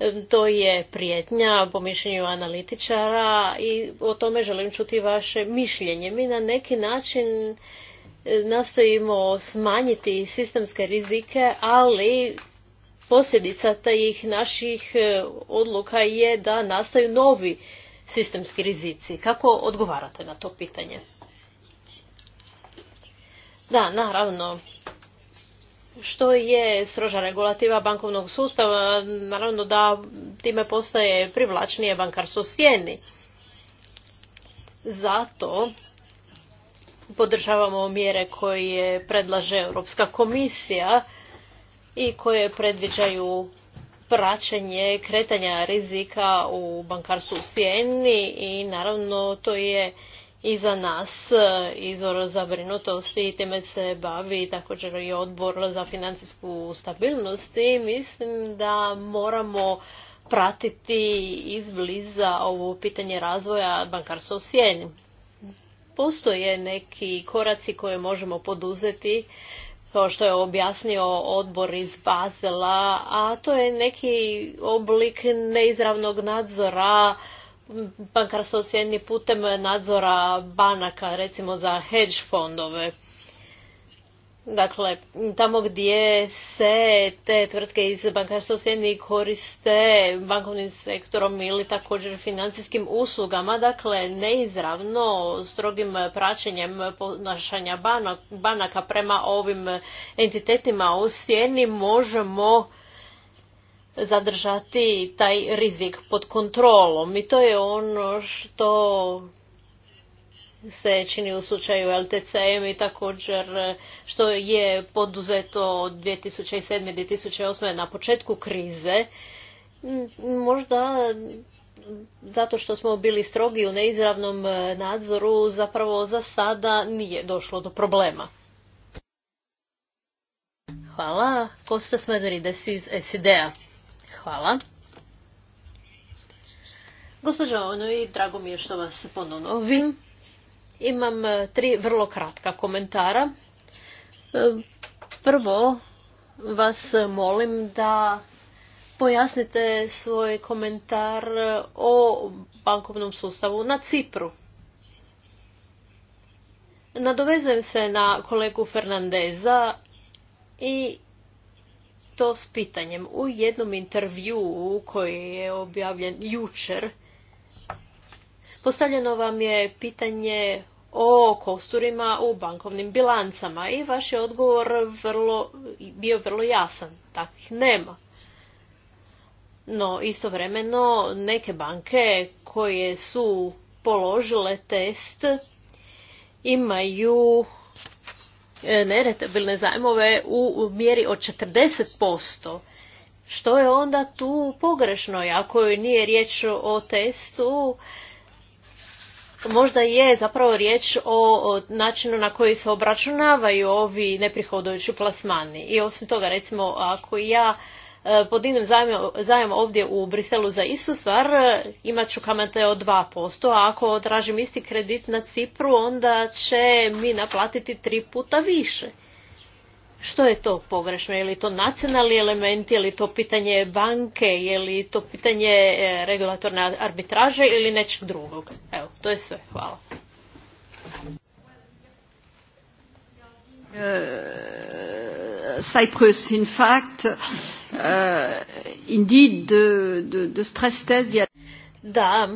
e, to je prijetnja po mišljenju analitičara i o tome želim čuti vaše mišljenje. Mi na neki način nastojimo smanjiti sistemske rizike, ali posljedica tih naših e, odluka je da nastaju novi sistemski rizici. Kako odgovarate na to pitanje? Da, naravno. Što je sroža regulativa bankovnog sustava? Naravno da time postaje privlačnije bankarstvo sjeni. Zato podržavamo mjere koje predlaže Europska komisija i koje predviđaju praćenje kretanja rizika u bankarstvu u Sijeni i naravno to je i za nas eh, izvor zabrinutosti i time se bavi također i odbor za financijsku stabilnost i mislim da moramo pratiti izbliza ovo pitanje razvoja bankarstva u Sijeni. Postoje neki koraci koje možemo poduzeti kao što je objasnio odbor iz Bazela, a to je neki oblik neizravnog nadzora bankarstvo sjedni putem nadzora banaka, recimo za hedge fondove. Dakle, tamo gdje se te tvrtke iz bankarstva sjeni koriste bankovnim sektorom ili također financijskim uslugama, dakle neizravno strogim praćenjem ponašanja banaka prema ovim entitetima u sjeni možemo zadržati taj rizik pod kontrolom i to je ono što se čini u slučaju LTCM i također što je poduzeto od 2007. 2008. na početku krize. Možda zato što smo bili strogi u neizravnom e, nadzoru, zapravo za sada nije došlo do problema. Hvala. Kosta Smedrides iz SID-a. Hvala. Gospođo Ono i drago mi je što vas ponovno imam e, tri vrlo kratka komentara. E, prvo, vas molim da pojasnite svoj komentar o bankovnom sustavu na Cipru. Nadovezujem se na kolegu Fernandeza i to s pitanjem. U jednom intervjuu koji je objavljen jučer, postavljeno vam je pitanje o kosturima u bankovnim bilancama i vaš je odgovor vrlo, bio vrlo jasan. Takvih nema. No, istovremeno, neke banke koje su položile test imaju e, neretabilne zajmove u mjeri od 40%. Što je onda tu pogrešno? Ako nije riječ o testu, možda je zapravo riječ o načinu na koji se obračunavaju ovi neprihodujući plasmani. I osim toga, recimo, ako ja e, podinem zajem ovdje u Briselu za istu stvar, e, imat ću kamate od 2%, a ako odražim isti kredit na Cipru, onda će mi naplatiti tri puta više što je to pogrešno? Je li to nacionalni element, je li to pitanje banke, je li to pitanje e, regulatorne arbitraže ili nečeg drugog? Evo, to je sve. Hvala. E, Cyprus, in fact, e, indeed, stress test... Da,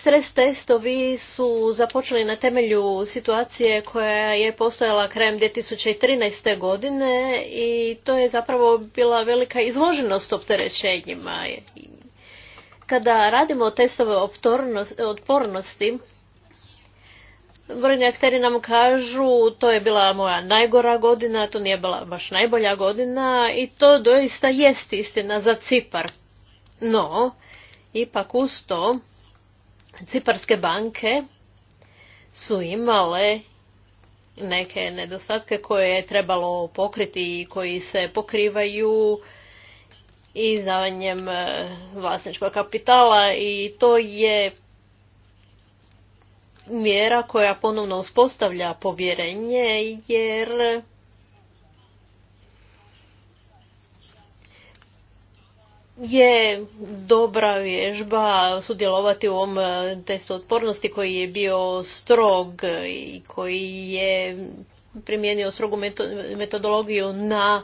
Stres testovi su započeli na temelju situacije koja je postojala krajem 2013. godine i to je zapravo bila velika izloženost opterećenjima. Kada radimo testove otpornosti, brojni akteri nam kažu to je bila moja najgora godina, to nije bila baš najbolja godina i to doista jest istina za Cipar. No, ipak uz to Ciparske banke su imale neke nedostatke koje je trebalo pokriti i koji se pokrivaju izdavanjem e, vlasničkog kapitala i to je mjera koja ponovno uspostavlja povjerenje jer je dobra vježba sudjelovati u ovom eh, testu otpornosti koji je bio strog i koji je primijenio strogu metodologiju na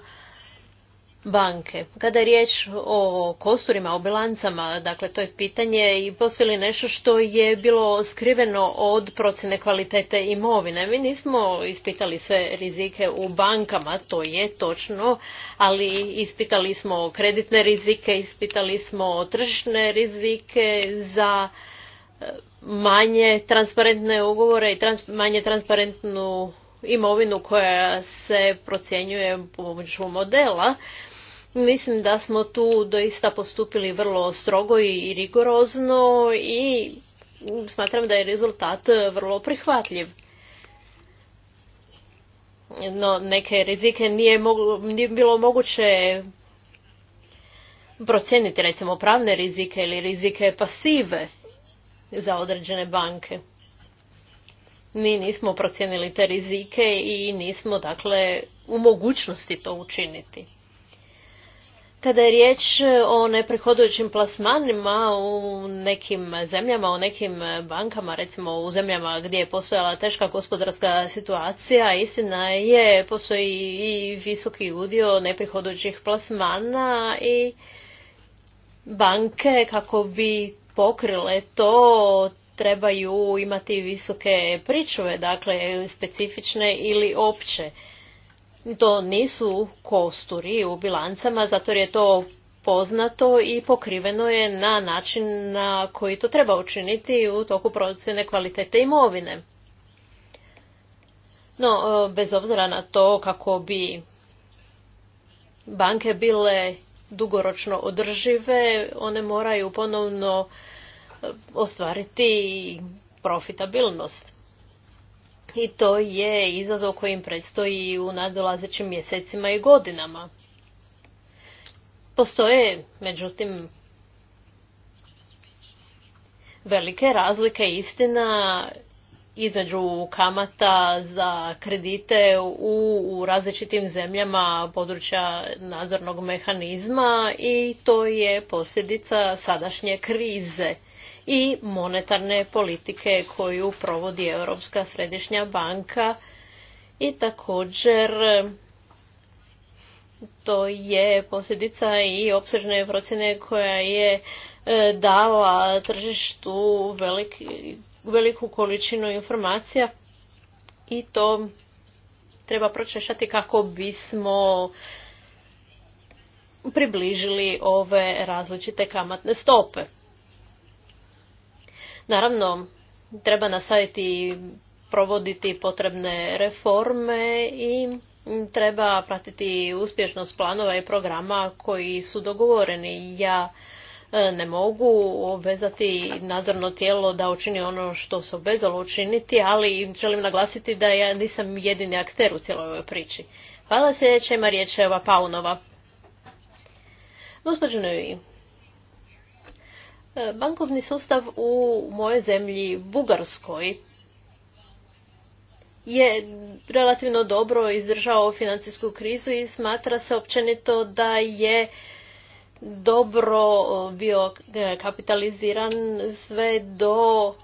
banke. Kada je riječ o kosurima, o bilancama, dakle to je pitanje i postoji nešto što je bilo skriveno od procjene kvalitete imovine. Mi nismo ispitali sve rizike u bankama, to je točno, ali ispitali smo kreditne rizike, ispitali smo tržišne rizike za e, manje transparentne ugovore i manje transparentnu imovinu koja se procjenjuje pomoću modela Mislim da smo tu doista postupili vrlo strogo i rigorozno i smatram da je rezultat vrlo prihvatljiv. No, neke rizike nije, moglo, nije bilo moguće procijeniti, recimo pravne rizike ili rizike pasive za određene banke. Mi nismo procijenili te rizike i nismo dakle u mogućnosti to učiniti. Kada je riječ e, o neprihodujućim plasmanima u nekim zemljama, u nekim e, bankama, recimo u zemljama gdje je postojala teška gospodarska situacija, istina je, postoji i visoki udio neprihodujućih plasmana i banke kako bi pokrile to trebaju imati visoke pričuve, dakle specifične ili opće to nisu kosturi u bilancama, zato jer je to poznato i pokriveno je na način na koji to treba učiniti u toku procjene kvalitete imovine. No, e, bez obzira na to kako bi banke bile dugoročno održive, one moraju ponovno e, ostvariti profitabilnost i to je izazov kojim predstoji u nadolazećim mjesecima i godinama. Postoje, međutim, velike razlike istina između kamata za kredite u, u različitim zemljama područja nadzornog mehanizma i to je posljedica sadašnje krize i monetarne politike koju provodi Europska središnja banka i također to je posljedica i opsežne procjene koja je e, dala tržištu veliki, veliku količinu informacija i to treba pročešati kako bismo približili ove različite kamatne stope. Naravno, treba nastaviti provoditi potrebne reforme i treba pratiti uspješnost planova i programa koji su dogovoreni. Ja e, ne mogu obvezati nadzorno tijelo da učini ono što se obvezalo učiniti, ali želim naglasiti da ja nisam jedini akter u cijeloj ovoj priči. Hvala se, ima riječ Eva Paunova. Gospođo E, bankovni sustav u mojoj zemlji Bugarskoj je relativno dobro izdržao financijsku krizu i smatra se općenito da je dobro e, bio e, kapitaliziran sve do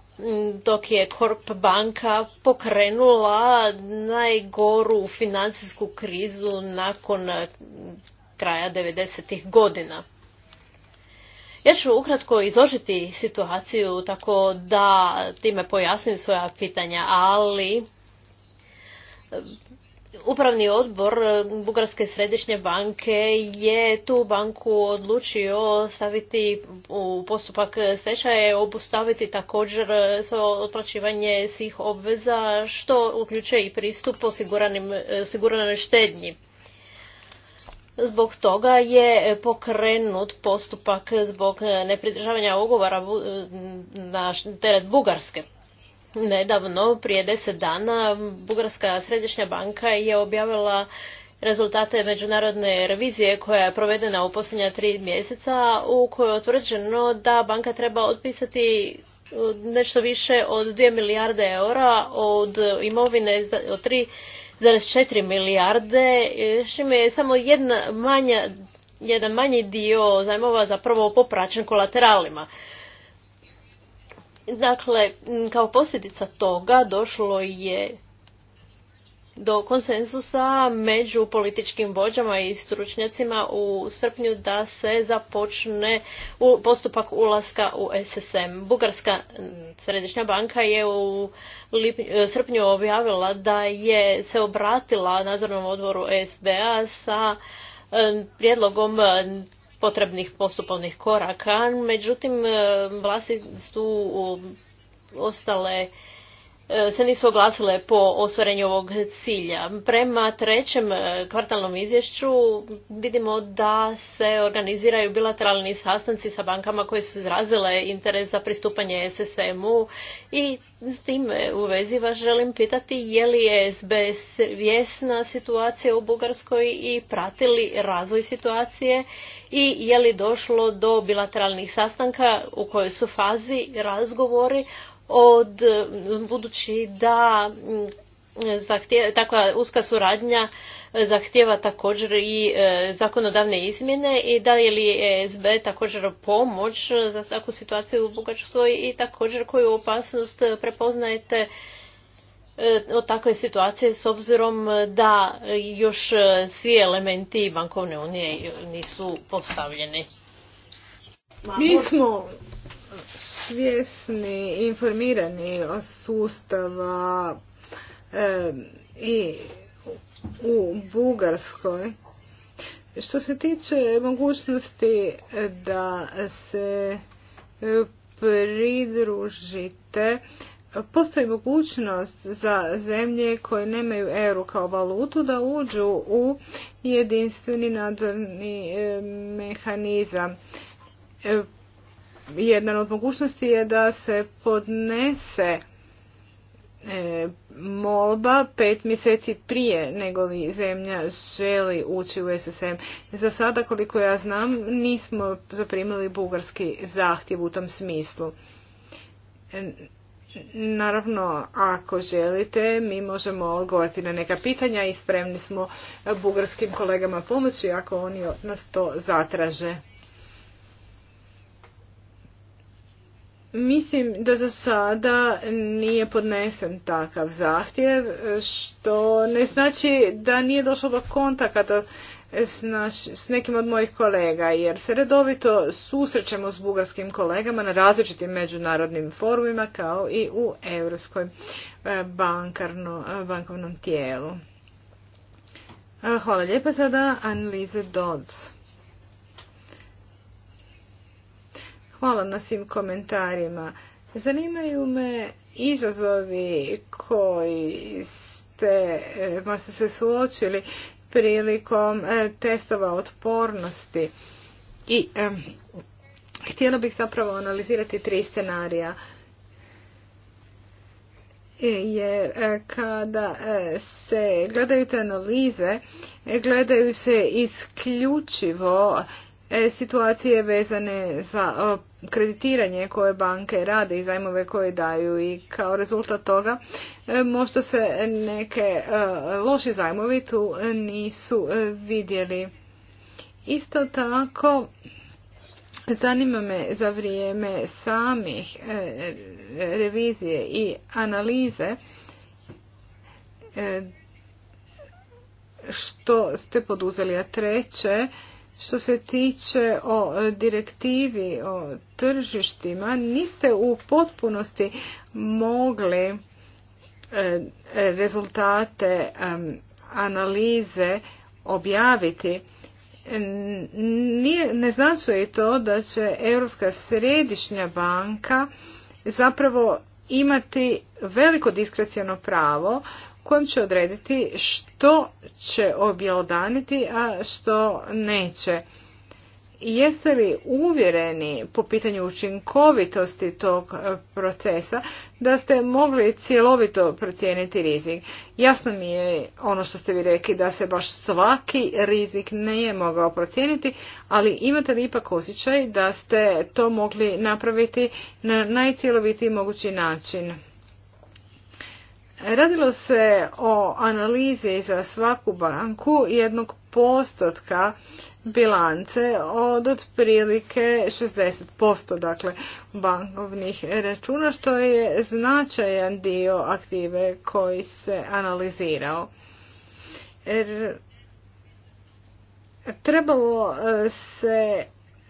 dok je Korp banka pokrenula najgoru financijsku krizu nakon kraja 90. godina. Ja ću ukratko izložiti situaciju tako da time pojasnim svoja pitanja, ali e, Upravni odbor Bugarske središnje banke je tu banku odlučio staviti u postupak stečaja i obustaviti također svoje otplaćivanje svih obveza što uključuje i pristup e, osiguranoj štednji. Zbog toga je pokrenut postupak zbog nepridržavanja ugovora na teret Bugarske. Nedavno, prije deset dana, Bugarska središnja banka je objavila rezultate međunarodne revizije koja je provedena u posljednja tri mjeseca u kojoj je utvrđeno da banka treba otpisati uh, nešto više od 2 milijarde eura od imovine od 3 1,4 milijarde, e, čime je samo jedna manja, jedan manji dio zajmova zapravo popraćen kolateralima. Dakle, kao posljedica toga došlo je do konsenzusa među političkim vođama i stručnjacima u srpnju da se započne postupak ulaska u SSM. Bugarska središnja banka je u e, srpnju objavila da je se obratila nadzornom odboru SBA sa e, prijedlogom e, potrebnih postupovnih koraka. Međutim, vlasti su ostale E, se nisu oglasile po ostvarenju ovog cilja. Prema trećem e, kvartalnom izvješću vidimo da se organiziraju bilateralni sastanci sa bankama koje su izrazile interes za pristupanje SSM-u i s tim e, u vezi vas želim pitati je li je SB svjesna situacija u Bugarskoj i pratili razvoj situacije i je li došlo do bilateralnih sastanka u kojoj su fazi razgovori od eh, budući da mm, takva uska suradnja eh, zahtjeva također i eh, zakonodavne izmjene i da je li e SB također pomoć za takvu situaciju u Bugarskoj i također koju opasnost prepoznajete od takve situacije s obzirom da još svi elementi bankovne unije nisu postavljeni. Mi smo svjesni informirani o sustava e, i u Bugarskoj. Što se tiče mogućnosti da se e, pridružite, postoji mogućnost za zemlje koje nemaju euro kao valutu da uđu u jedinstveni nadzorni e, mehanizam e, jedna od mogućnosti je da se podnese e, molba pet mjeseci prije nego li zemlja želi ući u SSM. Za sada, koliko ja znam, nismo zaprimili bugarski zahtjev u tom smislu. E, naravno, ako želite, mi možemo odgovoriti na neka pitanja i spremni smo bugarskim kolegama pomoći ako oni nas to zatraže. Mislim da za sada nije podnesen takav zahtjev, što ne znači da nije došlo do kontakata s, naš, s nekim od mojih kolega, jer se redovito susrećemo s bugarskim kolegama na različitim međunarodnim forumima kao i u Europskoj e, e, bankovnom tijelu. E, hvala lijepa sada, Annelize Dodds. Hvala na svim komentarima. Zanimaju me izazovi koji ste, eh, se suočili prilikom eh, testova otpornosti i htjela bih zapravo analizirati tri scenarija e, jer eh, kada se gledaju te analize, gledaju se isključivo E, situacije vezane za kreditiranje koje banke rade i zajmove koje daju i kao rezultat toga e, možda se neke e, loši zajmovi tu nisu vidjeli. Isto tako zanima me za vrijeme samih revizije i analize što ste poduzeli, a treće što se tiče o e, direktivi o tržištima, niste u potpunosti mogli e, e, rezultate analize objaviti. ne znači to da će Europska središnja banka zapravo imati veliko diskrecijno pravo kojem će odrediti što će objelodaniti, a što neće. Jeste li uvjereni po pitanju učinkovitosti tog e, procesa da ste mogli cjelovito procijeniti rizik? Jasno mi je ono što ste vi rekli da se baš svaki rizik je mogao procijeniti, ali imate li ipak osjećaj da ste to mogli napraviti na najcjelovitiji mogući način? Radilo se o analizi za svaku banku jednog postotka bilance od otprilike 60%, dakle bankovnih računa, što je značajan dio aktive koji se analizirao. Er, trebalo eh, se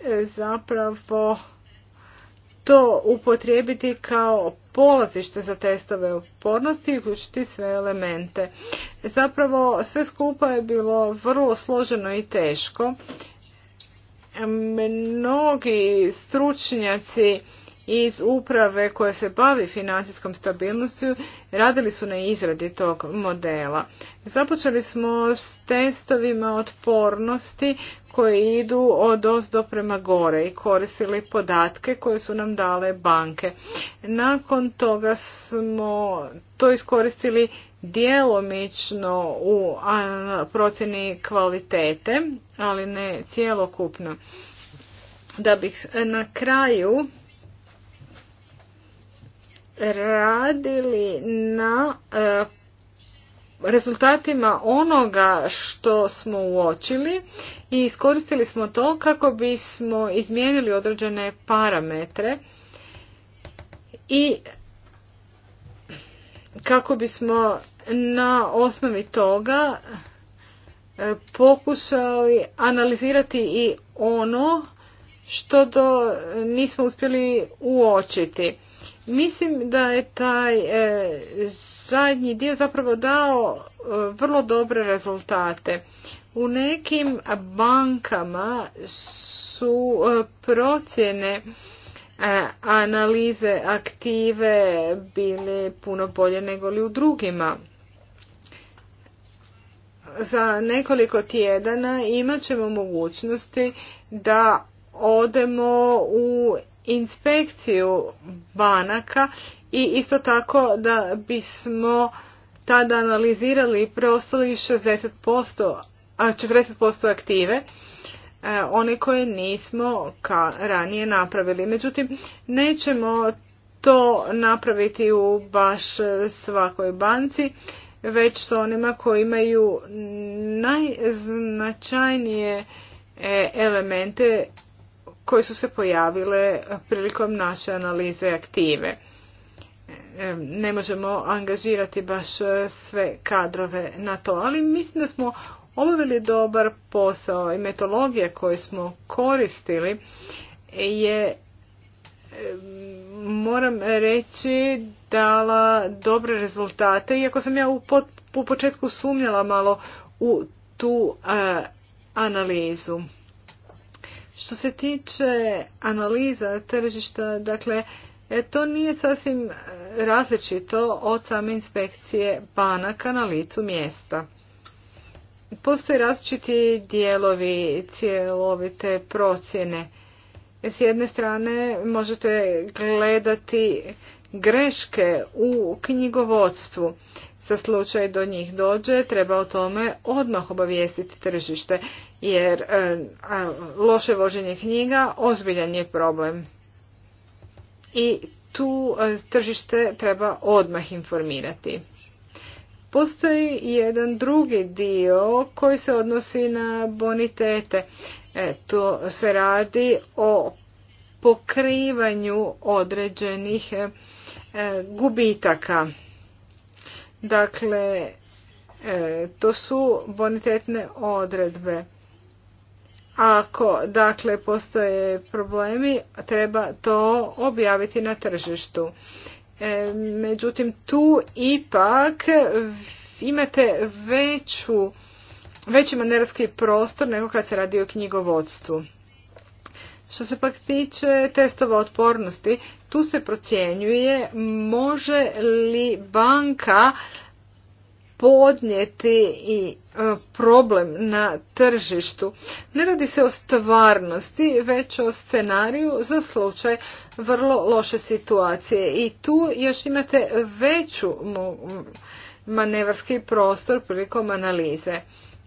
eh, zapravo to upotrijebiti kao polazište za testove otpornosti i uključiti sve elemente. Zapravo sve skupa je bilo vrlo složeno i teško. Mnogi stručnjaci iz uprave koje se bavi financijskom stabilnošću radili su na izradi tog modela. Započeli smo s testovima otpornosti koje idu od do prema gore i koristili podatke koje su nam dale banke. Nakon toga smo to iskoristili djelomično u procjeni kvalitete, ali ne cjelokupno. Da bih na kraju radili na e, rezultatima onoga što smo uočili i iskoristili smo to kako bismo izmijenili određene parametre i kako bismo na osnovi toga e, pokušali analizirati i ono što do nismo uspjeli uočiti. Mislim da je taj e, zadnji dio zapravo dao e, vrlo dobre rezultate. U nekim bankama su e, procjene analize aktive bile puno bolje nego li u drugima. Za nekoliko tjedana imat ćemo mogućnosti da odemo u inspekciju banaka i isto tako da bismo tada analizirali preostalih 60%, a 40% aktive, e, one koje nismo ka ranije napravili. Međutim, nećemo to napraviti u baš svakoj banci, već s onima koji imaju najznačajnije e, elemente koje su se pojavile prilikom naše analize aktive. E, ne možemo angažirati baš sve kadrove na to, ali mislim da smo obavili dobar posao i metodologije koju smo koristili je e, moram reći dala dobre rezultate iako sam ja u, početku sumnjala malo u tu e, analizu što se tiče analiza tržišta, dakle, e, to nije sasvim e, različito od same inspekcije banaka na licu mjesta. Postoje različiti dijelovi cjelovite procjene. S jedne strane možete gledati greške u knjigovodstvu sa slučaj do njih dođe, treba o tome odmah obavijestiti tržište, jer e, loše voženje knjiga ozbiljan je problem. I tu e, tržište treba odmah informirati. Postoji jedan drugi dio koji se odnosi na bonitete. E, to se radi o pokrivanju određenih gubitaka. Dakle, e, to su bonitetne odredbe. Ako dakle postoje problemi, treba to objaviti na tržištu. E, međutim, tu ipak imate veću, veći manerski prostor nego kad se radi o knjigovodstvu. Što se pak tiče testova otpornosti, tu se procjenjuje može li banka podnijeti i e, problem na tržištu. Ne radi se o stvarnosti, već o scenariju za slučaj vrlo loše situacije. I tu još imate veću manevarski prostor prilikom analize.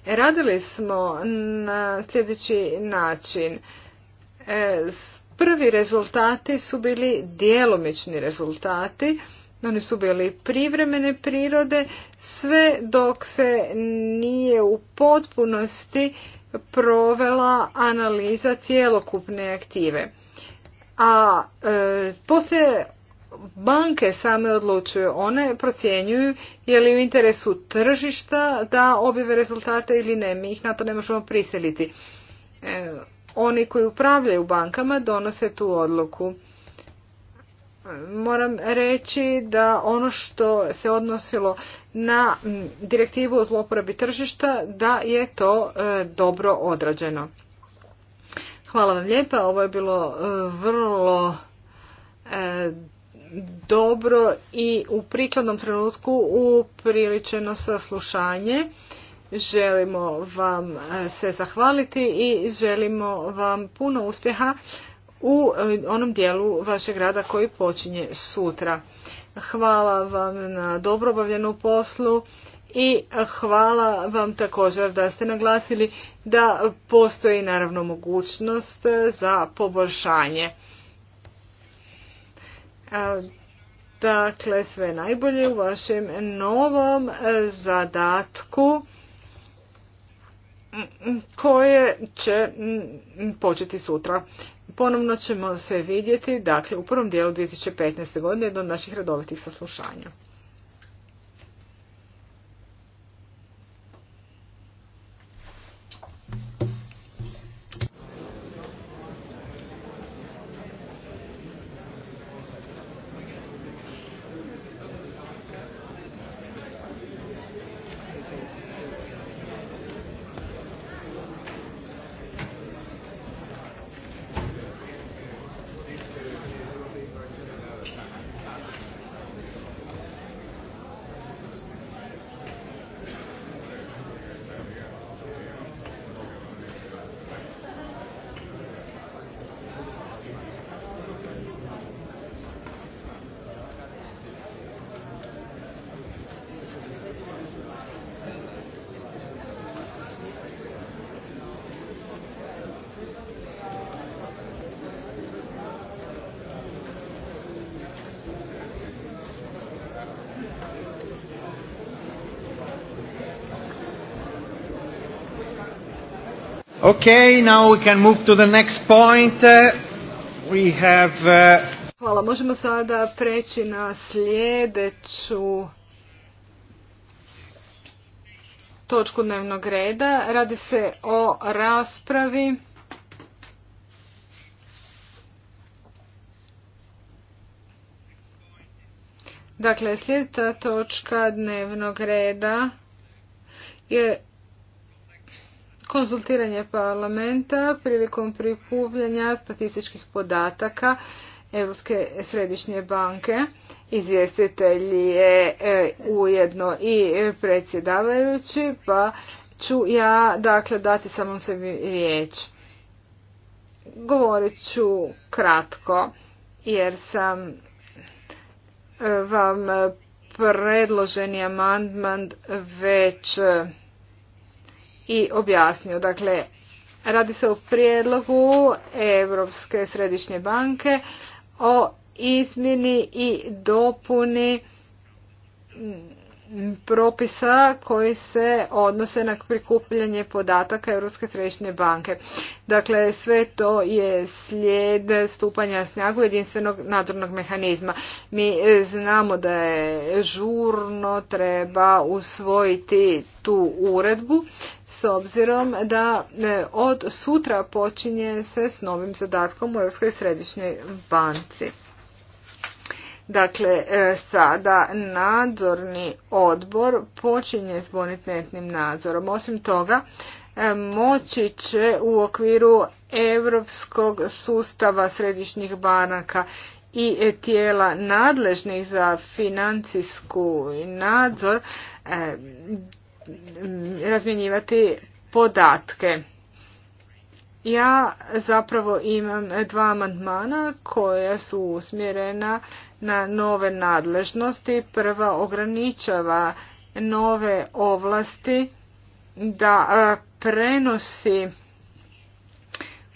Radili smo na sljedeći način. E, prvi rezultati su bili djelomični rezultati, oni su bili privremene prirode, sve dok se nije u potpunosti provela analiza cjelokupne aktive. A e, poslije banke same odlučuju, one procjenjuju je li u interesu tržišta da objave rezultate ili ne, mi ih na to ne možemo prisiliti. E, oni koji upravljaju bankama donose tu odluku. Moram reći da ono što se odnosilo na direktivu o zloporabi tržišta, da je to e, dobro odrađeno. Hvala vam lijepa, ovo je bilo e, vrlo e, dobro i u prikladnom trenutku upriličeno saslušanje. Želimo vam e, se zahvaliti i želimo vam puno uspjeha u e, onom dijelu vašeg rada koji počinje sutra. Hvala vam na dobro obavljenu poslu i hvala vam također da ste naglasili da postoji naravno mogućnost e, za poboljšanje. Dakle, sve najbolje u vašem novom zadatku koje će mm, početi sutra. Ponovno ćemo se vidjeti, dakle, u prvom dijelu 2015. godine, do naših redovitih saslušanja. Okay, now we next point. Uh, uh, Hvala, možemo sada preći na sljedeću točku dnevnog reda. Radi se o raspravi Dakle, sljedeća točka dnevnog reda je konzultiranje parlamenta prilikom prikupljanja statističkih podataka Europske središnje banke. Izvjestitelj je e, ujedno i predsjedavajući, pa ću ja dakle dati samom sebi riječ. Govorit ću kratko jer sam e, vam predloženi amandman već i objasnio. Dakle, radi se o prijedlogu Europske središnje banke o izmjeni i dopuni propisa koji se odnose na prikupljanje podataka Europske središnje banke. Dakle, sve to je slijed stupanja snagu jedinstvenog nadzornog mehanizma. Mi e, znamo da je žurno treba usvojiti tu uredbu s obzirom da e, od sutra počinje se s novim zadatkom u Europskoj središnjoj banci. Dakle, e, sada nadzorni odbor počinje s bonitetnim nadzorom. Osim toga, e, moći će u okviru europskog sustava središnjih banaka i tijela nadležnih za financijsku nadzor e, razmjenjivati podatke. Ja zapravo imam dva amandmana koja su usmjerena na nove nadležnosti. Prva ograničava nove ovlasti da e, prenosi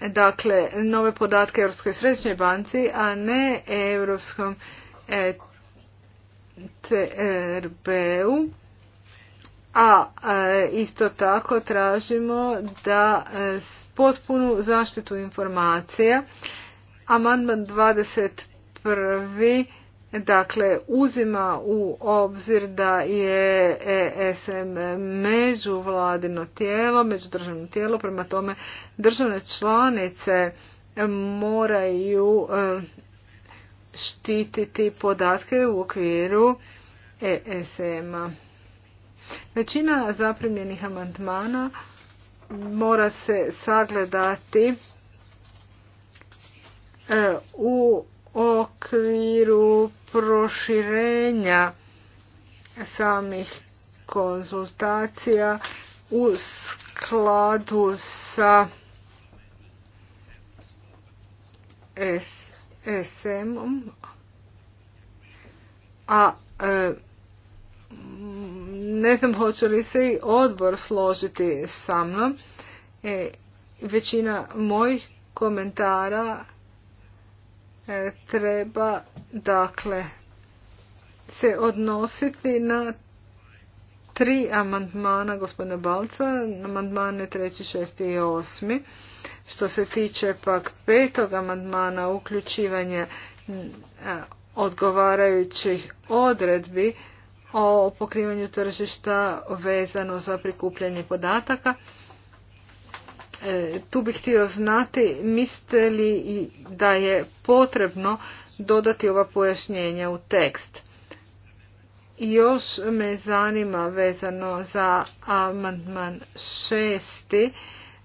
dakle nove podatke Europskoj središnjoj banci, a ne Europskom e, TRB-u. A e, isto tako tražimo da potpunu zaštitu informacija Amandman prvi dakle uzima u obzir da je ESM međuvladino tijelo, međudržavno tijelo, prema tome državne članice moraju eh, štititi podatke u okviru ESM-a. Većina zaprimljenih amandmana mora se sagledati eh, u okviru proširenja samih konzultacija u skladu sa SM-om, a e, ne znam hoće li se i odbor složiti sa mnom. E, većina mojih komentara E, treba dakle se odnositi na tri amandmana gospodina Balca, amandmane treći, šesti i osmi, Što se tiče pak petog amandmana uključivanja odgovarajućih odredbi o pokrivanju tržišta vezano za prikupljanje podataka, E, tu bih htio znati mislite li da je potrebno dodati ova pojašnjenja u tekst. Još me zanima vezano za amandman šesti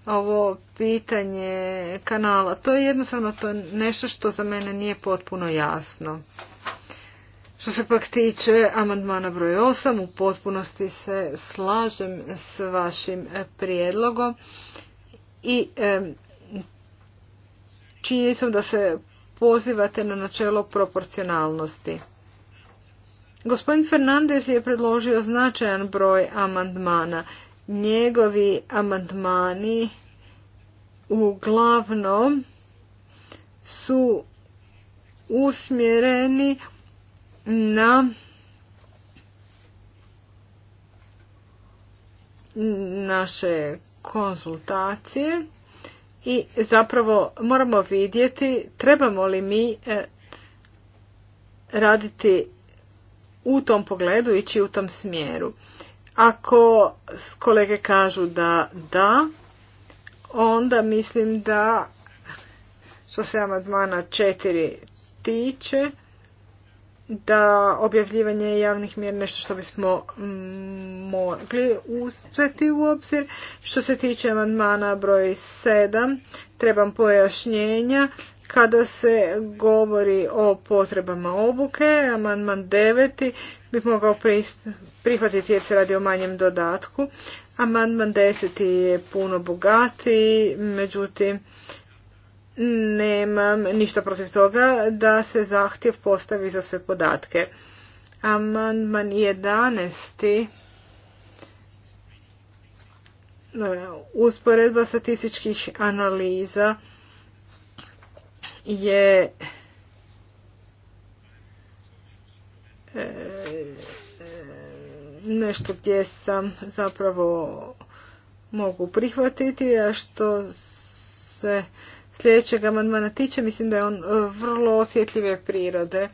ovo pitanje kanala. To je jednostavno to nešto što za mene nije potpuno jasno. Što se pak tiče amandmana broj 8, u potpunosti se slažem s vašim prijedlogom i činjenicom da se pozivate na načelo proporcionalnosti. Gospodin Fernandez je predložio značajan broj amandmana. Njegovi amandmani uglavnom su usmjereni na naše konzultacije i zapravo moramo vidjeti trebamo li mi e, raditi u tom pogledu ići u tom smjeru. Ako kolege kažu da da, onda mislim da što se amadmana četiri tiče, da objavljivanje javnih mjera nešto što bismo mm, mogli uzeti u obzir. Što se tiče amandmana broj 7, trebam pojašnjenja. Kada se govori o potrebama obuke, amandman 9 bih mogao prihvatiti jer se radi o manjem dodatku. Amandman 10 je puno bogatiji, međutim nemam ništa protiv toga da se zahtjev postavi za sve podatke. Amandman 11. E, usporedba statističkih analiza je e, e, nešto gdje sam zapravo mogu prihvatiti, a što se sljedećeg amandmana tiče, mislim da je on e, vrlo osjetljive prirode.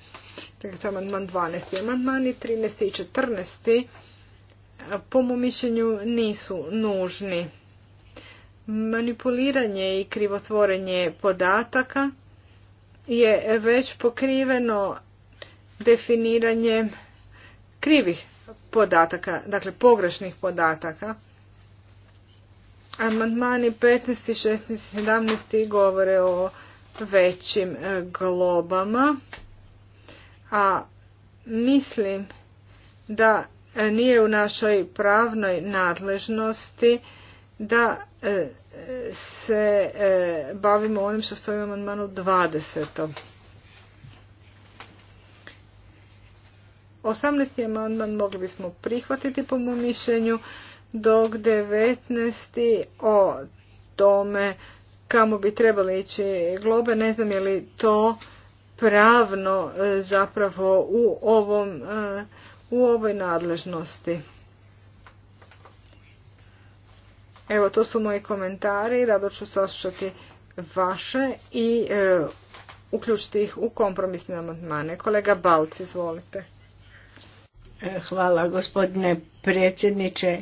Dakle, to je amandman 12. Amandmani 13. i 14. E, po mom mišljenju nisu nužni. Manipuliranje i krivotvorenje podataka je već pokriveno definiranjem krivih podataka, dakle pogrešnih podataka. Amandmani 15, 16 i 17 govore o većim e, globama, a mislim da nije u našoj pravnoj nadležnosti da e, se e, bavimo onim što stoji u amandmanu 20. 18. amandman mogli bismo prihvatiti po mom mišljenju dok 19. o tome kamo bi trebali ići globe. Ne znam je li to pravno e, zapravo u, ovom, e, u ovoj nadležnosti. Evo, to su moji komentari. Rado ću saslušati vaše i e, uključiti ih u kompromisne amandmane. Kolega Balci, izvolite. Hvala gospodine predsjedniče.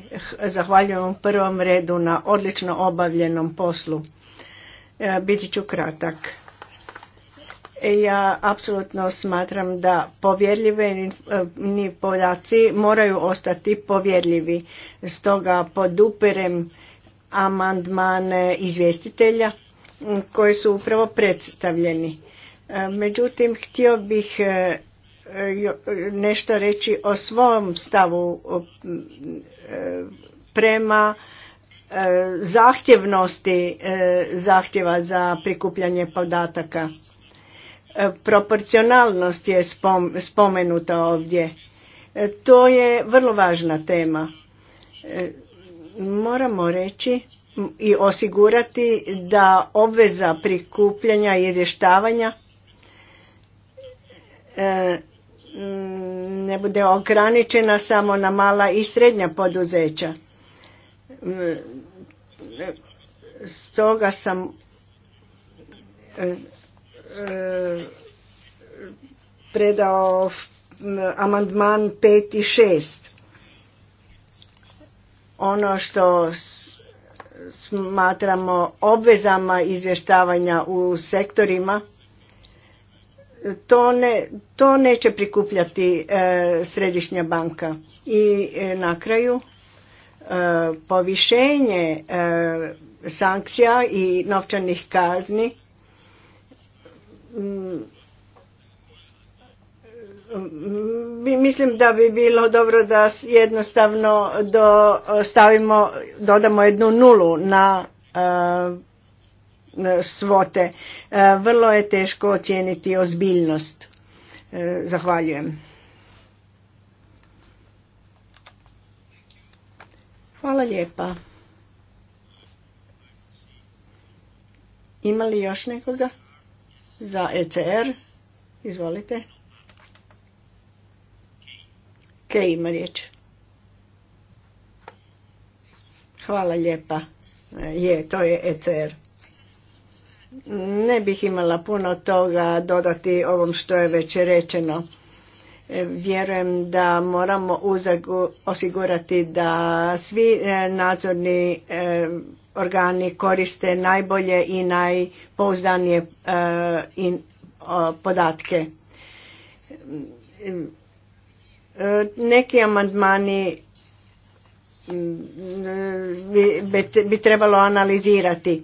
Zahvaljujem u prvom redu na odlično obavljenom poslu. E, biti ću kratak. E, ja apsolutno smatram da povjerljivi e, podaci moraju ostati povjerljivi. Stoga podupirem amandmane izvjestitelja koji su upravo predstavljeni. Međutim, htio bih nešto reći o svom stavu e, prema e, zahtjevnosti e, zahtjeva za prikupljanje podataka. Proporcionalnost je spomenuta ovdje. To je vrlo važna tema. Moramo reći i osigurati da obveza prikupljanja i rještavanja Mm, ne bude ograničena samo na mala i srednja poduzeća. Mm, stoga sam e, e, predao mm, amandman 5 i 6. Ono što smatramo obvezama izvještavanja u sektorima to, to neće prikupljati e, središnja banka. I e, na kraju e, povišenje e, sankcija i novčanih kazni mm, mislim da bi bilo dobro da jednostavno do, stavimo, dodamo jednu nulu na E, svote. E, vrlo je teško ocijeniti ozbiljnost. E, zahvaljujem. Hvala lijepa. Ima li još nekoga? Za ECR? Izvolite. Kej ima riječ. Hvala lijepa. Je, to je ECR. Ne bih imala puno toga dodati ovom što je već rečeno. E, vjerujem da moramo uzagu osigurati da svi e, nadzorni e, organi koriste najbolje i najpouzdanije podatke. Neki amandmani bi trebalo analizirati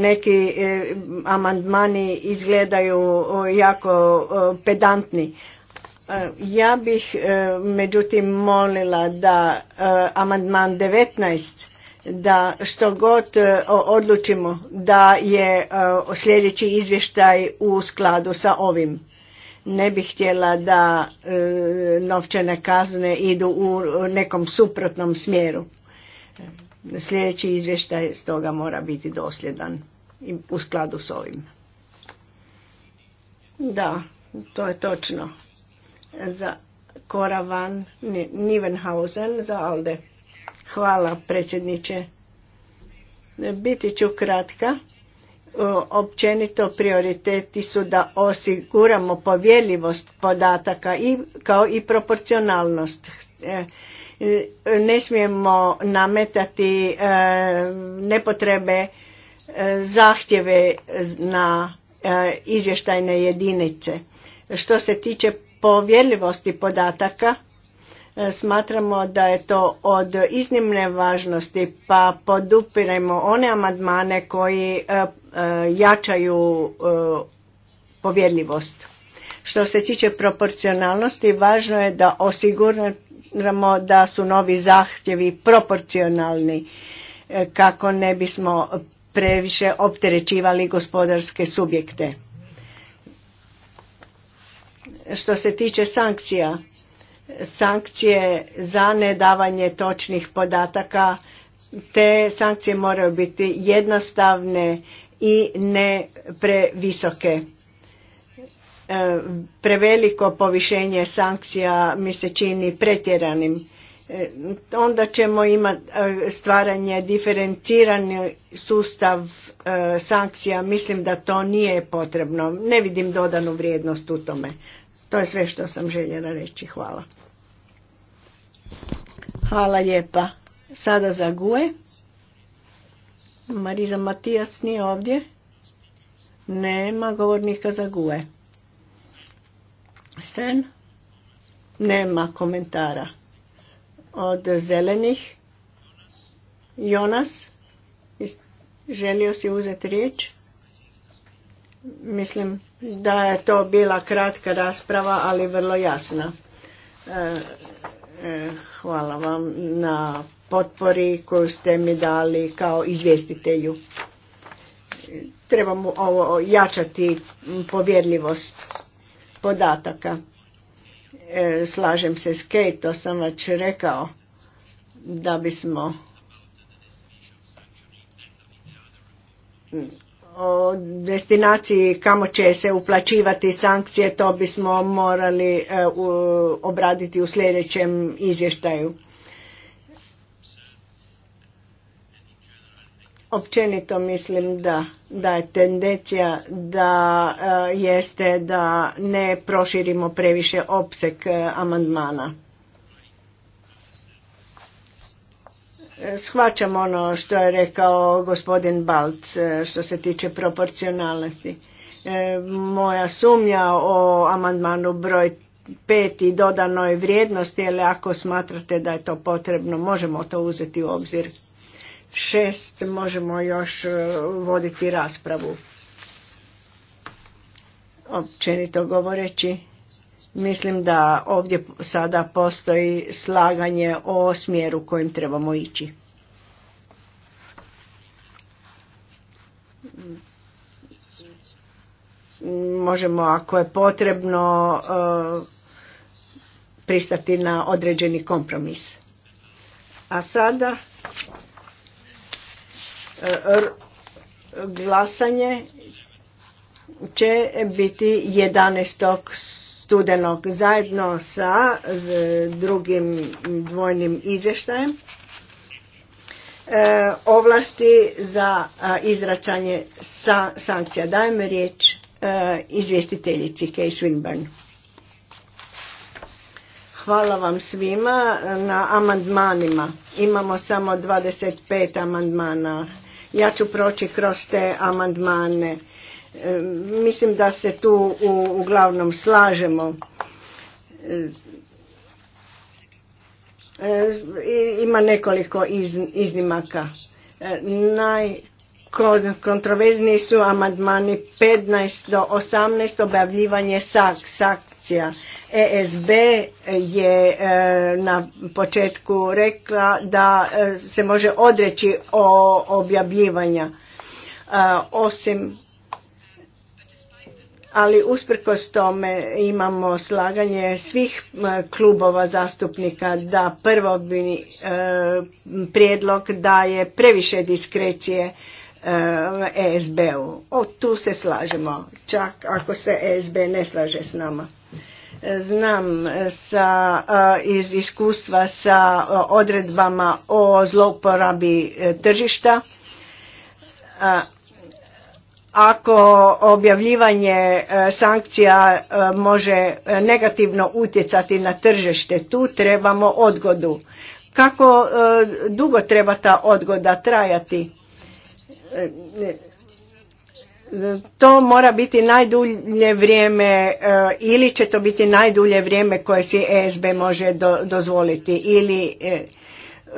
neki e, amandmani izgledaju jako pedantni. E, ja bih e, međutim molila da amandman 19 da što god odlučimo da je sljedeći izvještaj u skladu sa ovim. Ne bih htjela da novčane kazne idu u nekom suprotnom smjeru. Sljedeći izvještaj stoga mora biti dosljedan i u skladu s ovim. Da, to je točno. Za Koravan Nivenhausen za Alde. Hvala predsjedniče. Biti ću kratka. Općenito prioriteti su da osiguramo povjeljivost podataka i, kao i proporcionalnost e, ne smijemo nametati e, nepotrebe e, zahtjeve na e, izvještajne jedinice. Što se tiče povjerljivosti podataka, smatramo da je to od iznimne važnosti pa podupiremo one amandmane koji jačaju povjerljivost. Što se tiče proporcionalnosti, važno je da osiguramo da su novi zahtjevi proporcionalni e, kako ne bismo previše opterećivali gospodarske subjekte. Što se tiče sankcija, sankcije za nedavanje točnih podataka, te sankcije moraju biti jednostavne i ne previsoke preveliko povišenje sankcija mi se čini pretjeranim. E, onda ćemo imati e, stvaranje diferencirani sustav e, sankcija. Mislim da to nije potrebno. Ne vidim dodanu vrijednost u tome. To je sve što sam željela reći. Hvala. Hvala lijepa. Sada za Gue. Mariza Matijas nije ovdje. Nema govornika za Gue. Stren? Nema komentara. Od zelenih? Jonas? Želio si uzeti riječ? Mislim da je to bila kratka rasprava, ali vrlo jasna. E, e, hvala vam na potpori koju ste mi dali kao izvjestitelju. Trebamo ovo jačati povjerljivost podataka. E, slažem se s Kate, to sam već rekao da bismo o destinaciji kamo će se uplaćivati sankcije, to bismo morali e, obraditi u sljedećem izvještaju. općenito mislim da, da je tendencija da eh, jeste da ne proširimo previše opsek eh, amandmana. Eh, shvaćam ono što je rekao gospodin Balc što se tiče proporcionalnosti. Moja sumnja o amandmanu broj pet i dodanoj vrijednosti, ali ako smatrate da je to potrebno, možemo to uzeti u obzir šest možemo još e, voditi raspravu. Općenito govoreći, mislim da ovdje sada postoji slaganje o smjeru kojim trebamo ići. Možemo, ako je potrebno, e, pristati na određeni kompromis. A sada Glasanje će biti 11. studenog zajedno sa drugim dvojnim izvještajem. E, ovlasti za izračanje sankcija. Dajem riječ e, izvjestiteljici Kay Swinburne. Hvala vam svima na amandmanima. Imamo samo 25 amandmana. Ja ću proći kroz te amandmane. E, mislim da se tu uglavnom slažemo. E, e, ima nekoliko iznimaka. Najkontroverzniji su amandmani 15 do 18 objavljivanje sankcija. ESB je e, na početku rekla da e, se može odreći o objavljivanja e, osim ali usprkos tome imamo slaganje svih klubova zastupnika da prvo bi prijedlog da je previše diskrecije ESB-u. Tu se slažemo, čak ako se ESB ne slaže s nama. Znam sa, iz iskustva sa odredbama o zlouporabi e, tržišta. Ako objavljivanje e, sankcija e, može negativno utjecati na tržište, tu trebamo odgodu. Kako dugo treba ta odgoda trajati? to mora biti najdulje vrijeme e, ili će to biti najdulje vrijeme koje si ESB može dozvoliti ili e,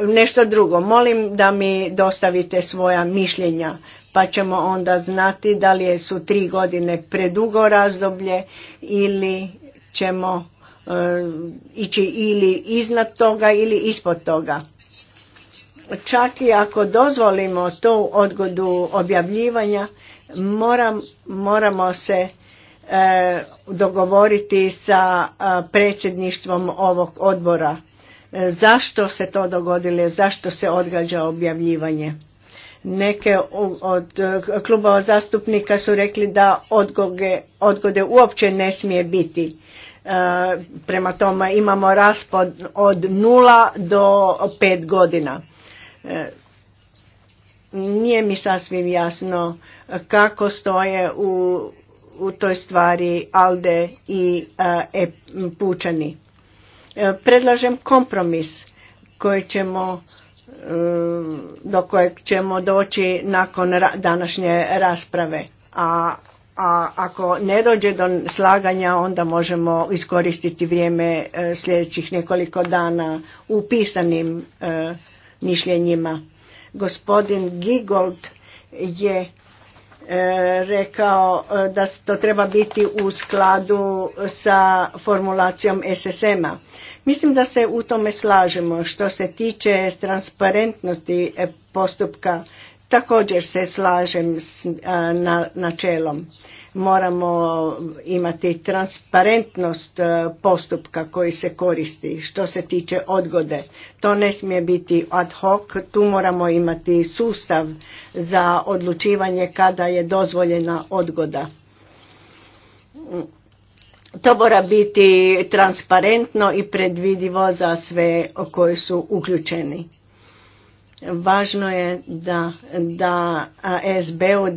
nešto drugo. Molim da mi dostavite svoja mišljenja pa ćemo onda znati da li su tri godine predugo razdoblje ili ćemo e, ići ili iznad toga ili ispod toga. Čak i ako dozvolimo to odgodu objavljivanja, Moram, moramo se e, dogovoriti sa e, predsjedništvom ovog odbora e, zašto se to dogodilo, zašto se odgađa objavljivanje. Neke od klubova zastupnika su rekli da odgode uopće ne smije biti. prema tome imamo raspod od nula do pet godina. Nije mi sasvim jasno kako stoje u, u toj stvari Alde i e, Pučani. E, predlažem kompromis koji ćemo e, do kojeg ćemo doći nakon današnje rasprave. A, a ako ne dođe do slaganja, onda možemo iskoristiti vrijeme e, sljedećih nekoliko dana u pisanim mišljenjima. Gospodin Gigold je rekao e, da to treba biti u skladu sa formulacijom SSM-a. Mislim da se u tome slažemo. Što se tiče transparentnosti e, postupka, također se slažem s e, načelom moramo imati transparentnost e, postupka koji se koristi što se tiče odgode. To ne smije biti ad hoc, tu moramo imati sustav za odlučivanje kada je dozvoljena odgoda. To mora biti transparentno i predvidivo za sve koji su uključeni. Važno je da, da ASB u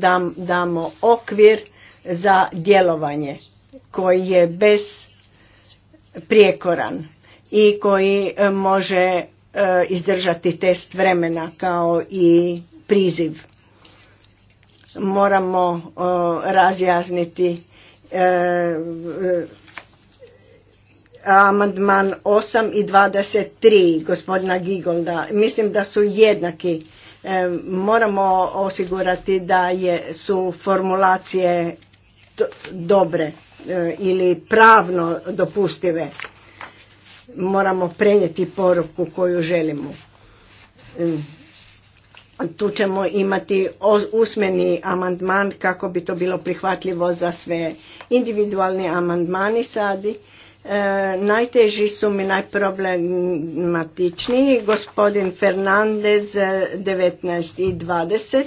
damo okvir za djelovanje koji je bez prijekoran i koji e, može e, izdržati test vremena kao i priziv. Moramo e, razjasniti amandman 8 i 23 gospodina Gigolda. Mislim da su jednaki. Moramo osigurati da su formulacije dobre e, ili pravno dopustive. Moramo prenijeti poruku koju želimo. E, tu ćemo imati usmeni amandman kako bi to bilo prihvatljivo za sve individualni amandmani sadi. E, najteži su mi najproblematičniji gospodin Fernandez 19 i 20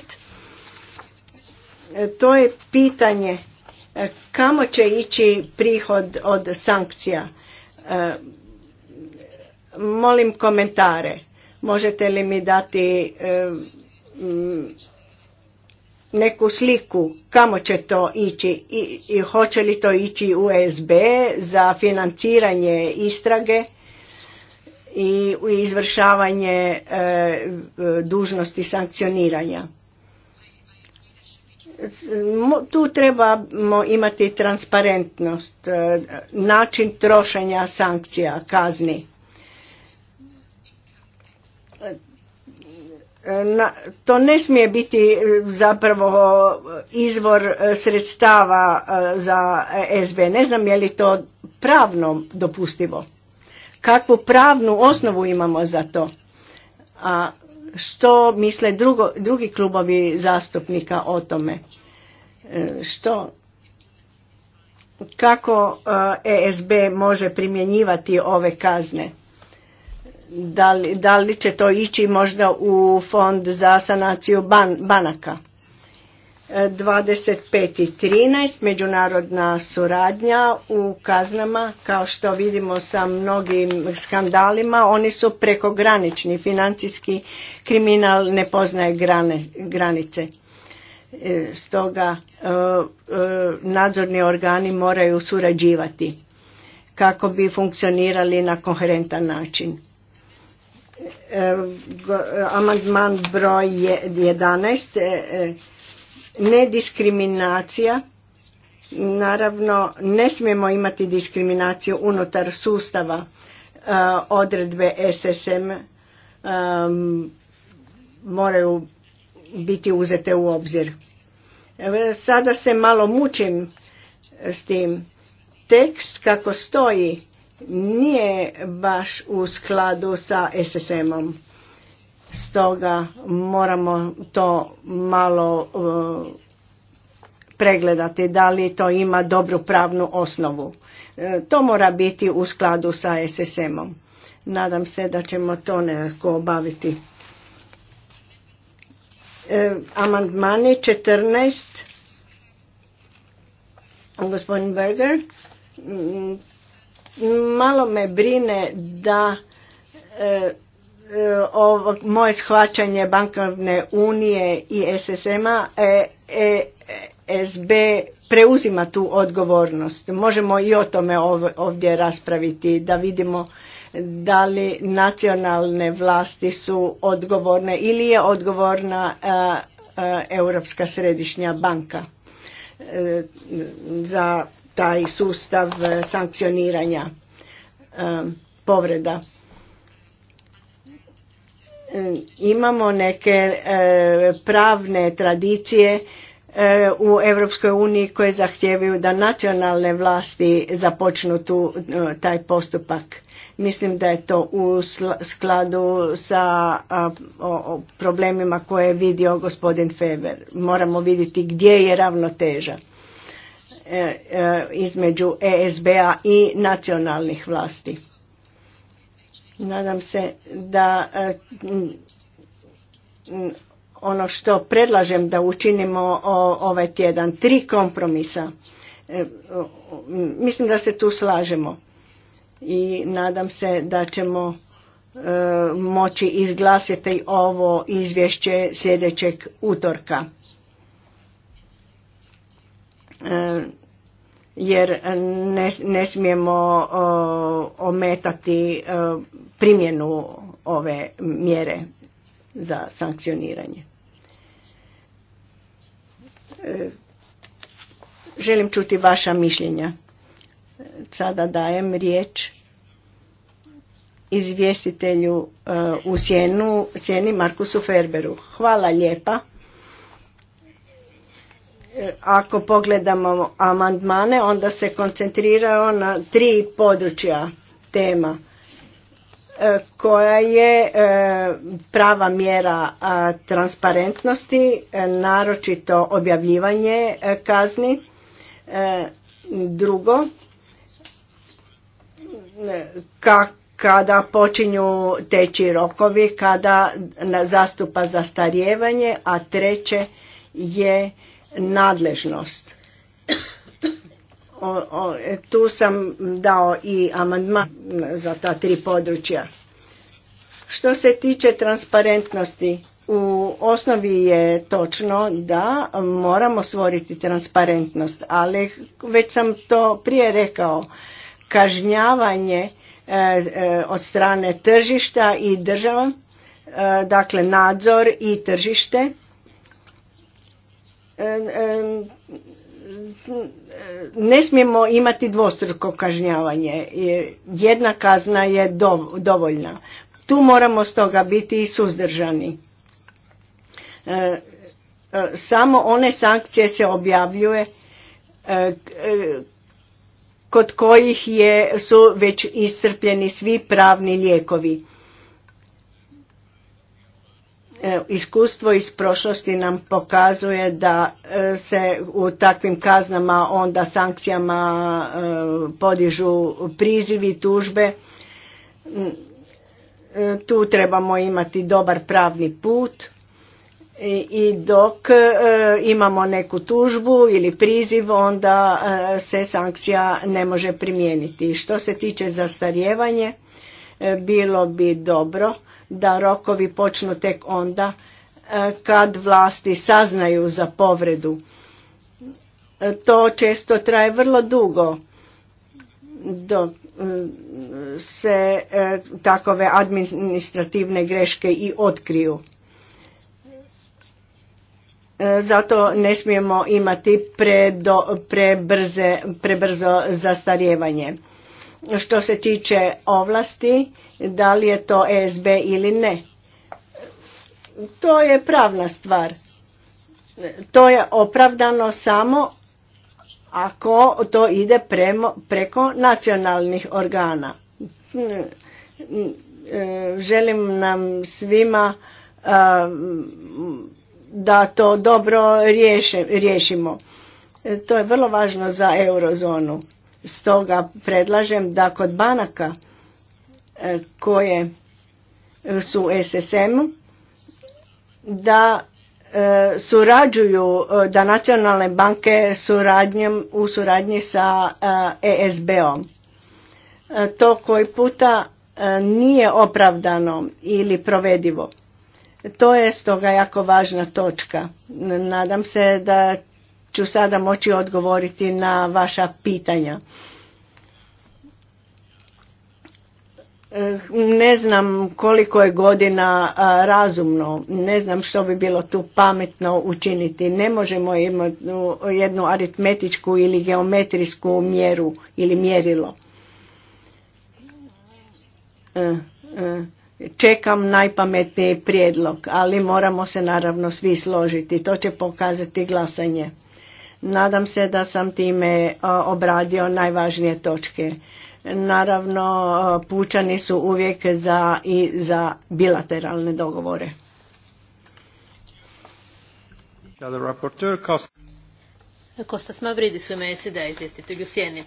to je pitanje Kamo će ići prihod od sankcija? E, molim komentare. Možete li mi dati e, neku sliku kamo će to ići i, hoće li to ići u SB za financiranje istrage i izvršavanje e, dužnosti sankcioniranja. Tu trebamo imati transparentnost, e, način trošenja sankcija, kazni. E, na, to ne smije biti e, zapravo izvor sredstava za SB. Ne znam je li to pravno dopustivo. Kakvu pravnu osnovu imamo za to? A što misle drugi klubovi zastupnika o tome. E, što, kako ESB e može primjenjivati ove kazne? Da li, da li će to ići možda u fond za sanaciju banaka? 25.13. i međunarodna suradnja u kaznama kao što vidimo sa mnogim skandalima oni su prekogranični financijski kriminal ne poznaje granice e, stoga e, e, nadzorni organi moraju surađivati kako bi funkcionirali na koherentan način amandman broj 11 Nediskriminacija, naravno ne smijemo imati diskriminaciju unutar sustava e, odredbe SSM e, moraju biti uzete u obzir. Sada se malo mučim s tim. Tekst kako stoji nije baš u skladu sa SSM-om. Stoga moramo to malo e, pregledati da li to ima dobru pravnu osnovu. E, to mora biti u skladu sa SSM-om. Nadam se da ćemo to nekako obaviti. E, amandmani 14. Gospodin Berger. Malo me brine da E, ovo, moje shvaćanje bankovne unije i SSM-a e, e, SB preuzima tu odgovornost. Možemo i o tome ovdje raspraviti da vidimo da li nacionalne vlasti su odgovorne ili je odgovorna Europska središnja banka za taj sustav sankcioniranja povreda E, imamo neke e, pravne tradicije e, u Europskoj uniji koje zahtijevaju da nacionalne vlasti započnu tu, taj postupak. Mislim da je to u skladu sa problemima koje je vidio gospodin Feber. Moramo vidjeti gdje je ravnoteža između ESBA i nacionalnih vlasti. Nadam se da e, ono što predlažem da učinimo ovaj tjedan, tri kompromisa. E, mislim da se tu slažemo i nadam se da ćemo e, moći izglasiti ovo izvješće sljedećeg utorka jer ne, ne smijemo ometati primjenu ove mjere za sankcioniranje. E, želim čuti vaša mišljenja. Sada dajem riječ izvjestitelju e, u sjenu, sjeni Markusu Ferberu. Hvala lijepa ako pogledamo amandmane, onda se koncentrirao na tri područja tema e, koja je e, prava mjera transparentnosti, e, naročito objavljivanje kazni. Drugo, kada počinju teći rokovi, kada zastupa zastarijevanje, a treće je nadležnost. O, o, e, tu sam dao i amandman za ta tri područja. Što se tiče transparentnosti, u osnovi je točno da moramo stvoriti transparentnost, ali već sam to prije rekao, kažnjavanje e, e, od strane tržišta i država, dakle nadzor i tržište, ne smijemo imati dvostruko kažnjavanje. Jedna kazna je dovoljna. Tu moramo stoga biti i suzdržani. E, e, samo one sankcije se objavljuje e, kod kojih su već iscrpljeni svi pravni lijekovi E, iskustvo iz prošlosti nam pokazuje da e, se u takvim kaznama onda sankcijama e, podižu prizivi tužbe mm, tu trebamo imati dobar pravni put i dok imamo neku tužbu ili priziv onda se sankcija ne može primijeniti što se tiče zastarjevanje bilo bi dobro da rokovi počnu tek onda e, kad vlasti saznaju za povredu. E, to često traje vrlo dugo dok e, se takove administrativne greške i otkriju. Zato ne smijemo imati prebrzo zastarjevanje. Što se tiče ovlasti, da li je to ESB ili ne. To je pravna stvar. To je opravdano samo ako to ide premo, preko nacionalnih organa. Želim nam svima um, da to dobro riješimo. To je vrlo važno za eurozonu. Stoga predlažem da kod banaka E, koje su SSM-u da e, surađuju, e, da nacionalne banke suradnjem, u suradnji sa ESB-om. To koji puta nije opravdano ili provedivo. To je stoga jako važna točka. Nadam se da ću sada moći odgovoriti na vaša pitanja. Eh, ne znam koliko je godina eh, razumno, ne znam što bi bilo tu pametno učiniti. Ne možemo imati eh, jednu aritmetičku ili geometrijsku mjeru ili mjerilo. Čekam najpametniji prijedlog, ali moramo se naravno svi složiti. To će pokazati glasanje. Nadam se da sam time obradio najvažnije točke. Naravno, pučani su uvijek za, i za bilateralne dogovore. Kostas Mavridis u ime SED, izvjestitelj u Sjeni.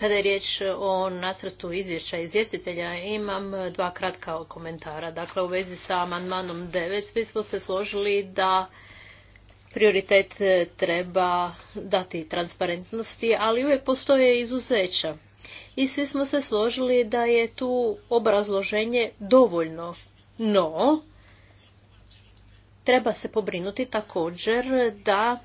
Kada je riječ o nacrtu izvješća izvjestitelja, imam dva kratka komentara. Dakle, u vezi sa amandmanom 9 svi smo se složili da prioritet e, treba dati transparentnosti, ali uvijek postoje izuzeća. I svi smo se složili da je tu obrazloženje dovoljno, no treba se pobrinuti također da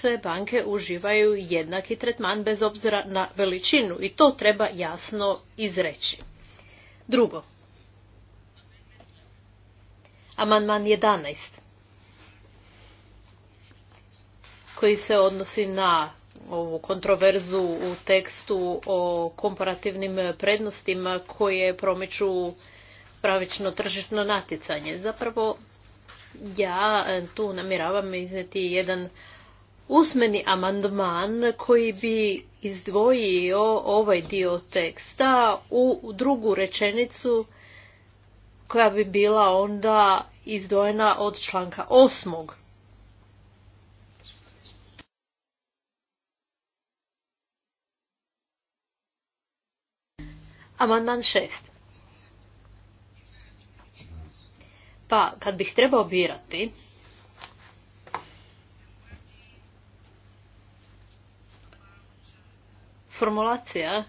sve banke uživaju jednaki tretman bez obzira na veličinu i to treba jasno izreći. Drugo. Amandman 11. koji se odnosi na ovu kontroverzu u tekstu o komparativnim prednostima koje promiču pravično tržišno natjecanje. Zapravo ja e, tu namjeravam izneti jedan usmeni amandman koji bi izdvojio ovaj dio teksta u drugu rečenicu koja bi bila onda izdvojena od članka osmog. Amandman šest. Pa, kad bih trebao birati, formulacija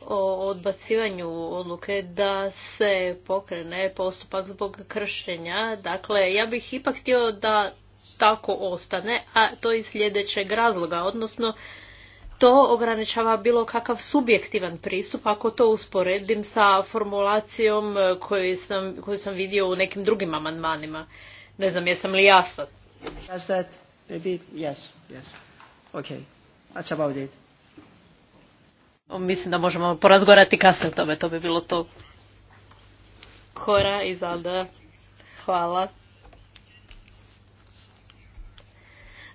o odbacivanju odluke da se pokrene postupak zbog kršenja. Dakle, ja bih ipak htio da tako ostane, a to iz sljedećeg razloga, odnosno to ograničava bilo kakav subjektivan pristup ako to usporedim sa formulacijom e, koju sam, koju sam vidio u nekim drugim amandmanima. Ne znam jesam li jasna? Does that maybe? Yes, yes. Okay. That's about it. Mislim da možemo porazgovarati kasnije o tome, to bi bilo to. Kora i hvala.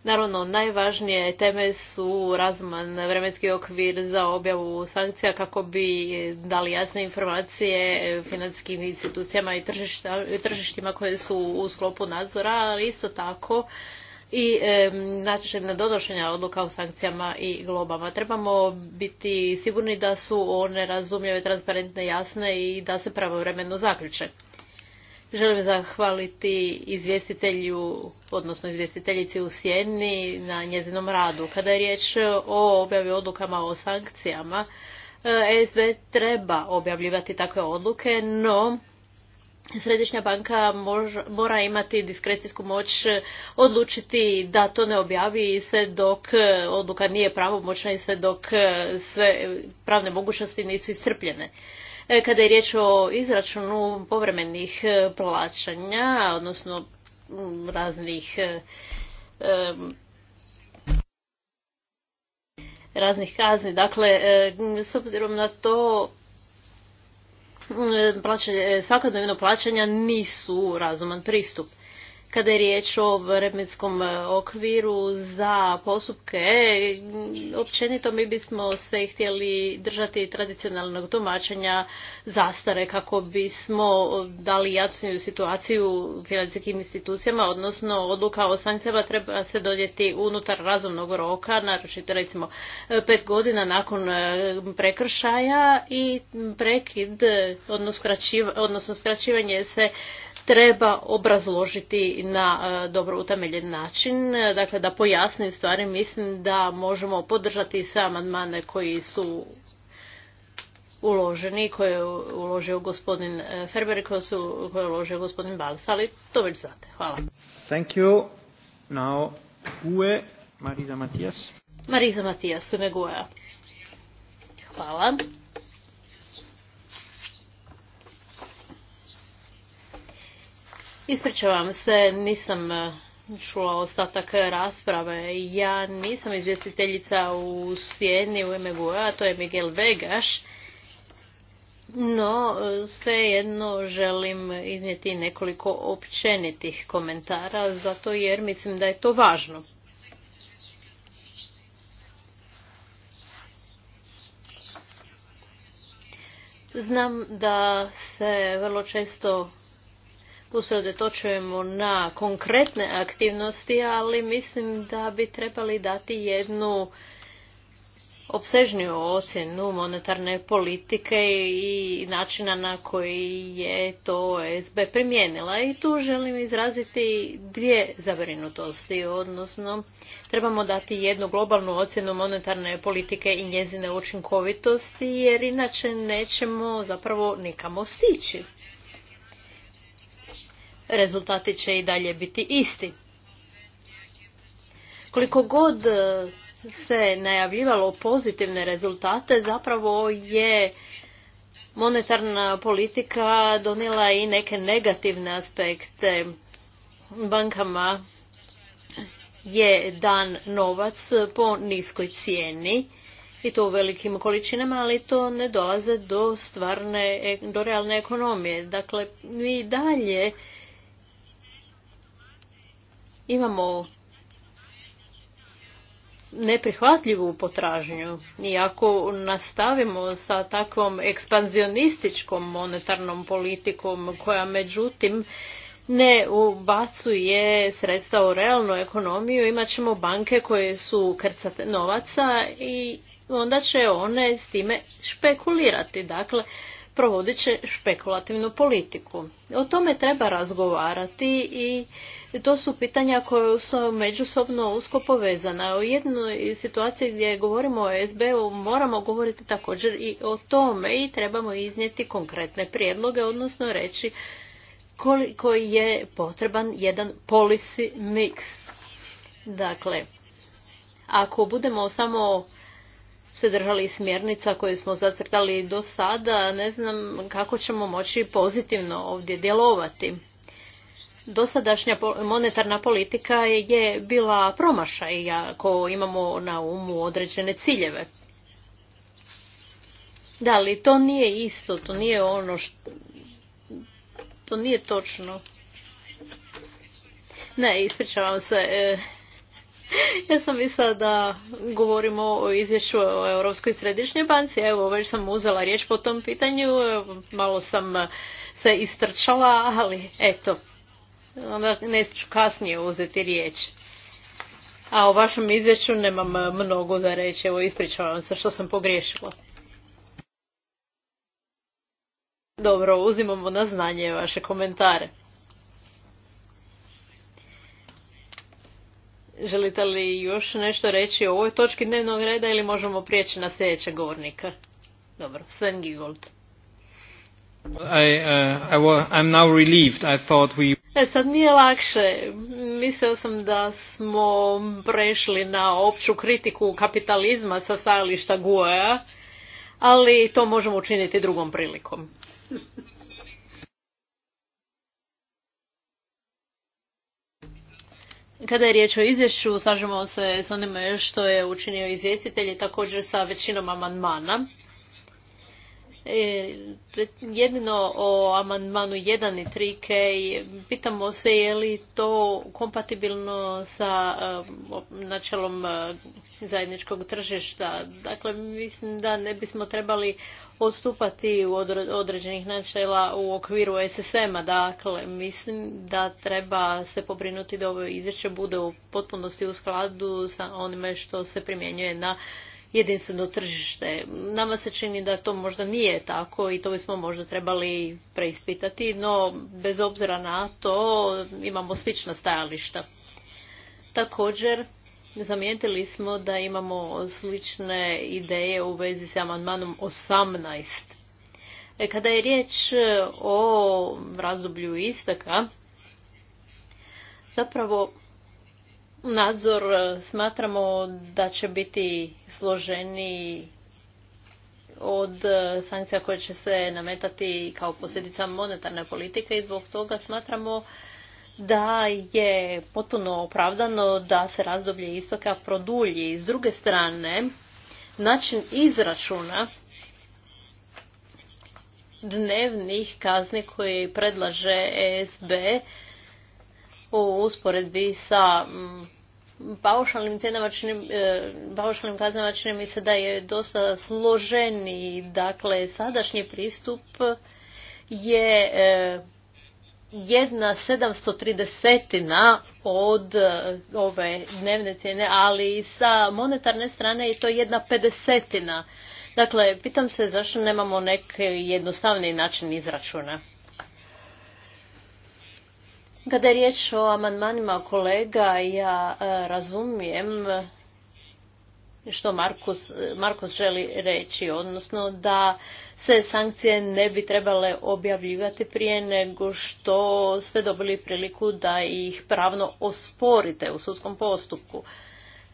Naravno, najvažnije teme su razuman vremenski okvir za objavu sankcija kako bi dali jasne informacije financijskim institucijama i tržištima koje su u sklopu nadzora, ali isto tako i e, na donošenja odluka o sankcijama i globama. Trebamo biti sigurni da su one razumljive, transparentne, jasne i da se pravovremeno zaključe. Želim zahvaliti izvjestitelju, odnosno izvjestiteljici u Sjeni na njezinom radu. Kada je riječ o objavi odlukama o sankcijama, ESB treba objavljivati takve odluke, no Središnja banka mora imati diskrecijsku moć odlučiti da to ne objavi sve dok odluka nije pravomoćna i sve dok e, sve pravne mogućnosti nisu iscrpljene. E, kada je riječ o izračunu povremenih e, plaćanja, odnosno raznih e, raznih kazni. Dakle, s obzirom na to svakodnevno plaćanja nisu razuman pristup kada je riječ o vremenskom e, okviru za postupke. Općenito mi bismo se htjeli držati tradicionalnog tumačenja zastare kako bismo dali jasniju situaciju financijskim institucijama, odnosno odluka o sankcijama treba se donijeti unutar razumnog roka, naročito recimo e, pet godina nakon e, prekršaja i prekid, odnosno skraćivanje se treba obrazložiti na e, dobro utemeljen način, dakle da pojasnim stvari, mislim da možemo podržati sve amandmane koji su uloženi, koje je uložio gospodin e, Ferber i koje, je uložio gospodin Bals, ali to već znate. Hvala. Thank you. Now, Hvala. Ispričavam se, nisam e, čula ostatak rasprave. Ja nisam izvjestiteljica u Sjeni u MGU-a, e, to je Miguel Vegaš. No, e, svejedno želim iznijeti nekoliko općenitih komentara, zato jer mislim da je to važno. Znam da se vrlo često tu na konkretne aktivnosti, ali mislim da bi trebali dati jednu obsežniju ocjenu monetarne politike i načina na koji je to SB primijenila. I tu želim izraziti dvije zabrinutosti, odnosno trebamo dati jednu globalnu ocjenu monetarne politike i njezine učinkovitosti, jer inače nećemo zapravo nikamo stići rezultati će i dalje biti isti. Koliko god e, se najavljivalo pozitivne rezultate, zapravo je monetarna politika donijela i neke negativne aspekte. Bankama je dan novac po niskoj cijeni i to u velikim količinama, ali to ne dolaze do stvarne, do realne ekonomije. Dakle, mi dalje imamo neprihvatljivu potražnju i ako nastavimo sa takvom ekspanzionističkom monetarnom politikom koja međutim ne ubacuje sredstva u realnu ekonomiju, imat ćemo banke koje su krcate novaca i onda će one s time špekulirati. Dakle, provodit će špekulativnu politiku. O tome treba razgovarati i to su pitanja koje su međusobno usko povezana. U jednoj situaciji gdje govorimo o SB-u moramo govoriti također i o tome i trebamo iznijeti konkretne prijedloge, odnosno reći koliko je potreban jedan policy mix. Dakle, ako budemo samo se držali smjernica koje smo zacrtali do sada, ne znam kako ćemo moći pozitivno ovdje djelovati. Dosadašnja monetarna politika je bila promašaj ako imamo na umu određene ciljeve. Da, li? to nije isto, to nije ono što... To nije točno. Ne, ispričavam se, e, ja sam mislila da govorimo o izvješću o Europskoj središnjoj banci. Evo, već sam uzela riječ po tom pitanju, malo sam e, se istrčala, ali eto, onda neću kasnije uzeti riječ. A o vašem izvješću nemam e, mnogo da reći, evo ispričavam se što sam pogriješila. Dobro, uzimamo na znanje vaše komentare. Želite li još nešto reći o ovoj točki dnevnog reda ili možemo prijeći na sljedećeg govornika? Dobro, Sven Gigold. Uh, e, sad mi je lakše. Mislio sam da smo prešli na opću kritiku kapitalizma sa stajališta Guaja, ali to možemo učiniti drugom prilikom. Kada je riječ o izvješću, slažemo se s onime što je učinio izvjestitelj i također sa većinom amandmana. E, jedino o amandmanu 1 i 3K pitamo se je li to kompatibilno sa e, načelom e, zajedničkog tržišta. Dakle, mislim da ne bismo trebali odstupati u određenih načela u okviru SSM-a. Dakle, mislim da treba se pobrinuti da ovo izvješće bude u potpunosti u skladu sa onime što se primjenjuje na jedinstveno tržište. Nama se čini da to možda nije tako i to bismo možda trebali preispitati, no bez obzira na to imamo slična stajališta. Također, zamijetili smo da imamo slične ideje u vezi s amandmanom 18. E, kada je riječ o razdoblju istaka, zapravo Nadzor e, smatramo da će biti složeniji od e, sankcija koje će se nametati kao posljedica monetarne politike i zbog toga smatramo da je potpuno opravdano da se razdoblje istoka produlji. S druge strane, način izračuna dnevnih kazni koje predlaže ESB u usporedbi sa mm, paušalnim cijenama čini, e, paušalnim kaznama čini mi se da je dosta složeniji. Dakle, sadašnji pristup je e, jedna sedamstotridesetina od e, ove dnevne cijene, ali sa monetarne strane je to jedna pedesetina. Dakle, pitam se zašto nemamo neki jednostavniji način izračuna. Kada je riječ o amandmanima kolega, ja e, razumijem što Markus, želi reći, odnosno da se sankcije ne bi trebale objavljivati prije nego što ste dobili priliku da ih pravno osporite u sudskom postupku.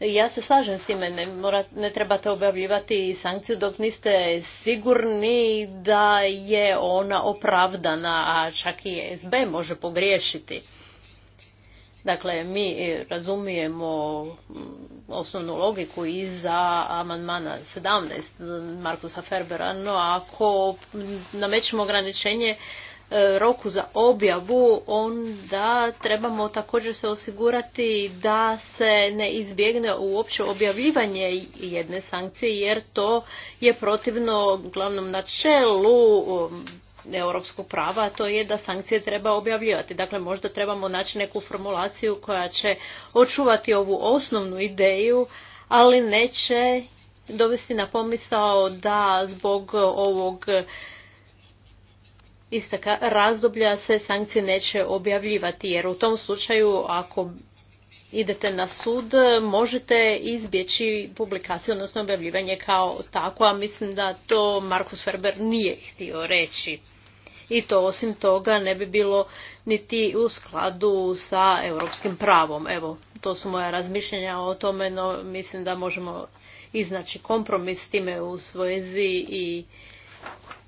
Ja se slažem s time, ne, mora, ne trebate objavljivati sankciju dok niste sigurni da je ona opravdana, a čak i SB može pogriješiti. Dakle, mi razumijemo mm, osnovnu logiku za amandmana 17 Markusa Ferbera, no ako namećemo ograničenje E, roku za objavu, onda trebamo također se osigurati da se ne izbjegne uopće objavljivanje jedne sankcije, jer to je protivno glavnom načelu um, europskog prava, a to je da sankcije treba objavljivati. Dakle, možda trebamo naći neku formulaciju koja će očuvati ovu osnovnu ideju, ali neće dovesti na pomisao da zbog ovog isteka razdoblja se sankcije neće objavljivati jer u tom slučaju ako idete na sud možete izbjeći publikaciju odnosno objavljivanje kao tako, a mislim da to Markus Ferber nije htio reći. I to osim toga ne bi bilo niti u skladu sa europskim pravom. Evo, to su moja razmišljenja o tome, no mislim da možemo iznaći kompromis s time u svezi i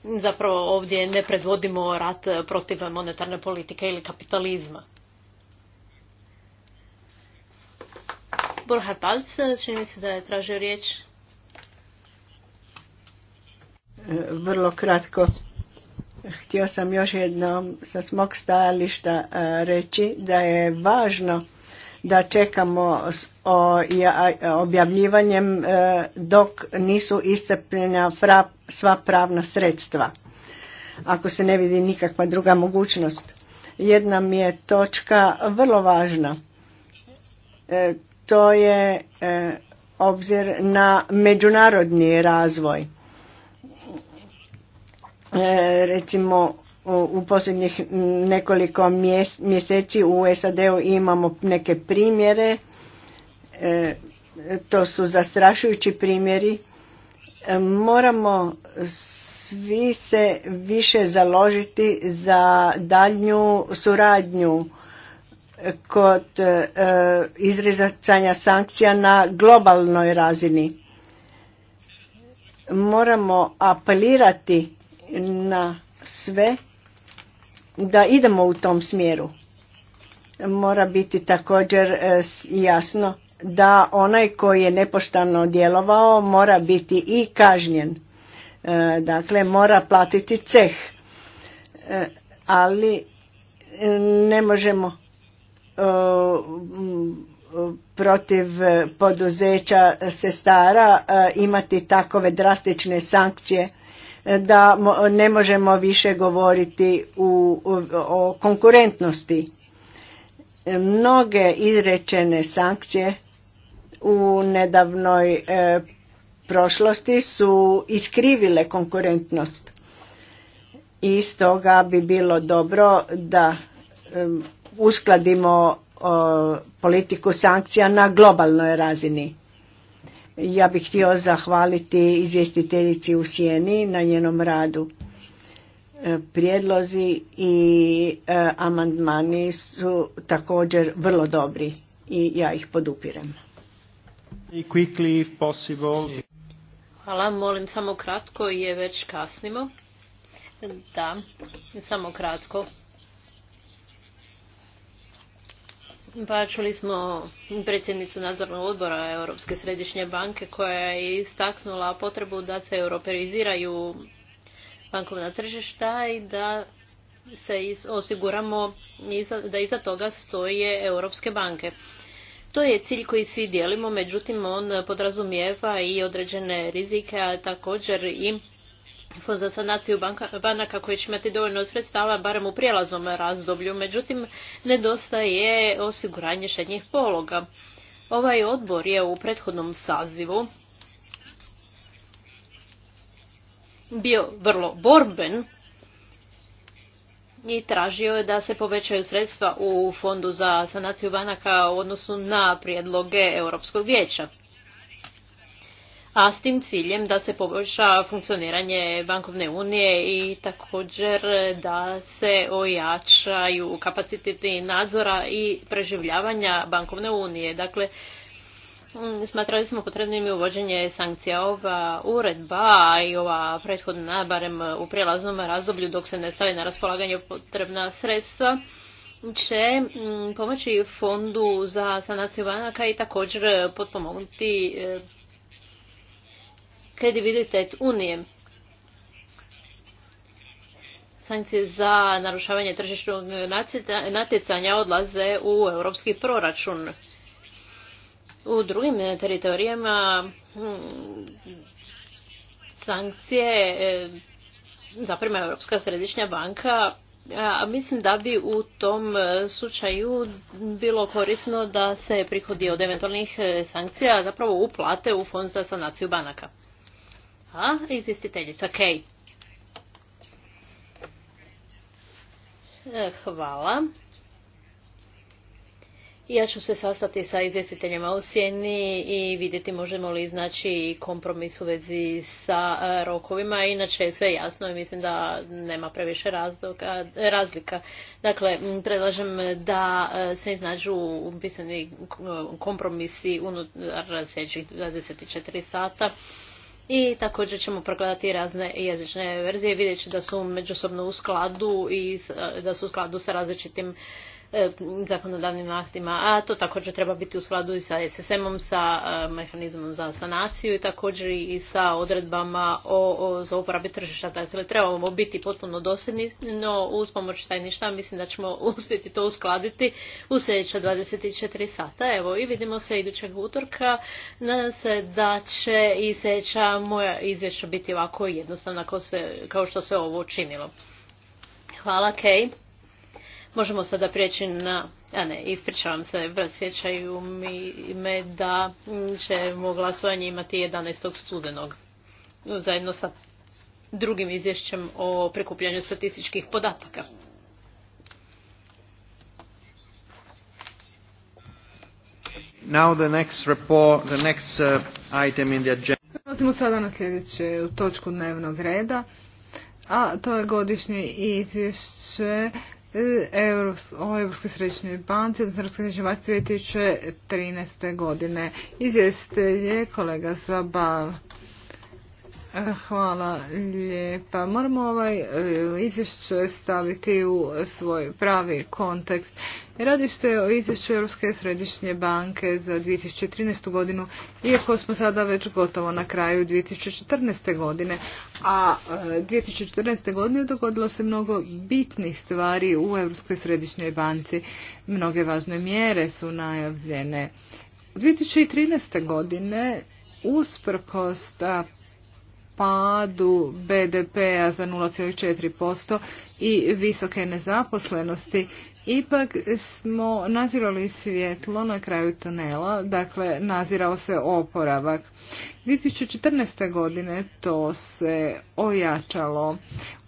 zapravo ovdje ne predvodimo rat protiv monetarne politike ili kapitalizma. Borhar Palc, čini mi se da je tražio riječ. E, vrlo kratko. Htio sam još jednom sa smog stajališta e, reći da je važno da čekamo objavljivanjem e, dok nisu iscrpljena sva pravna sredstva, ako se ne vidi nikakva druga mogućnost. Jedna mi je točka vrlo važna. E, to je e, obzir na međunarodni razvoj. Recimo u posljednjih nekoliko mjeseci u SAD-u imamo neke primjere, e, to su zastrašujući primjeri. E, moramo svi se više založiti za daljnju suradnju kod e, izrezacanja sankcija na globalnoj razini. Moramo apelirati na sve da idemo u tom smjeru. Mora biti također e, jasno da onaj koji je nepoštano djelovao mora biti i kažnjen. E, dakle, mora platiti ceh. E, ali ne možemo protiv poduzeća sestara imati takove drastične sankcije da ne možemo više govoriti u, o konkurentnosti. Mnoge izrečene sankcije u nedavnoj e, prošlosti su iskrivile konkurentnost. I stoga bi bilo dobro da e, uskladimo politiku sankcija na globalnoj razini. Ja bih htio zahvaliti izvjestiteljici u Sjeni na njenom radu. E, prijedlozi i e, amandmani su također vrlo dobri i ja ih podupirem. Hvala, molim samo kratko je već kasnimo. Da, samo kratko. Pa čuli smo predsjednicu nadzornog odbora Europske središnje banke koja je istaknula potrebu da se europeiziraju bankovna tržišta i da se osiguramo da iza toga stoje europske banke. To je cilj koji svi dijelimo, međutim on podrazumijeva i određene rizike, a također i Fond za sanaciju banaka koji će imati dovoljno sredstava barem u prijelaznom razdoblju, međutim nedostaje osiguranje šednjih pologa. Ovaj odbor je u prethodnom sazivu bio vrlo borben i tražio je da se povećaju sredstva u Fondu za sanaciju banaka u odnosu na prijedloge Europskog vijeća a s tim ciljem da se poboljša funkcioniranje bankovne unije i također da se ojačaju kapaciteti nadzora i preživljavanja bankovne unije. Dakle, mm, Smatrali smo potrebnim i uvođenje sankcija ova uredba i ova prethodna, barem u prijelaznom razdoblju dok se ne stavi na raspolaganje potrebna sredstva, će mm, pomoći fondu za sanaciju banaka i također potpomognuti e, kredibilitet Unije. Sankcije za narušavanje tržišnog natjecanja odlaze u europski proračun. U drugim teritorijama hmm, sankcije e, zaprema Europska središnja banka a mislim da bi u tom e, slučaju bilo korisno da se prihodi od eventualnih e, sankcija zapravo uplate u fond za sanaciju banaka. Hvala. Izvjestiteljica e, Hvala. Ja ću se sastati sa izvjestiteljima u Sjeni i vidjeti možemo li iznaći kompromis u vezi sa e, rokovima. Inače, je sve jasno i mislim da nema previše razlika. Dakle, predlažem da e, se iznađu pisani kompromisi unutar sljedećih 24 sata i također ćemo pregledati razne jezične verzije, vidjet da su međusobno u skladu i e, da su u skladu sa različitim E, zakonodavnim aktima, a to također treba biti u skladu i sa SSM-om, sa e, mehanizmom za sanaciju i također i sa odredbama o, o tržišta. Dakle, trebamo biti potpuno dosljedni, no uz pomoć tajništa mislim da ćemo uspjeti to uskladiti u sljedeća 24 sata. Evo i vidimo se idućeg utorka. Nadam se da će i sljedeća moja izvješća biti ovako jednostavna kao, što se ovo činilo. Hvala Kej. Možemo sada prijeći na, a ne, ispričavam se, sjećaju mi me da ćemo glasovanje imati 11. studenog zajedno sa drugim izvješćem o prikupljanju statističkih podataka. Now the next report, the next uh, item in the agenda. Prelazimo sada na u točku dnevnog reda, a to je godišnje izvješće o Europskoj središnjoj banci, odnosno Europskoj središnjoj banci 2013. godine. Izvjestitelj je kolega Zabal. Hvala lijepa. Moramo ovaj e, izvješće staviti u svoj pravi kontekst. Radi se o izvješću Europske središnje banke za 2013. godinu, iako smo sada već gotovo na kraju 2014. godine, a 2014. E, godine dogodilo se mnogo bitnih stvari u Europskoj središnjoj banci. Mnoge važne mjere su najavljene. U 2013. godine usprkos padu BDP-a za 0,4% i visoke nezaposlenosti, ipak smo nazirali svjetlo na kraju tunela, dakle nazirao se oporavak. 2014. godine to se ojačalo.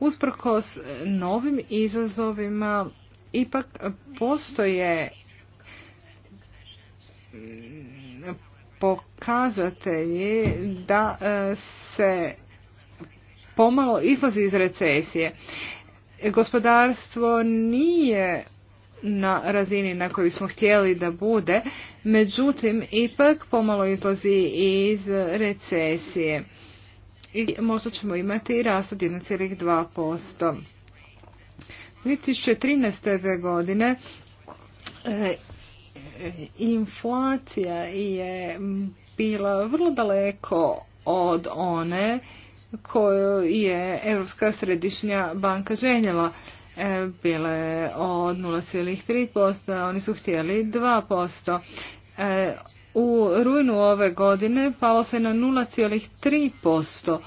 Usprkos novim izazovima ipak postoje pokazatelji da e, se pomalo izlazi iz recesije. Gospodarstvo nije na razini na kojoj smo htjeli da bude, međutim ipak pomalo izlazi iz recesije. I možda ćemo imati rast od 1,2%. 2013. godine e, inflacija je bila vrlo daleko od one koju je Europska središnja banka željela. E, bila je od 0,3%, oni su htjeli 2%. E, u rujnu ove godine palo se na 0,3%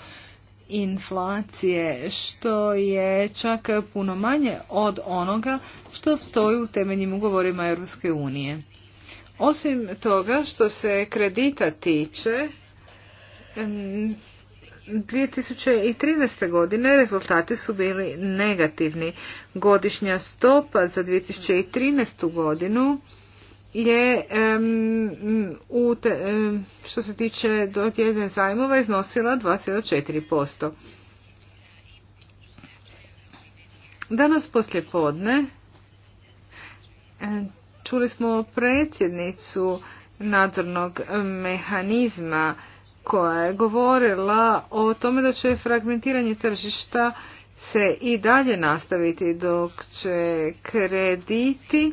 inflacije, što je čak puno manje od onoga što stoji u temeljnim ugovorima Europske unije. Osim toga što se kredita tiče, 2013. godine rezultati su bili negativni. Godišnja stopa za 2013. godinu je što se tiče dodjeljen zajmova iznosila 2,4%. Danas poslje podne Čuli smo predsjednicu nadzornog mehanizma koja je govorila o tome da će fragmentiranje tržišta se i dalje nastaviti dok će krediti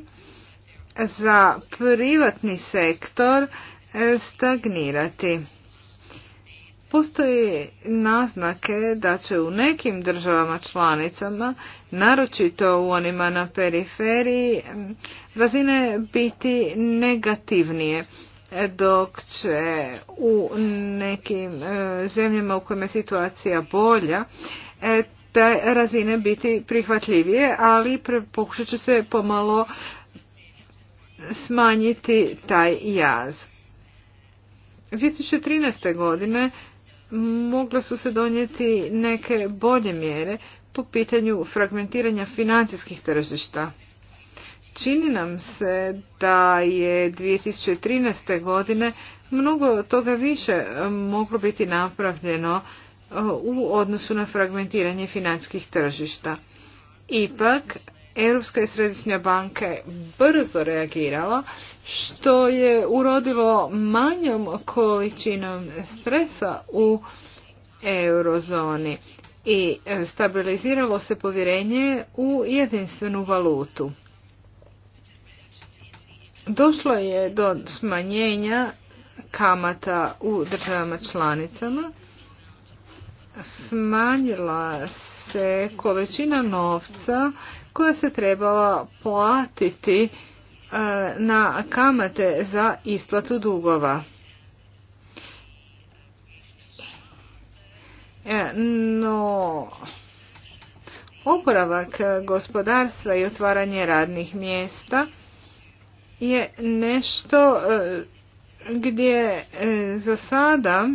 za privatni sektor stagnirati. Postoje naznake da će u nekim državama članicama, naročito u onima na periferiji, razine biti negativnije, dok će u nekim e, zemljama u kojima je situacija bolja, e, te razine biti prihvatljivije, ali pokušat će se pomalo smanjiti taj jaz. 2013. godine mogle su se donijeti neke bolje mjere po pitanju fragmentiranja financijskih tržišta. Čini nam se da je 2013. godine mnogo toga više e, moglo biti napravljeno e, u odnosu na fragmentiranje financijskih tržišta. Ipak, Europska i središnja banka brzo reagirala što je urodilo manjom količinom stresa u eurozoni i stabiliziralo se povjerenje u jedinstvenu valutu. Došlo je do smanjenja kamata u državama članicama. Smanjila se količina novca koja se trebala platiti e, na kamate za isplatu dugova. E, no, oporavak gospodarstva i otvaranje radnih mjesta je nešto e, gdje za sada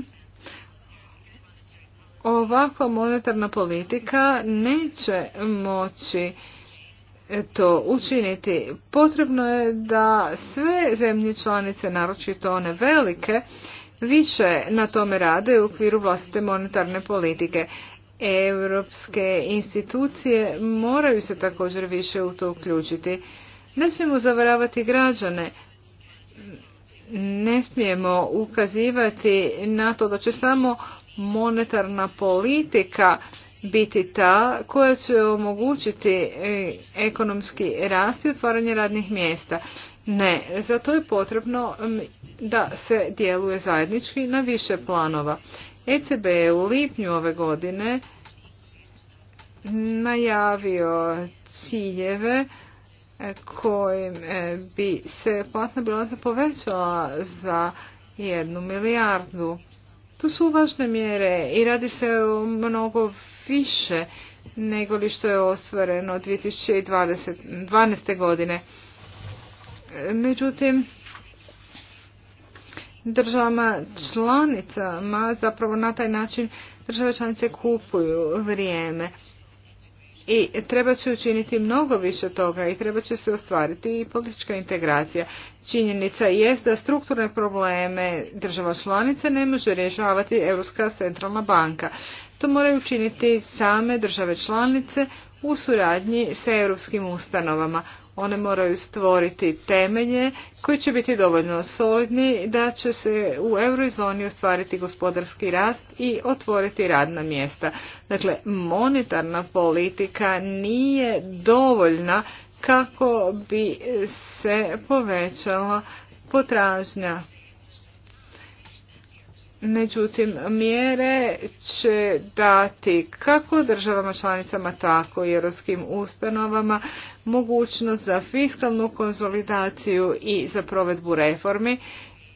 ovakva monetarna politika neće moći to učiniti. Potrebno je da sve zemlje članice, naročito one velike, više na tome rade u okviru vlastite monetarne politike. Europske institucije moraju se također više u to uključiti. Ne smijemo zavaravati građane, ne smijemo ukazivati na to da će samo monetarna politika biti ta koja će omogućiti e, ekonomski rast i otvaranje radnih mjesta. Ne, za to je potrebno da se djeluje zajednički na više planova. ECB je u lipnju ove godine najavio ciljeve e, kojim e, bi se platna bilanca povećala za jednu milijardu. Tu su važne mjere i radi se o mnogo više nego li što je ostvareno 2012. godine. Međutim, državama članicama zapravo na taj način države članice kupuju vrijeme. I treba će učiniti mnogo više toga i treba će se ostvariti i politička integracija. Činjenica jest da strukturne probleme država članice ne može rješavati Europska centralna banka. To moraju učiniti same države članice u suradnji sa europskim ustanovama. One moraju stvoriti temelje koji će biti dovoljno solidni da će se u eurozoni ostvariti gospodarski rast i otvoriti radna mjesta. Dakle, monetarna politika nije dovoljna kako bi se povećala potražnja Međutim, mjere će dati kako državama članicama, tako i europskim ustanovama mogućnost za fiskalnu konsolidaciju i za provedbu reformi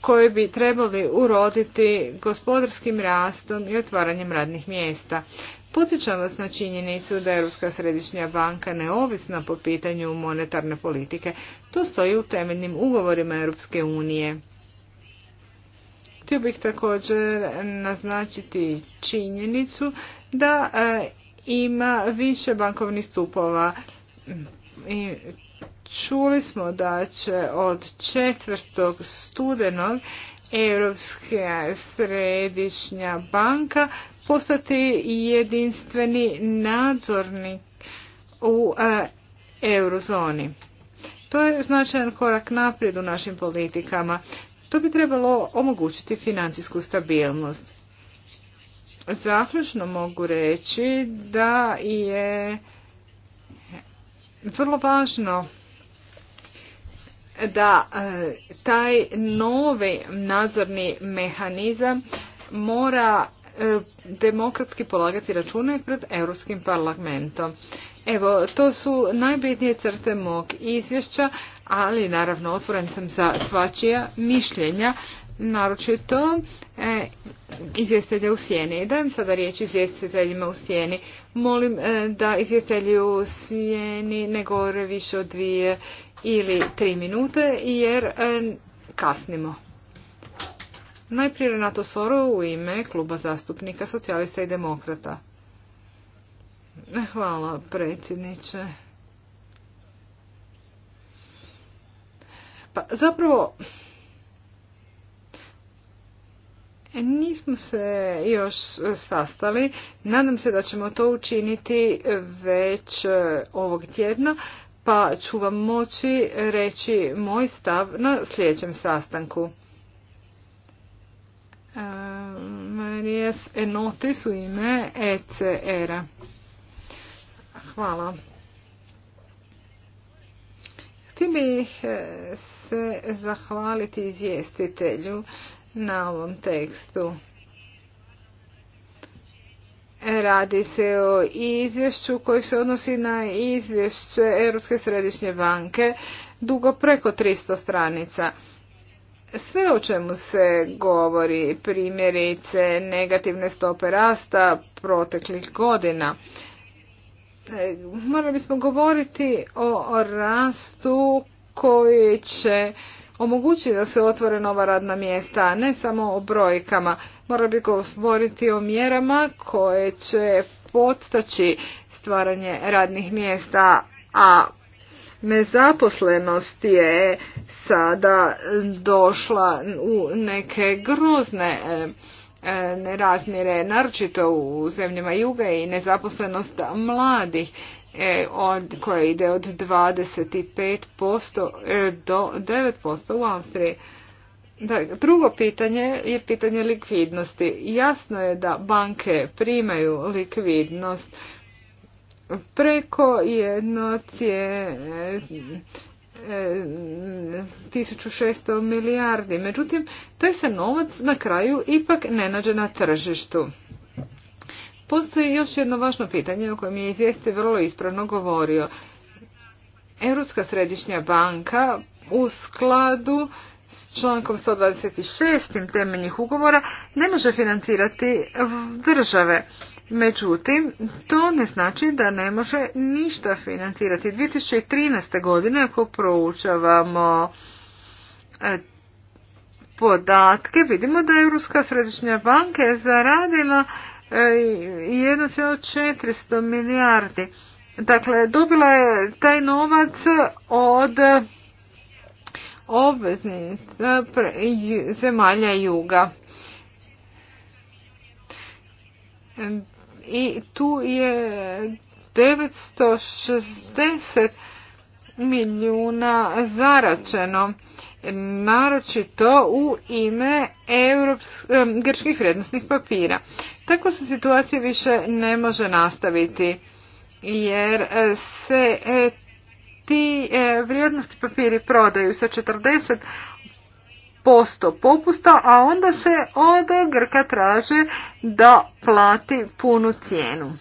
koje bi trebali uroditi gospodarskim rastom i otvaranjem radnih mjesta. Podsjećam vas na činjenicu da Europska središnja banka neovisna po pitanju monetarne politike. To stoji u temeljnim ugovorima Europske unije. Htio bih također naznačiti činjenicu da e, ima više bankovnih stupova. I čuli smo da će od 4. studenog Europska središnja banka postati jedinstveni nadzornik u e, eurozoni. To je značajan korak naprijed u našim politikama. To bi trebalo omogućiti financijsku stabilnost. Zaključno mogu reći da je vrlo važno da e, taj novi nadzorni mehanizam mora e, demokratski polagati račune pred Europskim parlamentom. Evo, to su najbitnije crte mog izvješća, ali naravno otvoren sam za svačija mišljenja, naročito e, u sjeni. Dajem sada riječ izvjestiteljima u sjeni. Molim e, da izvjestelji u sjeni ne govore više od dvije ili tri minute, jer e, kasnimo. Najprije Renato Soro u ime kluba zastupnika socijalista i demokrata. Hvala predsjedniče. Pa zapravo nismo se još sastali. Nadam se da ćemo to učiniti već e, ovog tjedna, pa ću vam moći reći moj stav na sljedećem sastanku. E, Marijas Enotis u ime ECR-a. E Hvala. Htio bih e, se zahvaliti izvjestitelju na ovom tekstu. Radi se o izvješću koji se odnosi na izvješće Europske središnje banke, dugo preko 300 stranica. Sve o čemu se govori, primjerice negativne stope rasta proteklih godina, E, morali bismo govoriti o rastu koji će omogućiti da se otvore nova radna mjesta, ne samo o brojkama. Morali bi govoriti o mjerama koje će podstaći stvaranje radnih mjesta, a nezaposlenost je sada došla u neke grozne e, E, nerazmjere naročito u zemljama juga i nezaposlenost mladih e, od, koja ide od 25% e, do 9% u Austriji. drugo pitanje je pitanje likvidnosti. Jasno je da banke primaju likvidnost preko jedno 1600 milijardi. Međutim, taj se novac na kraju ipak ne nađe na tržištu. Postoji još jedno važno pitanje o kojem je izvijesti vrlo ispravno govorio. Europska središnja banka u skladu s člankom 126. temeljnih ugovora ne može financirati države. Međutim, to ne znači da ne može ništa financirati. 2013. godine ako proučavamo e, podatke, vidimo da je Europska središnja banka je zaradila 1,400 e, milijardi. Dakle, dobila je taj novac od obveznica zemalja juga i tu je 960 milijuna zaračeno, naročito u ime grčkih vrednostnih papira. Tako se situacija više ne može nastaviti, jer e, se e, ti e, vrijednosti papiri prodaju sa 40 posto popusta, a onda se od Grka traže da plati punu cijenu.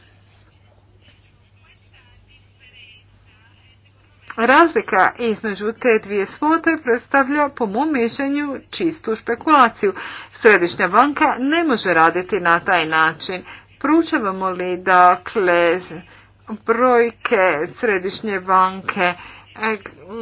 Razlika između te dvije svote predstavlja, po mom mišljenju, čistu špekulaciju. Središnja banka ne može raditi na taj način. Pručavamo li, dakle, brojke Središnje banke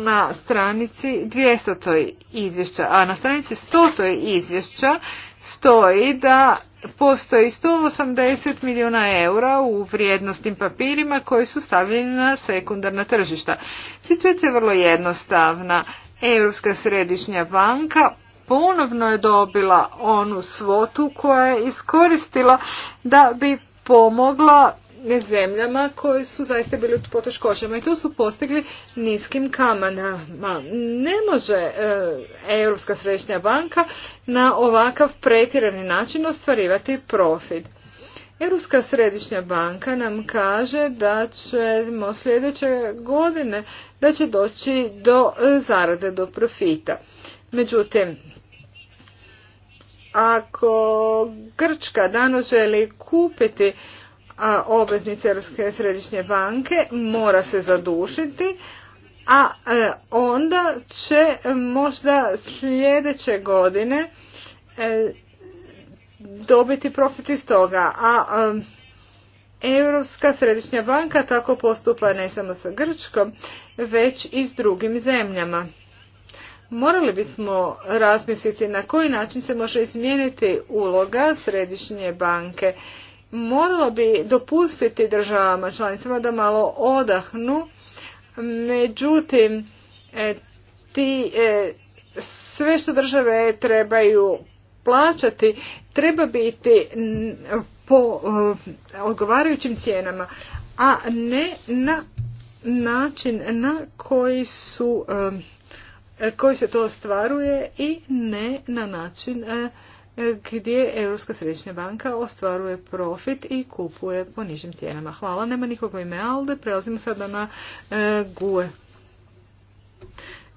na stranici 200. izvješća, a na stranici 100. izvješća stoji da postoji 180 milijuna eura u vrijednostnim papirima koji su stavljeni na sekundarna tržišta. Situacija je vrlo jednostavna. Europska središnja banka ponovno je dobila onu svotu koja je iskoristila da bi pomogla zemljama koje su zaista bili u poteškoćama i tu su postigli niskim kamanama. Ne može e, Europska središnja banka na ovakav pretjerani način ostvarivati profit. Europska središnja banka nam kaže da ćemo sljedeće godine da će doći do e, zarade, do profita. Međutim, ako Grčka danas želi kupiti a obveznice Europske središnje banke mora se zadušiti, a e, onda će možda sljedeće godine e, dobiti profit iz toga. A Europska središnja banka tako postupa ne samo sa Grčkom, već i s drugim zemljama. Morali bismo razmisliti na koji način se može izmijeniti uloga središnje banke moralo bi dopustiti državama članicama da malo odahnu, međutim e, ti e, sve što države trebaju plaćati treba biti po e, odgovarajućim cijenama, a ne na način na koji su koji se to ostvaruje i ne na način gdje Europska središnja banka ostvaruje profit i kupuje po nižim cijenama. Hvala, nema nikog ime Alde, prelazimo sada na e, GUE.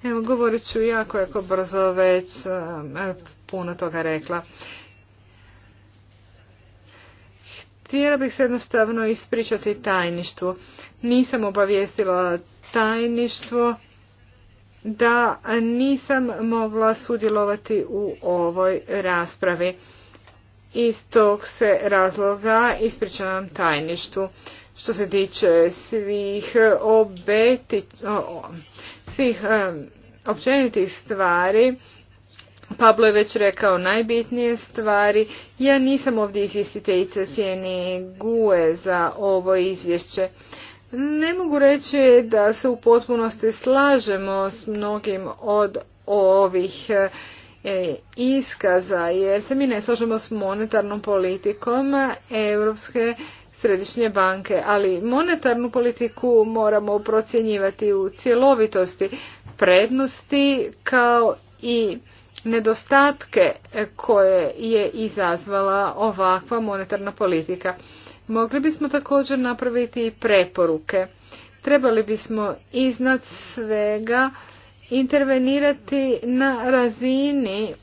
Evo, govorit ću jako, jako brzo, već e, puno toga rekla. Htjela bih se jednostavno ispričati tajništvu. Nisam obavijestila tajništvo da nisam mogla sudjelovati u ovoj raspravi. Iz tog se razloga ispričavam tajništu. Što se tiče svih obeti, svih općenitih stvari, Pablo je već rekao najbitnije stvari. Ja nisam ovdje izvjestiteljica Sjeni guje za ovo izvješće. Ne mogu reći da se u potpunosti slažemo s mnogim od ovih e, iskaza, jer se mi ne slažemo s monetarnom politikom Europske središnje banke, ali monetarnu politiku moramo procjenjivati u cjelovitosti prednosti kao i nedostatke koje je izazvala ovakva monetarna politika. Mogli bismo također napraviti i preporuke. Trebali bismo iznad svega intervenirati na razini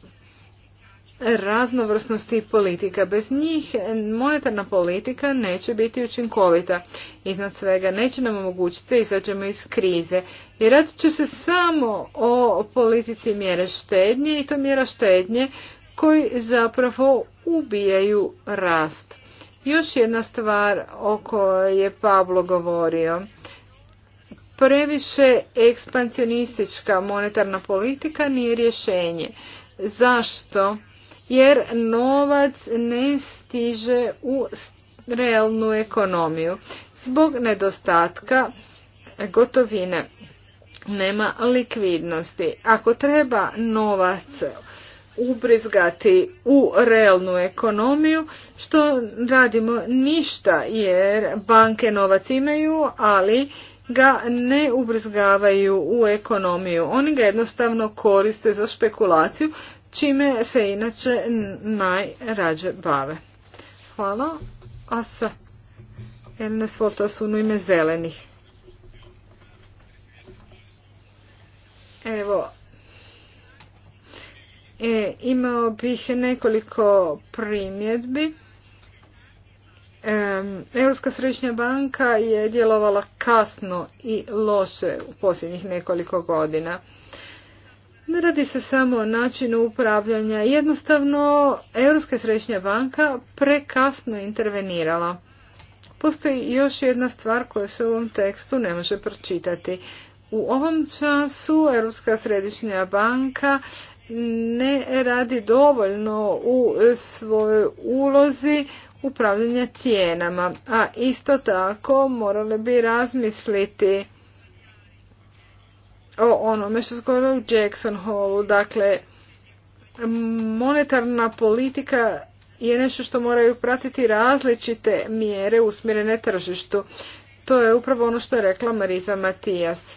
raznovrsnosti politika. Bez njih monetarna politika neće biti učinkovita. Iznad svega neće nam omogućiti da izađemo iz krize. I radit će se samo o politici mjere štednje i to mjera štednje koji zapravo ubijaju rast. Još jedna stvar o kojoj je Pablo govorio. Previše ekspansionistička monetarna politika nije rješenje. Zašto? Jer novac ne stiže u realnu ekonomiju. Zbog nedostatka gotovine nema likvidnosti. Ako treba novac ubrizgati u realnu ekonomiju, što radimo ništa jer banke novac imaju, ali ga ne ubrizgavaju u ekonomiju. Oni ga jednostavno koriste za špekulaciju, čime se inače najrađe bave. Hvala. A sa jedne u ime zelenih. Evo, E, imao bih nekoliko primjedbi. Europska središnja banka je djelovala kasno i loše u posljednjih nekoliko godina. Ne radi se samo o načinu upravljanja. Jednostavno, Europska središnja banka prekasno intervenirala. Postoji još jedna stvar koja se u ovom tekstu ne može pročitati. U ovom času Europska središnja banka ne radi dovoljno u svojoj ulozi upravljanja cijenama. A isto tako morale bi razmisliti o onome što skoro u Jackson Hallu. Dakle, monetarna politika je nešto što moraju pratiti različite mjere usmjerene tržištu. To je upravo ono što je rekla Marisa Matijas.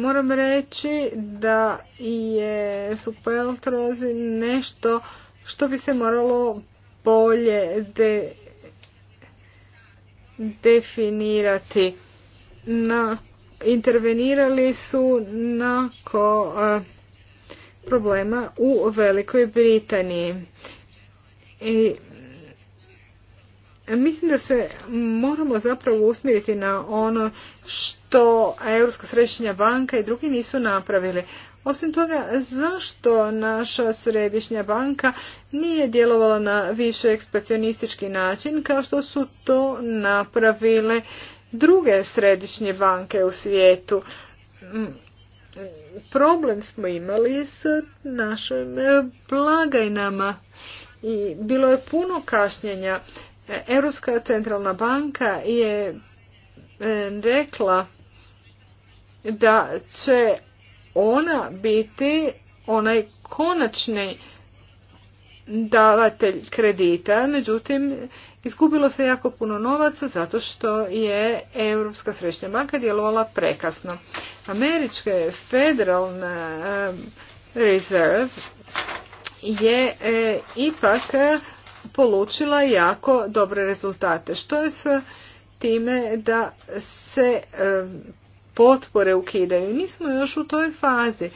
Moram reći da je superaltrozi nešto što bi se moralo bolje definirati. Na, intervenirali su nako e, problema u Velikoj Britaniji. I Mislim da se moramo zapravo usmjeriti na ono što Europska središnja banka i drugi nisu napravili. Osim toga, zašto naša središnja banka nije djelovala na više ekspansionistički način kao što su to napravile druge središnje banke u svijetu? Mm, problem smo imali s našim blagajnama i bilo je puno kašnjenja Europska centralna banka je e, rekla da će ona biti onaj konačni davatelj kredita, međutim izgubilo se jako puno novaca zato što je Europska središnja banka djelovala prekasno. Američka Federalna e, Reserve je e, ipak polučila jako dobre rezultate. Što je s time da se e, potpore ukidaju? Nismo još u toj fazi.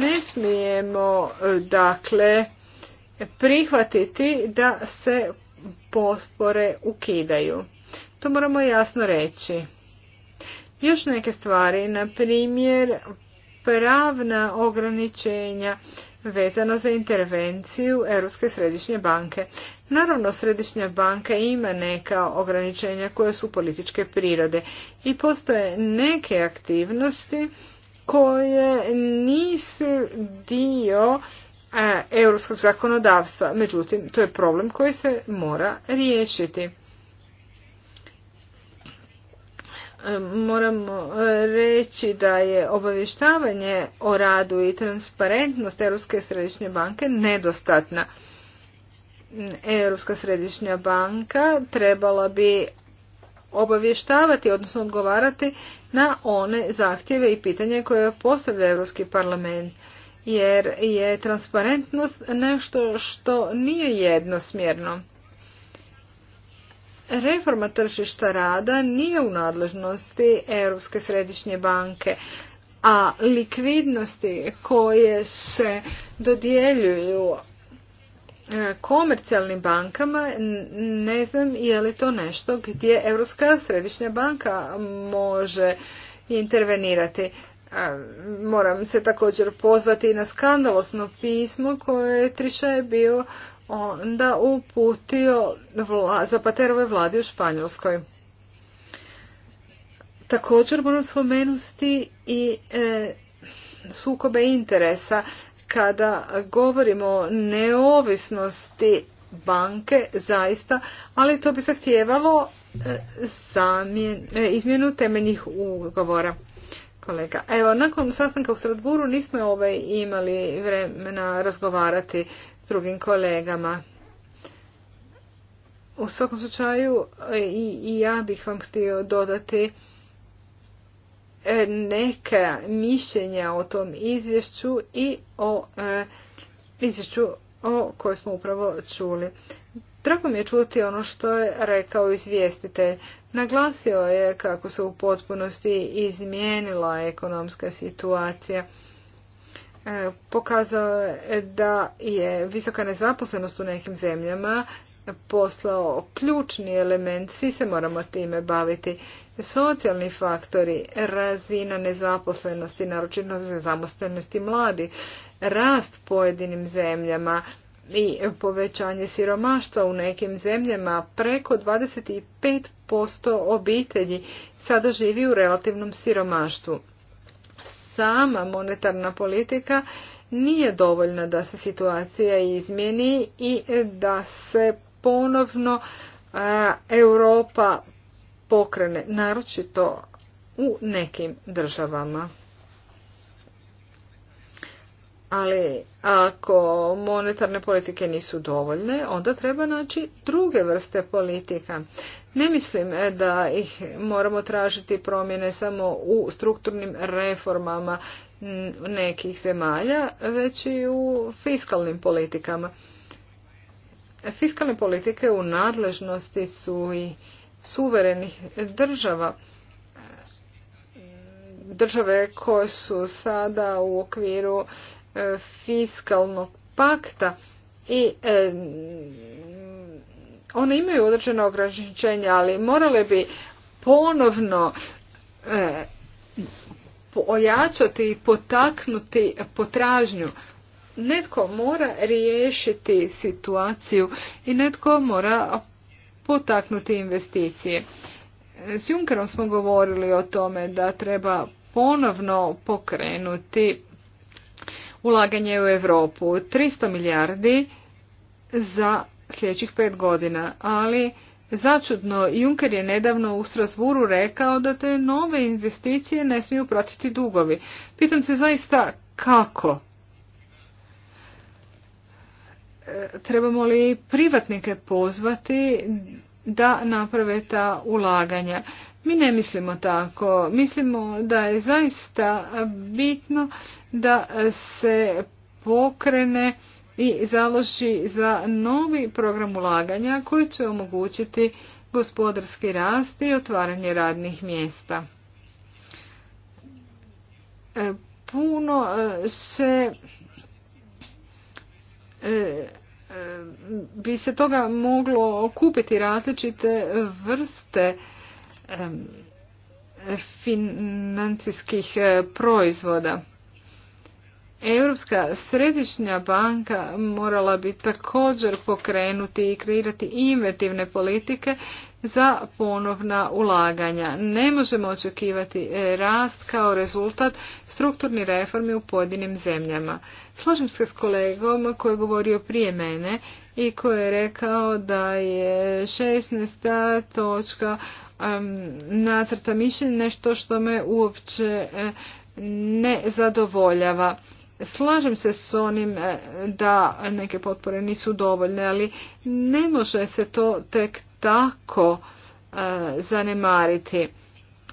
Ne smijemo e, dakle prihvatiti da se potpore ukidaju. To moramo jasno reći. Još neke stvari, na primjer pravna ograničenja vezano za intervenciju Europske središnje banke. Naravno, središnja banka ima neka ograničenja koje su političke prirode i postoje neke aktivnosti koje nisu dio e, europskog zakonodavstva. Međutim, to je problem koji se mora riješiti. moramo e, reći da je obavještavanje o radu i transparentnost Europske središnje banke nedostatna. Europska središnja banka trebala bi obavještavati, odnosno odgovarati na one zahtjeve i pitanje koje postavlja Europski parlament, jer je transparentnost nešto što nije jednosmjerno. Reforma tržišta rada nije u nadležnosti Europske središnje banke, a likvidnosti koje se dodjeljuju e, komercijalnim bankama ne znam je li to nešto gdje Europska središnja banka može intervenirati. E, moram se također pozvati na skandalosno pismo koje je Triša je bio onda uputio za paterove vladi u Španjolskoj. Također moram spomenuti i e, sukobe interesa kada govorimo o neovisnosti banke zaista, ali to bi zahtijevalo e, e, izmjenu temeljnih ugovora. Kolega, evo, nakon sastanka u Strasburu nismo ovaj imali vremena razgovarati drugim kolegama. U svakom slučaju e, i ja bih vam htio dodati e, neka mišljenja o tom izvješću i o e, izvješću o kojoj smo upravo čuli. Drago mi je čuti ono što je rekao izvjestitelj. Naglasio je kako se u potpunosti izmijenila ekonomska situacija E, pokazao da je visoka nezaposlenost u nekim zemljama poslao ključni element, svi se moramo time baviti. Socijalni faktori, razina nezaposlenosti, naročito nezaposlenosti mladi, rast pojedinim zemljama i povećanje siromaštva u nekim zemljama preko 25% obitelji sada živi u relativnom siromaštvu sama monetarna politika nije dovoljna da se situacija izmjeni i da se ponovno Europa pokrene, naročito u nekim državama. Ali ako monetarne politike nisu dovoljne, onda treba naći druge vrste politika. Ne mislim e, da ih moramo tražiti promjene samo u strukturnim reformama nekih zemalja, već i u fiskalnim politikama. Fiskalne politike u nadležnosti su i suverenih država države koje su sada u okviru E, fiskalnog pakta i oni e, one imaju određena ograničenja, ali morale bi ponovno e, ojačati i potaknuti potražnju. Netko mora riješiti situaciju i netko mora potaknuti investicije. S Junkerom smo govorili o tome da treba ponovno pokrenuti ulaganje u Europu. 300 milijardi za sljedećih pet godina, ali začudno Juncker je nedavno u Strasburu rekao da te nove investicije ne smiju pratiti dugovi. Pitam se zaista kako? E, trebamo li privatnike pozvati da naprave ta ulaganja? Mi ne mislimo tako. Mislimo da je zaista bitno da se pokrene i založi za novi program ulaganja koji će omogućiti gospodarski rast i otvaranje radnih mjesta. E, puno e, se e, bi se toga moglo kupiti različite vrste financijskih e, proizvoda. Europska središnja banka morala bi također pokrenuti i kreirati inventivne politike za ponovna ulaganja. Ne možemo očekivati e, rast kao rezultat strukturnih reformi u pojedinim zemljama. Slažem se s kolegom koji je govorio prije mene i koji je rekao da je 16. točka nacrta mišljenja nešto što me uopće e, ne zadovoljava. Slažem se s onim e, da neke potpore nisu dovoljne, ali ne može se to tek tako e, zanemariti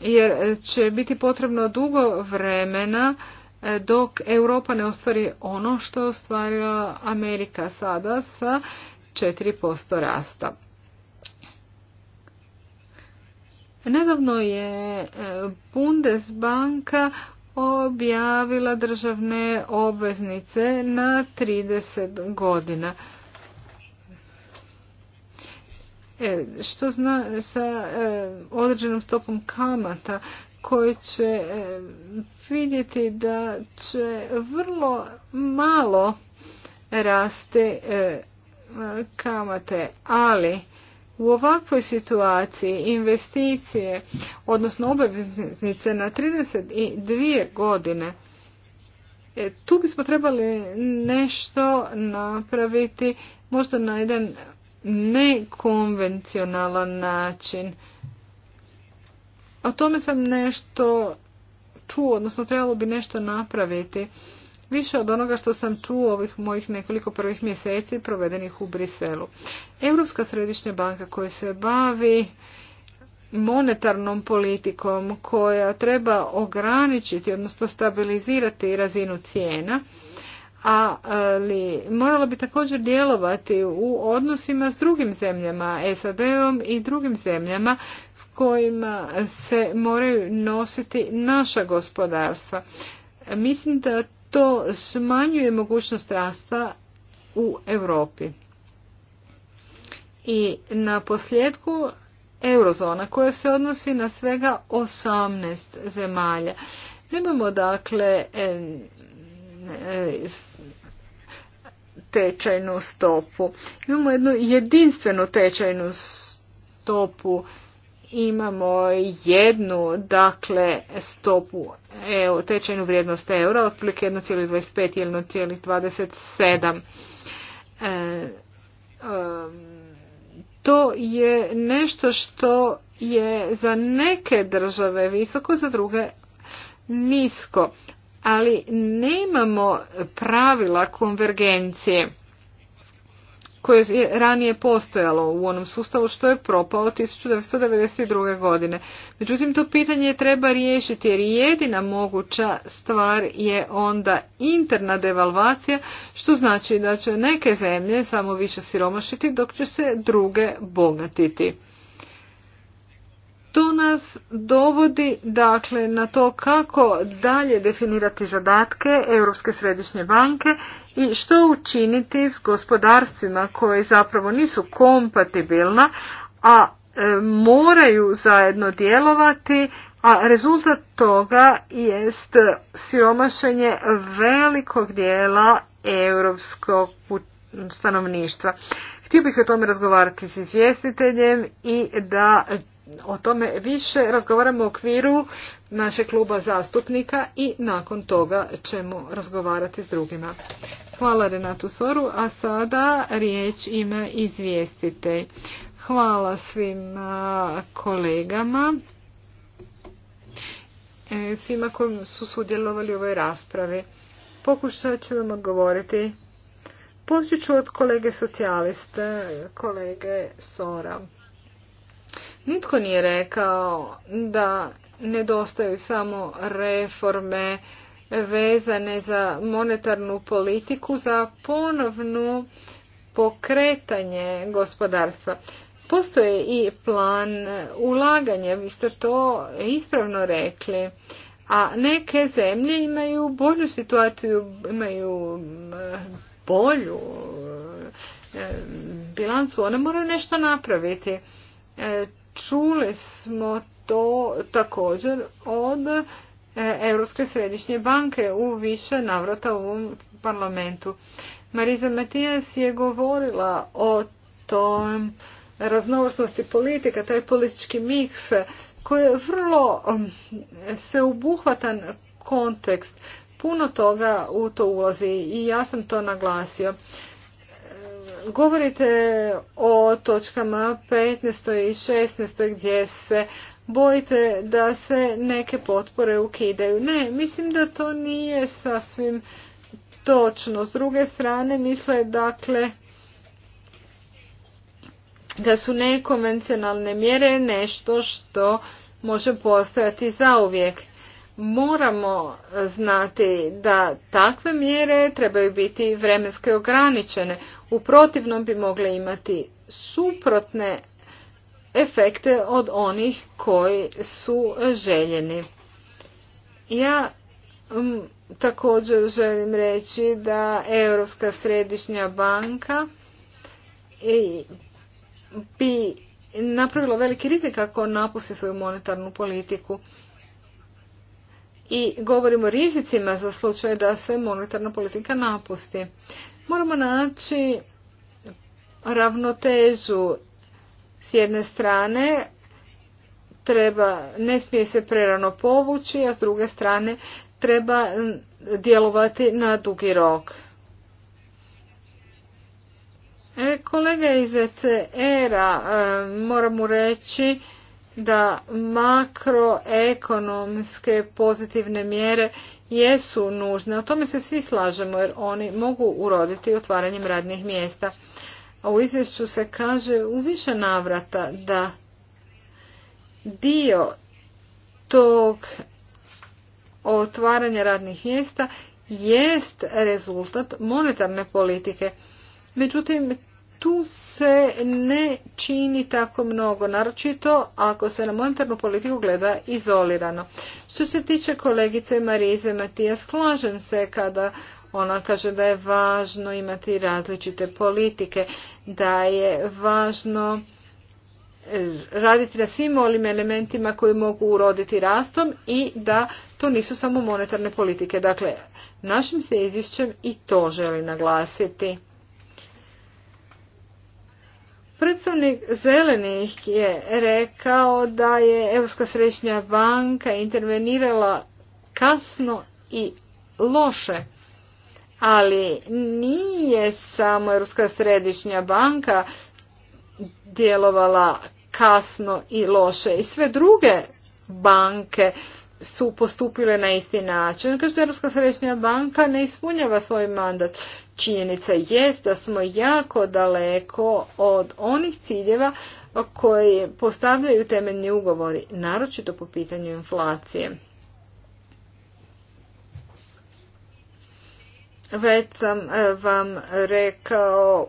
jer će biti potrebno dugo vremena dok Europa ne ostvari ono što je ostvarila Amerika sada sa 4% rasta. Nedavno je e, Bundesbanka objavila državne obveznice na 30 godina. E, što zna sa e, određenom stopom kamata koji će vidjeti da će vrlo malo raste kamate, ali u ovakvoj situaciji investicije, odnosno obaveznice na 32 godine, e, tu bismo trebali nešto napraviti, možda na jedan nekonvencionalan način. O tome sam nešto čuo, odnosno trebalo bi nešto napraviti više od onoga što sam čuo ovih mojih nekoliko prvih mjeseci provedenih u Briselu. Europska središnja banka koja se bavi monetarnom politikom koja treba ograničiti, odnosno stabilizirati razinu cijena, ali morala bi također djelovati u odnosima s drugim zemljama, SAD-om i drugim zemljama s kojima se moraju nositi naša gospodarstva. Mislim da to smanjuje mogućnost rasta u Europi. I na posljedku eurozona koja se odnosi na svega 18 zemalja. Nemamo dakle e, tečajnu stopu. Imamo jednu jedinstvenu tečajnu stopu imamo jednu dakle stopu evo, tečajnu vrijednost eura otprilike 1,25 ili 1,27 e, to je nešto što je za neke države visoko, za druge nisko. Ali nemamo pravila konvergencije koje je ranije postojalo u onom sustavu što je propao 1992. godine. Međutim, to pitanje treba riješiti jer jedina moguća stvar je onda interna devalvacija, što znači da će neke zemlje samo više siromašiti dok će se druge bogatiti. To nas dovodi dakle na to kako dalje definirati zadatke Europske središnje banke i što učiniti s gospodarstvima koje zapravo nisu kompatibilna, a e, moraju zajedno djelovati, a rezultat toga jest siromašenje velikog dijela europskog stanovništva. Htio bih o tome razgovarati s izvjestiteljem i da o tome više razgovaramo u okviru našeg kluba zastupnika i nakon toga ćemo razgovarati s drugima. Hvala Renatu Soru, a sada riječ ima izvjestitelj. Hvala svim kolegama, e, svima koji su sudjelovali u ovoj raspravi. Pokušat ću vam odgovoriti Počet ću od kolege socijaliste, kolege Sora. Nitko nije rekao da nedostaju samo reforme vezane za monetarnu politiku za ponovno pokretanje gospodarstva. Postoje i plan ulaganja, vi ste to ispravno rekli, a neke zemlje imaju bolju situaciju, imaju eh, bolju eh, bilancu, one moraju nešto napraviti. Eh, čuli smo to također od e, Europske središnje banke u više navrata u ovom parlamentu. Mariza Matijas je govorila o tom raznovrstnosti politika, taj politički miks koji je vrlo sveobuhvatan kontekst. Puno toga u to ulazi i ja sam to naglasio. Govorite o točkama 15. i 16. gdje se bojite da se neke potpore ukidaju. Ne, mislim da to nije sasvim točno. S druge strane misle dakle da su nekonvencionalne mjere nešto što može postojati zauvijek moramo znati da takve mjere trebaju biti vremenske ograničene. U protivnom bi mogle imati suprotne efekte od onih koji su željeni. Ja također želim reći da Europska središnja banka i, bi napravila veliki rizik ako napusti svoju monetarnu politiku i govorimo o rizicima za slučaj da se monetarna politika napusti. Moramo naći ravnotežu s jedne strane treba, ne smije se prerano povući, a s druge strane treba djelovati na dugi rok. E, kolega iz ECR-a, e, moram mu reći, da makroekonomske pozitivne mjere jesu nužne. O tome se svi slažemo jer oni mogu uroditi otvaranjem radnih mjesta. A u izvješću se kaže u više navrata da dio tog otvaranja radnih mjesta jest rezultat monetarne politike. Međutim, tu se ne čini tako mnogo, naročito ako se na monetarnu politiku gleda izolirano. Što se tiče kolegice Marize Matija, slažem se kada ona kaže da je važno imati različite politike, da je važno e, raditi na svim olim elementima koji mogu uroditi rastom i da to nisu samo monetarne politike. Dakle, našim se izvješćem i to želi naglasiti. Predstavnik zelenih je rekao da je Europska središnja banka intervenirala kasno i loše. Ali nije samo Europska središnja banka djelovala kasno i loše i sve druge banke su postupile na isti način. Kaže da Europska središnja banka ne ispunjava svoj mandat. Činjenica jest da smo jako daleko od onih ciljeva koji postavljaju temeljni ugovori, naročito po pitanju inflacije. Već sam e, vam rekao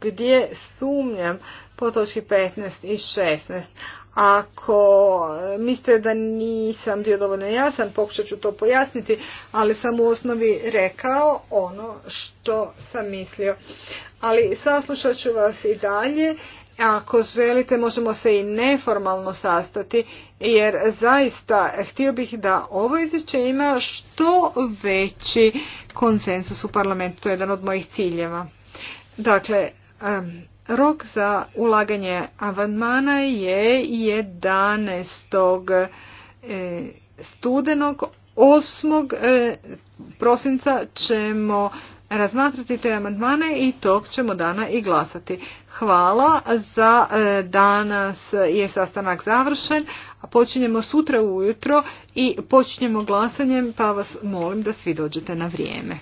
gdje sumnjam po točki 15 i 16, ako mislite da nisam bio dovoljno jasan, pokušat ću to pojasniti, ali sam u osnovi rekao ono što sam mislio. Ali saslušat ću vas i dalje. Ako želite, možemo se i neformalno sastati, jer zaista htio bih da ovo izvješće ima što veći konsensus u parlamentu. To je jedan od mojih ciljeva. Dakle, Rok za ulaganje avanmana je 11. E, studenog. 8. E, prosinca ćemo razmatrati te amandmane i tog ćemo dana i glasati. Hvala za e, danas je sastanak završen, a počinjemo sutra ujutro i počinjemo glasanjem pa vas molim da svi dođete na vrijeme.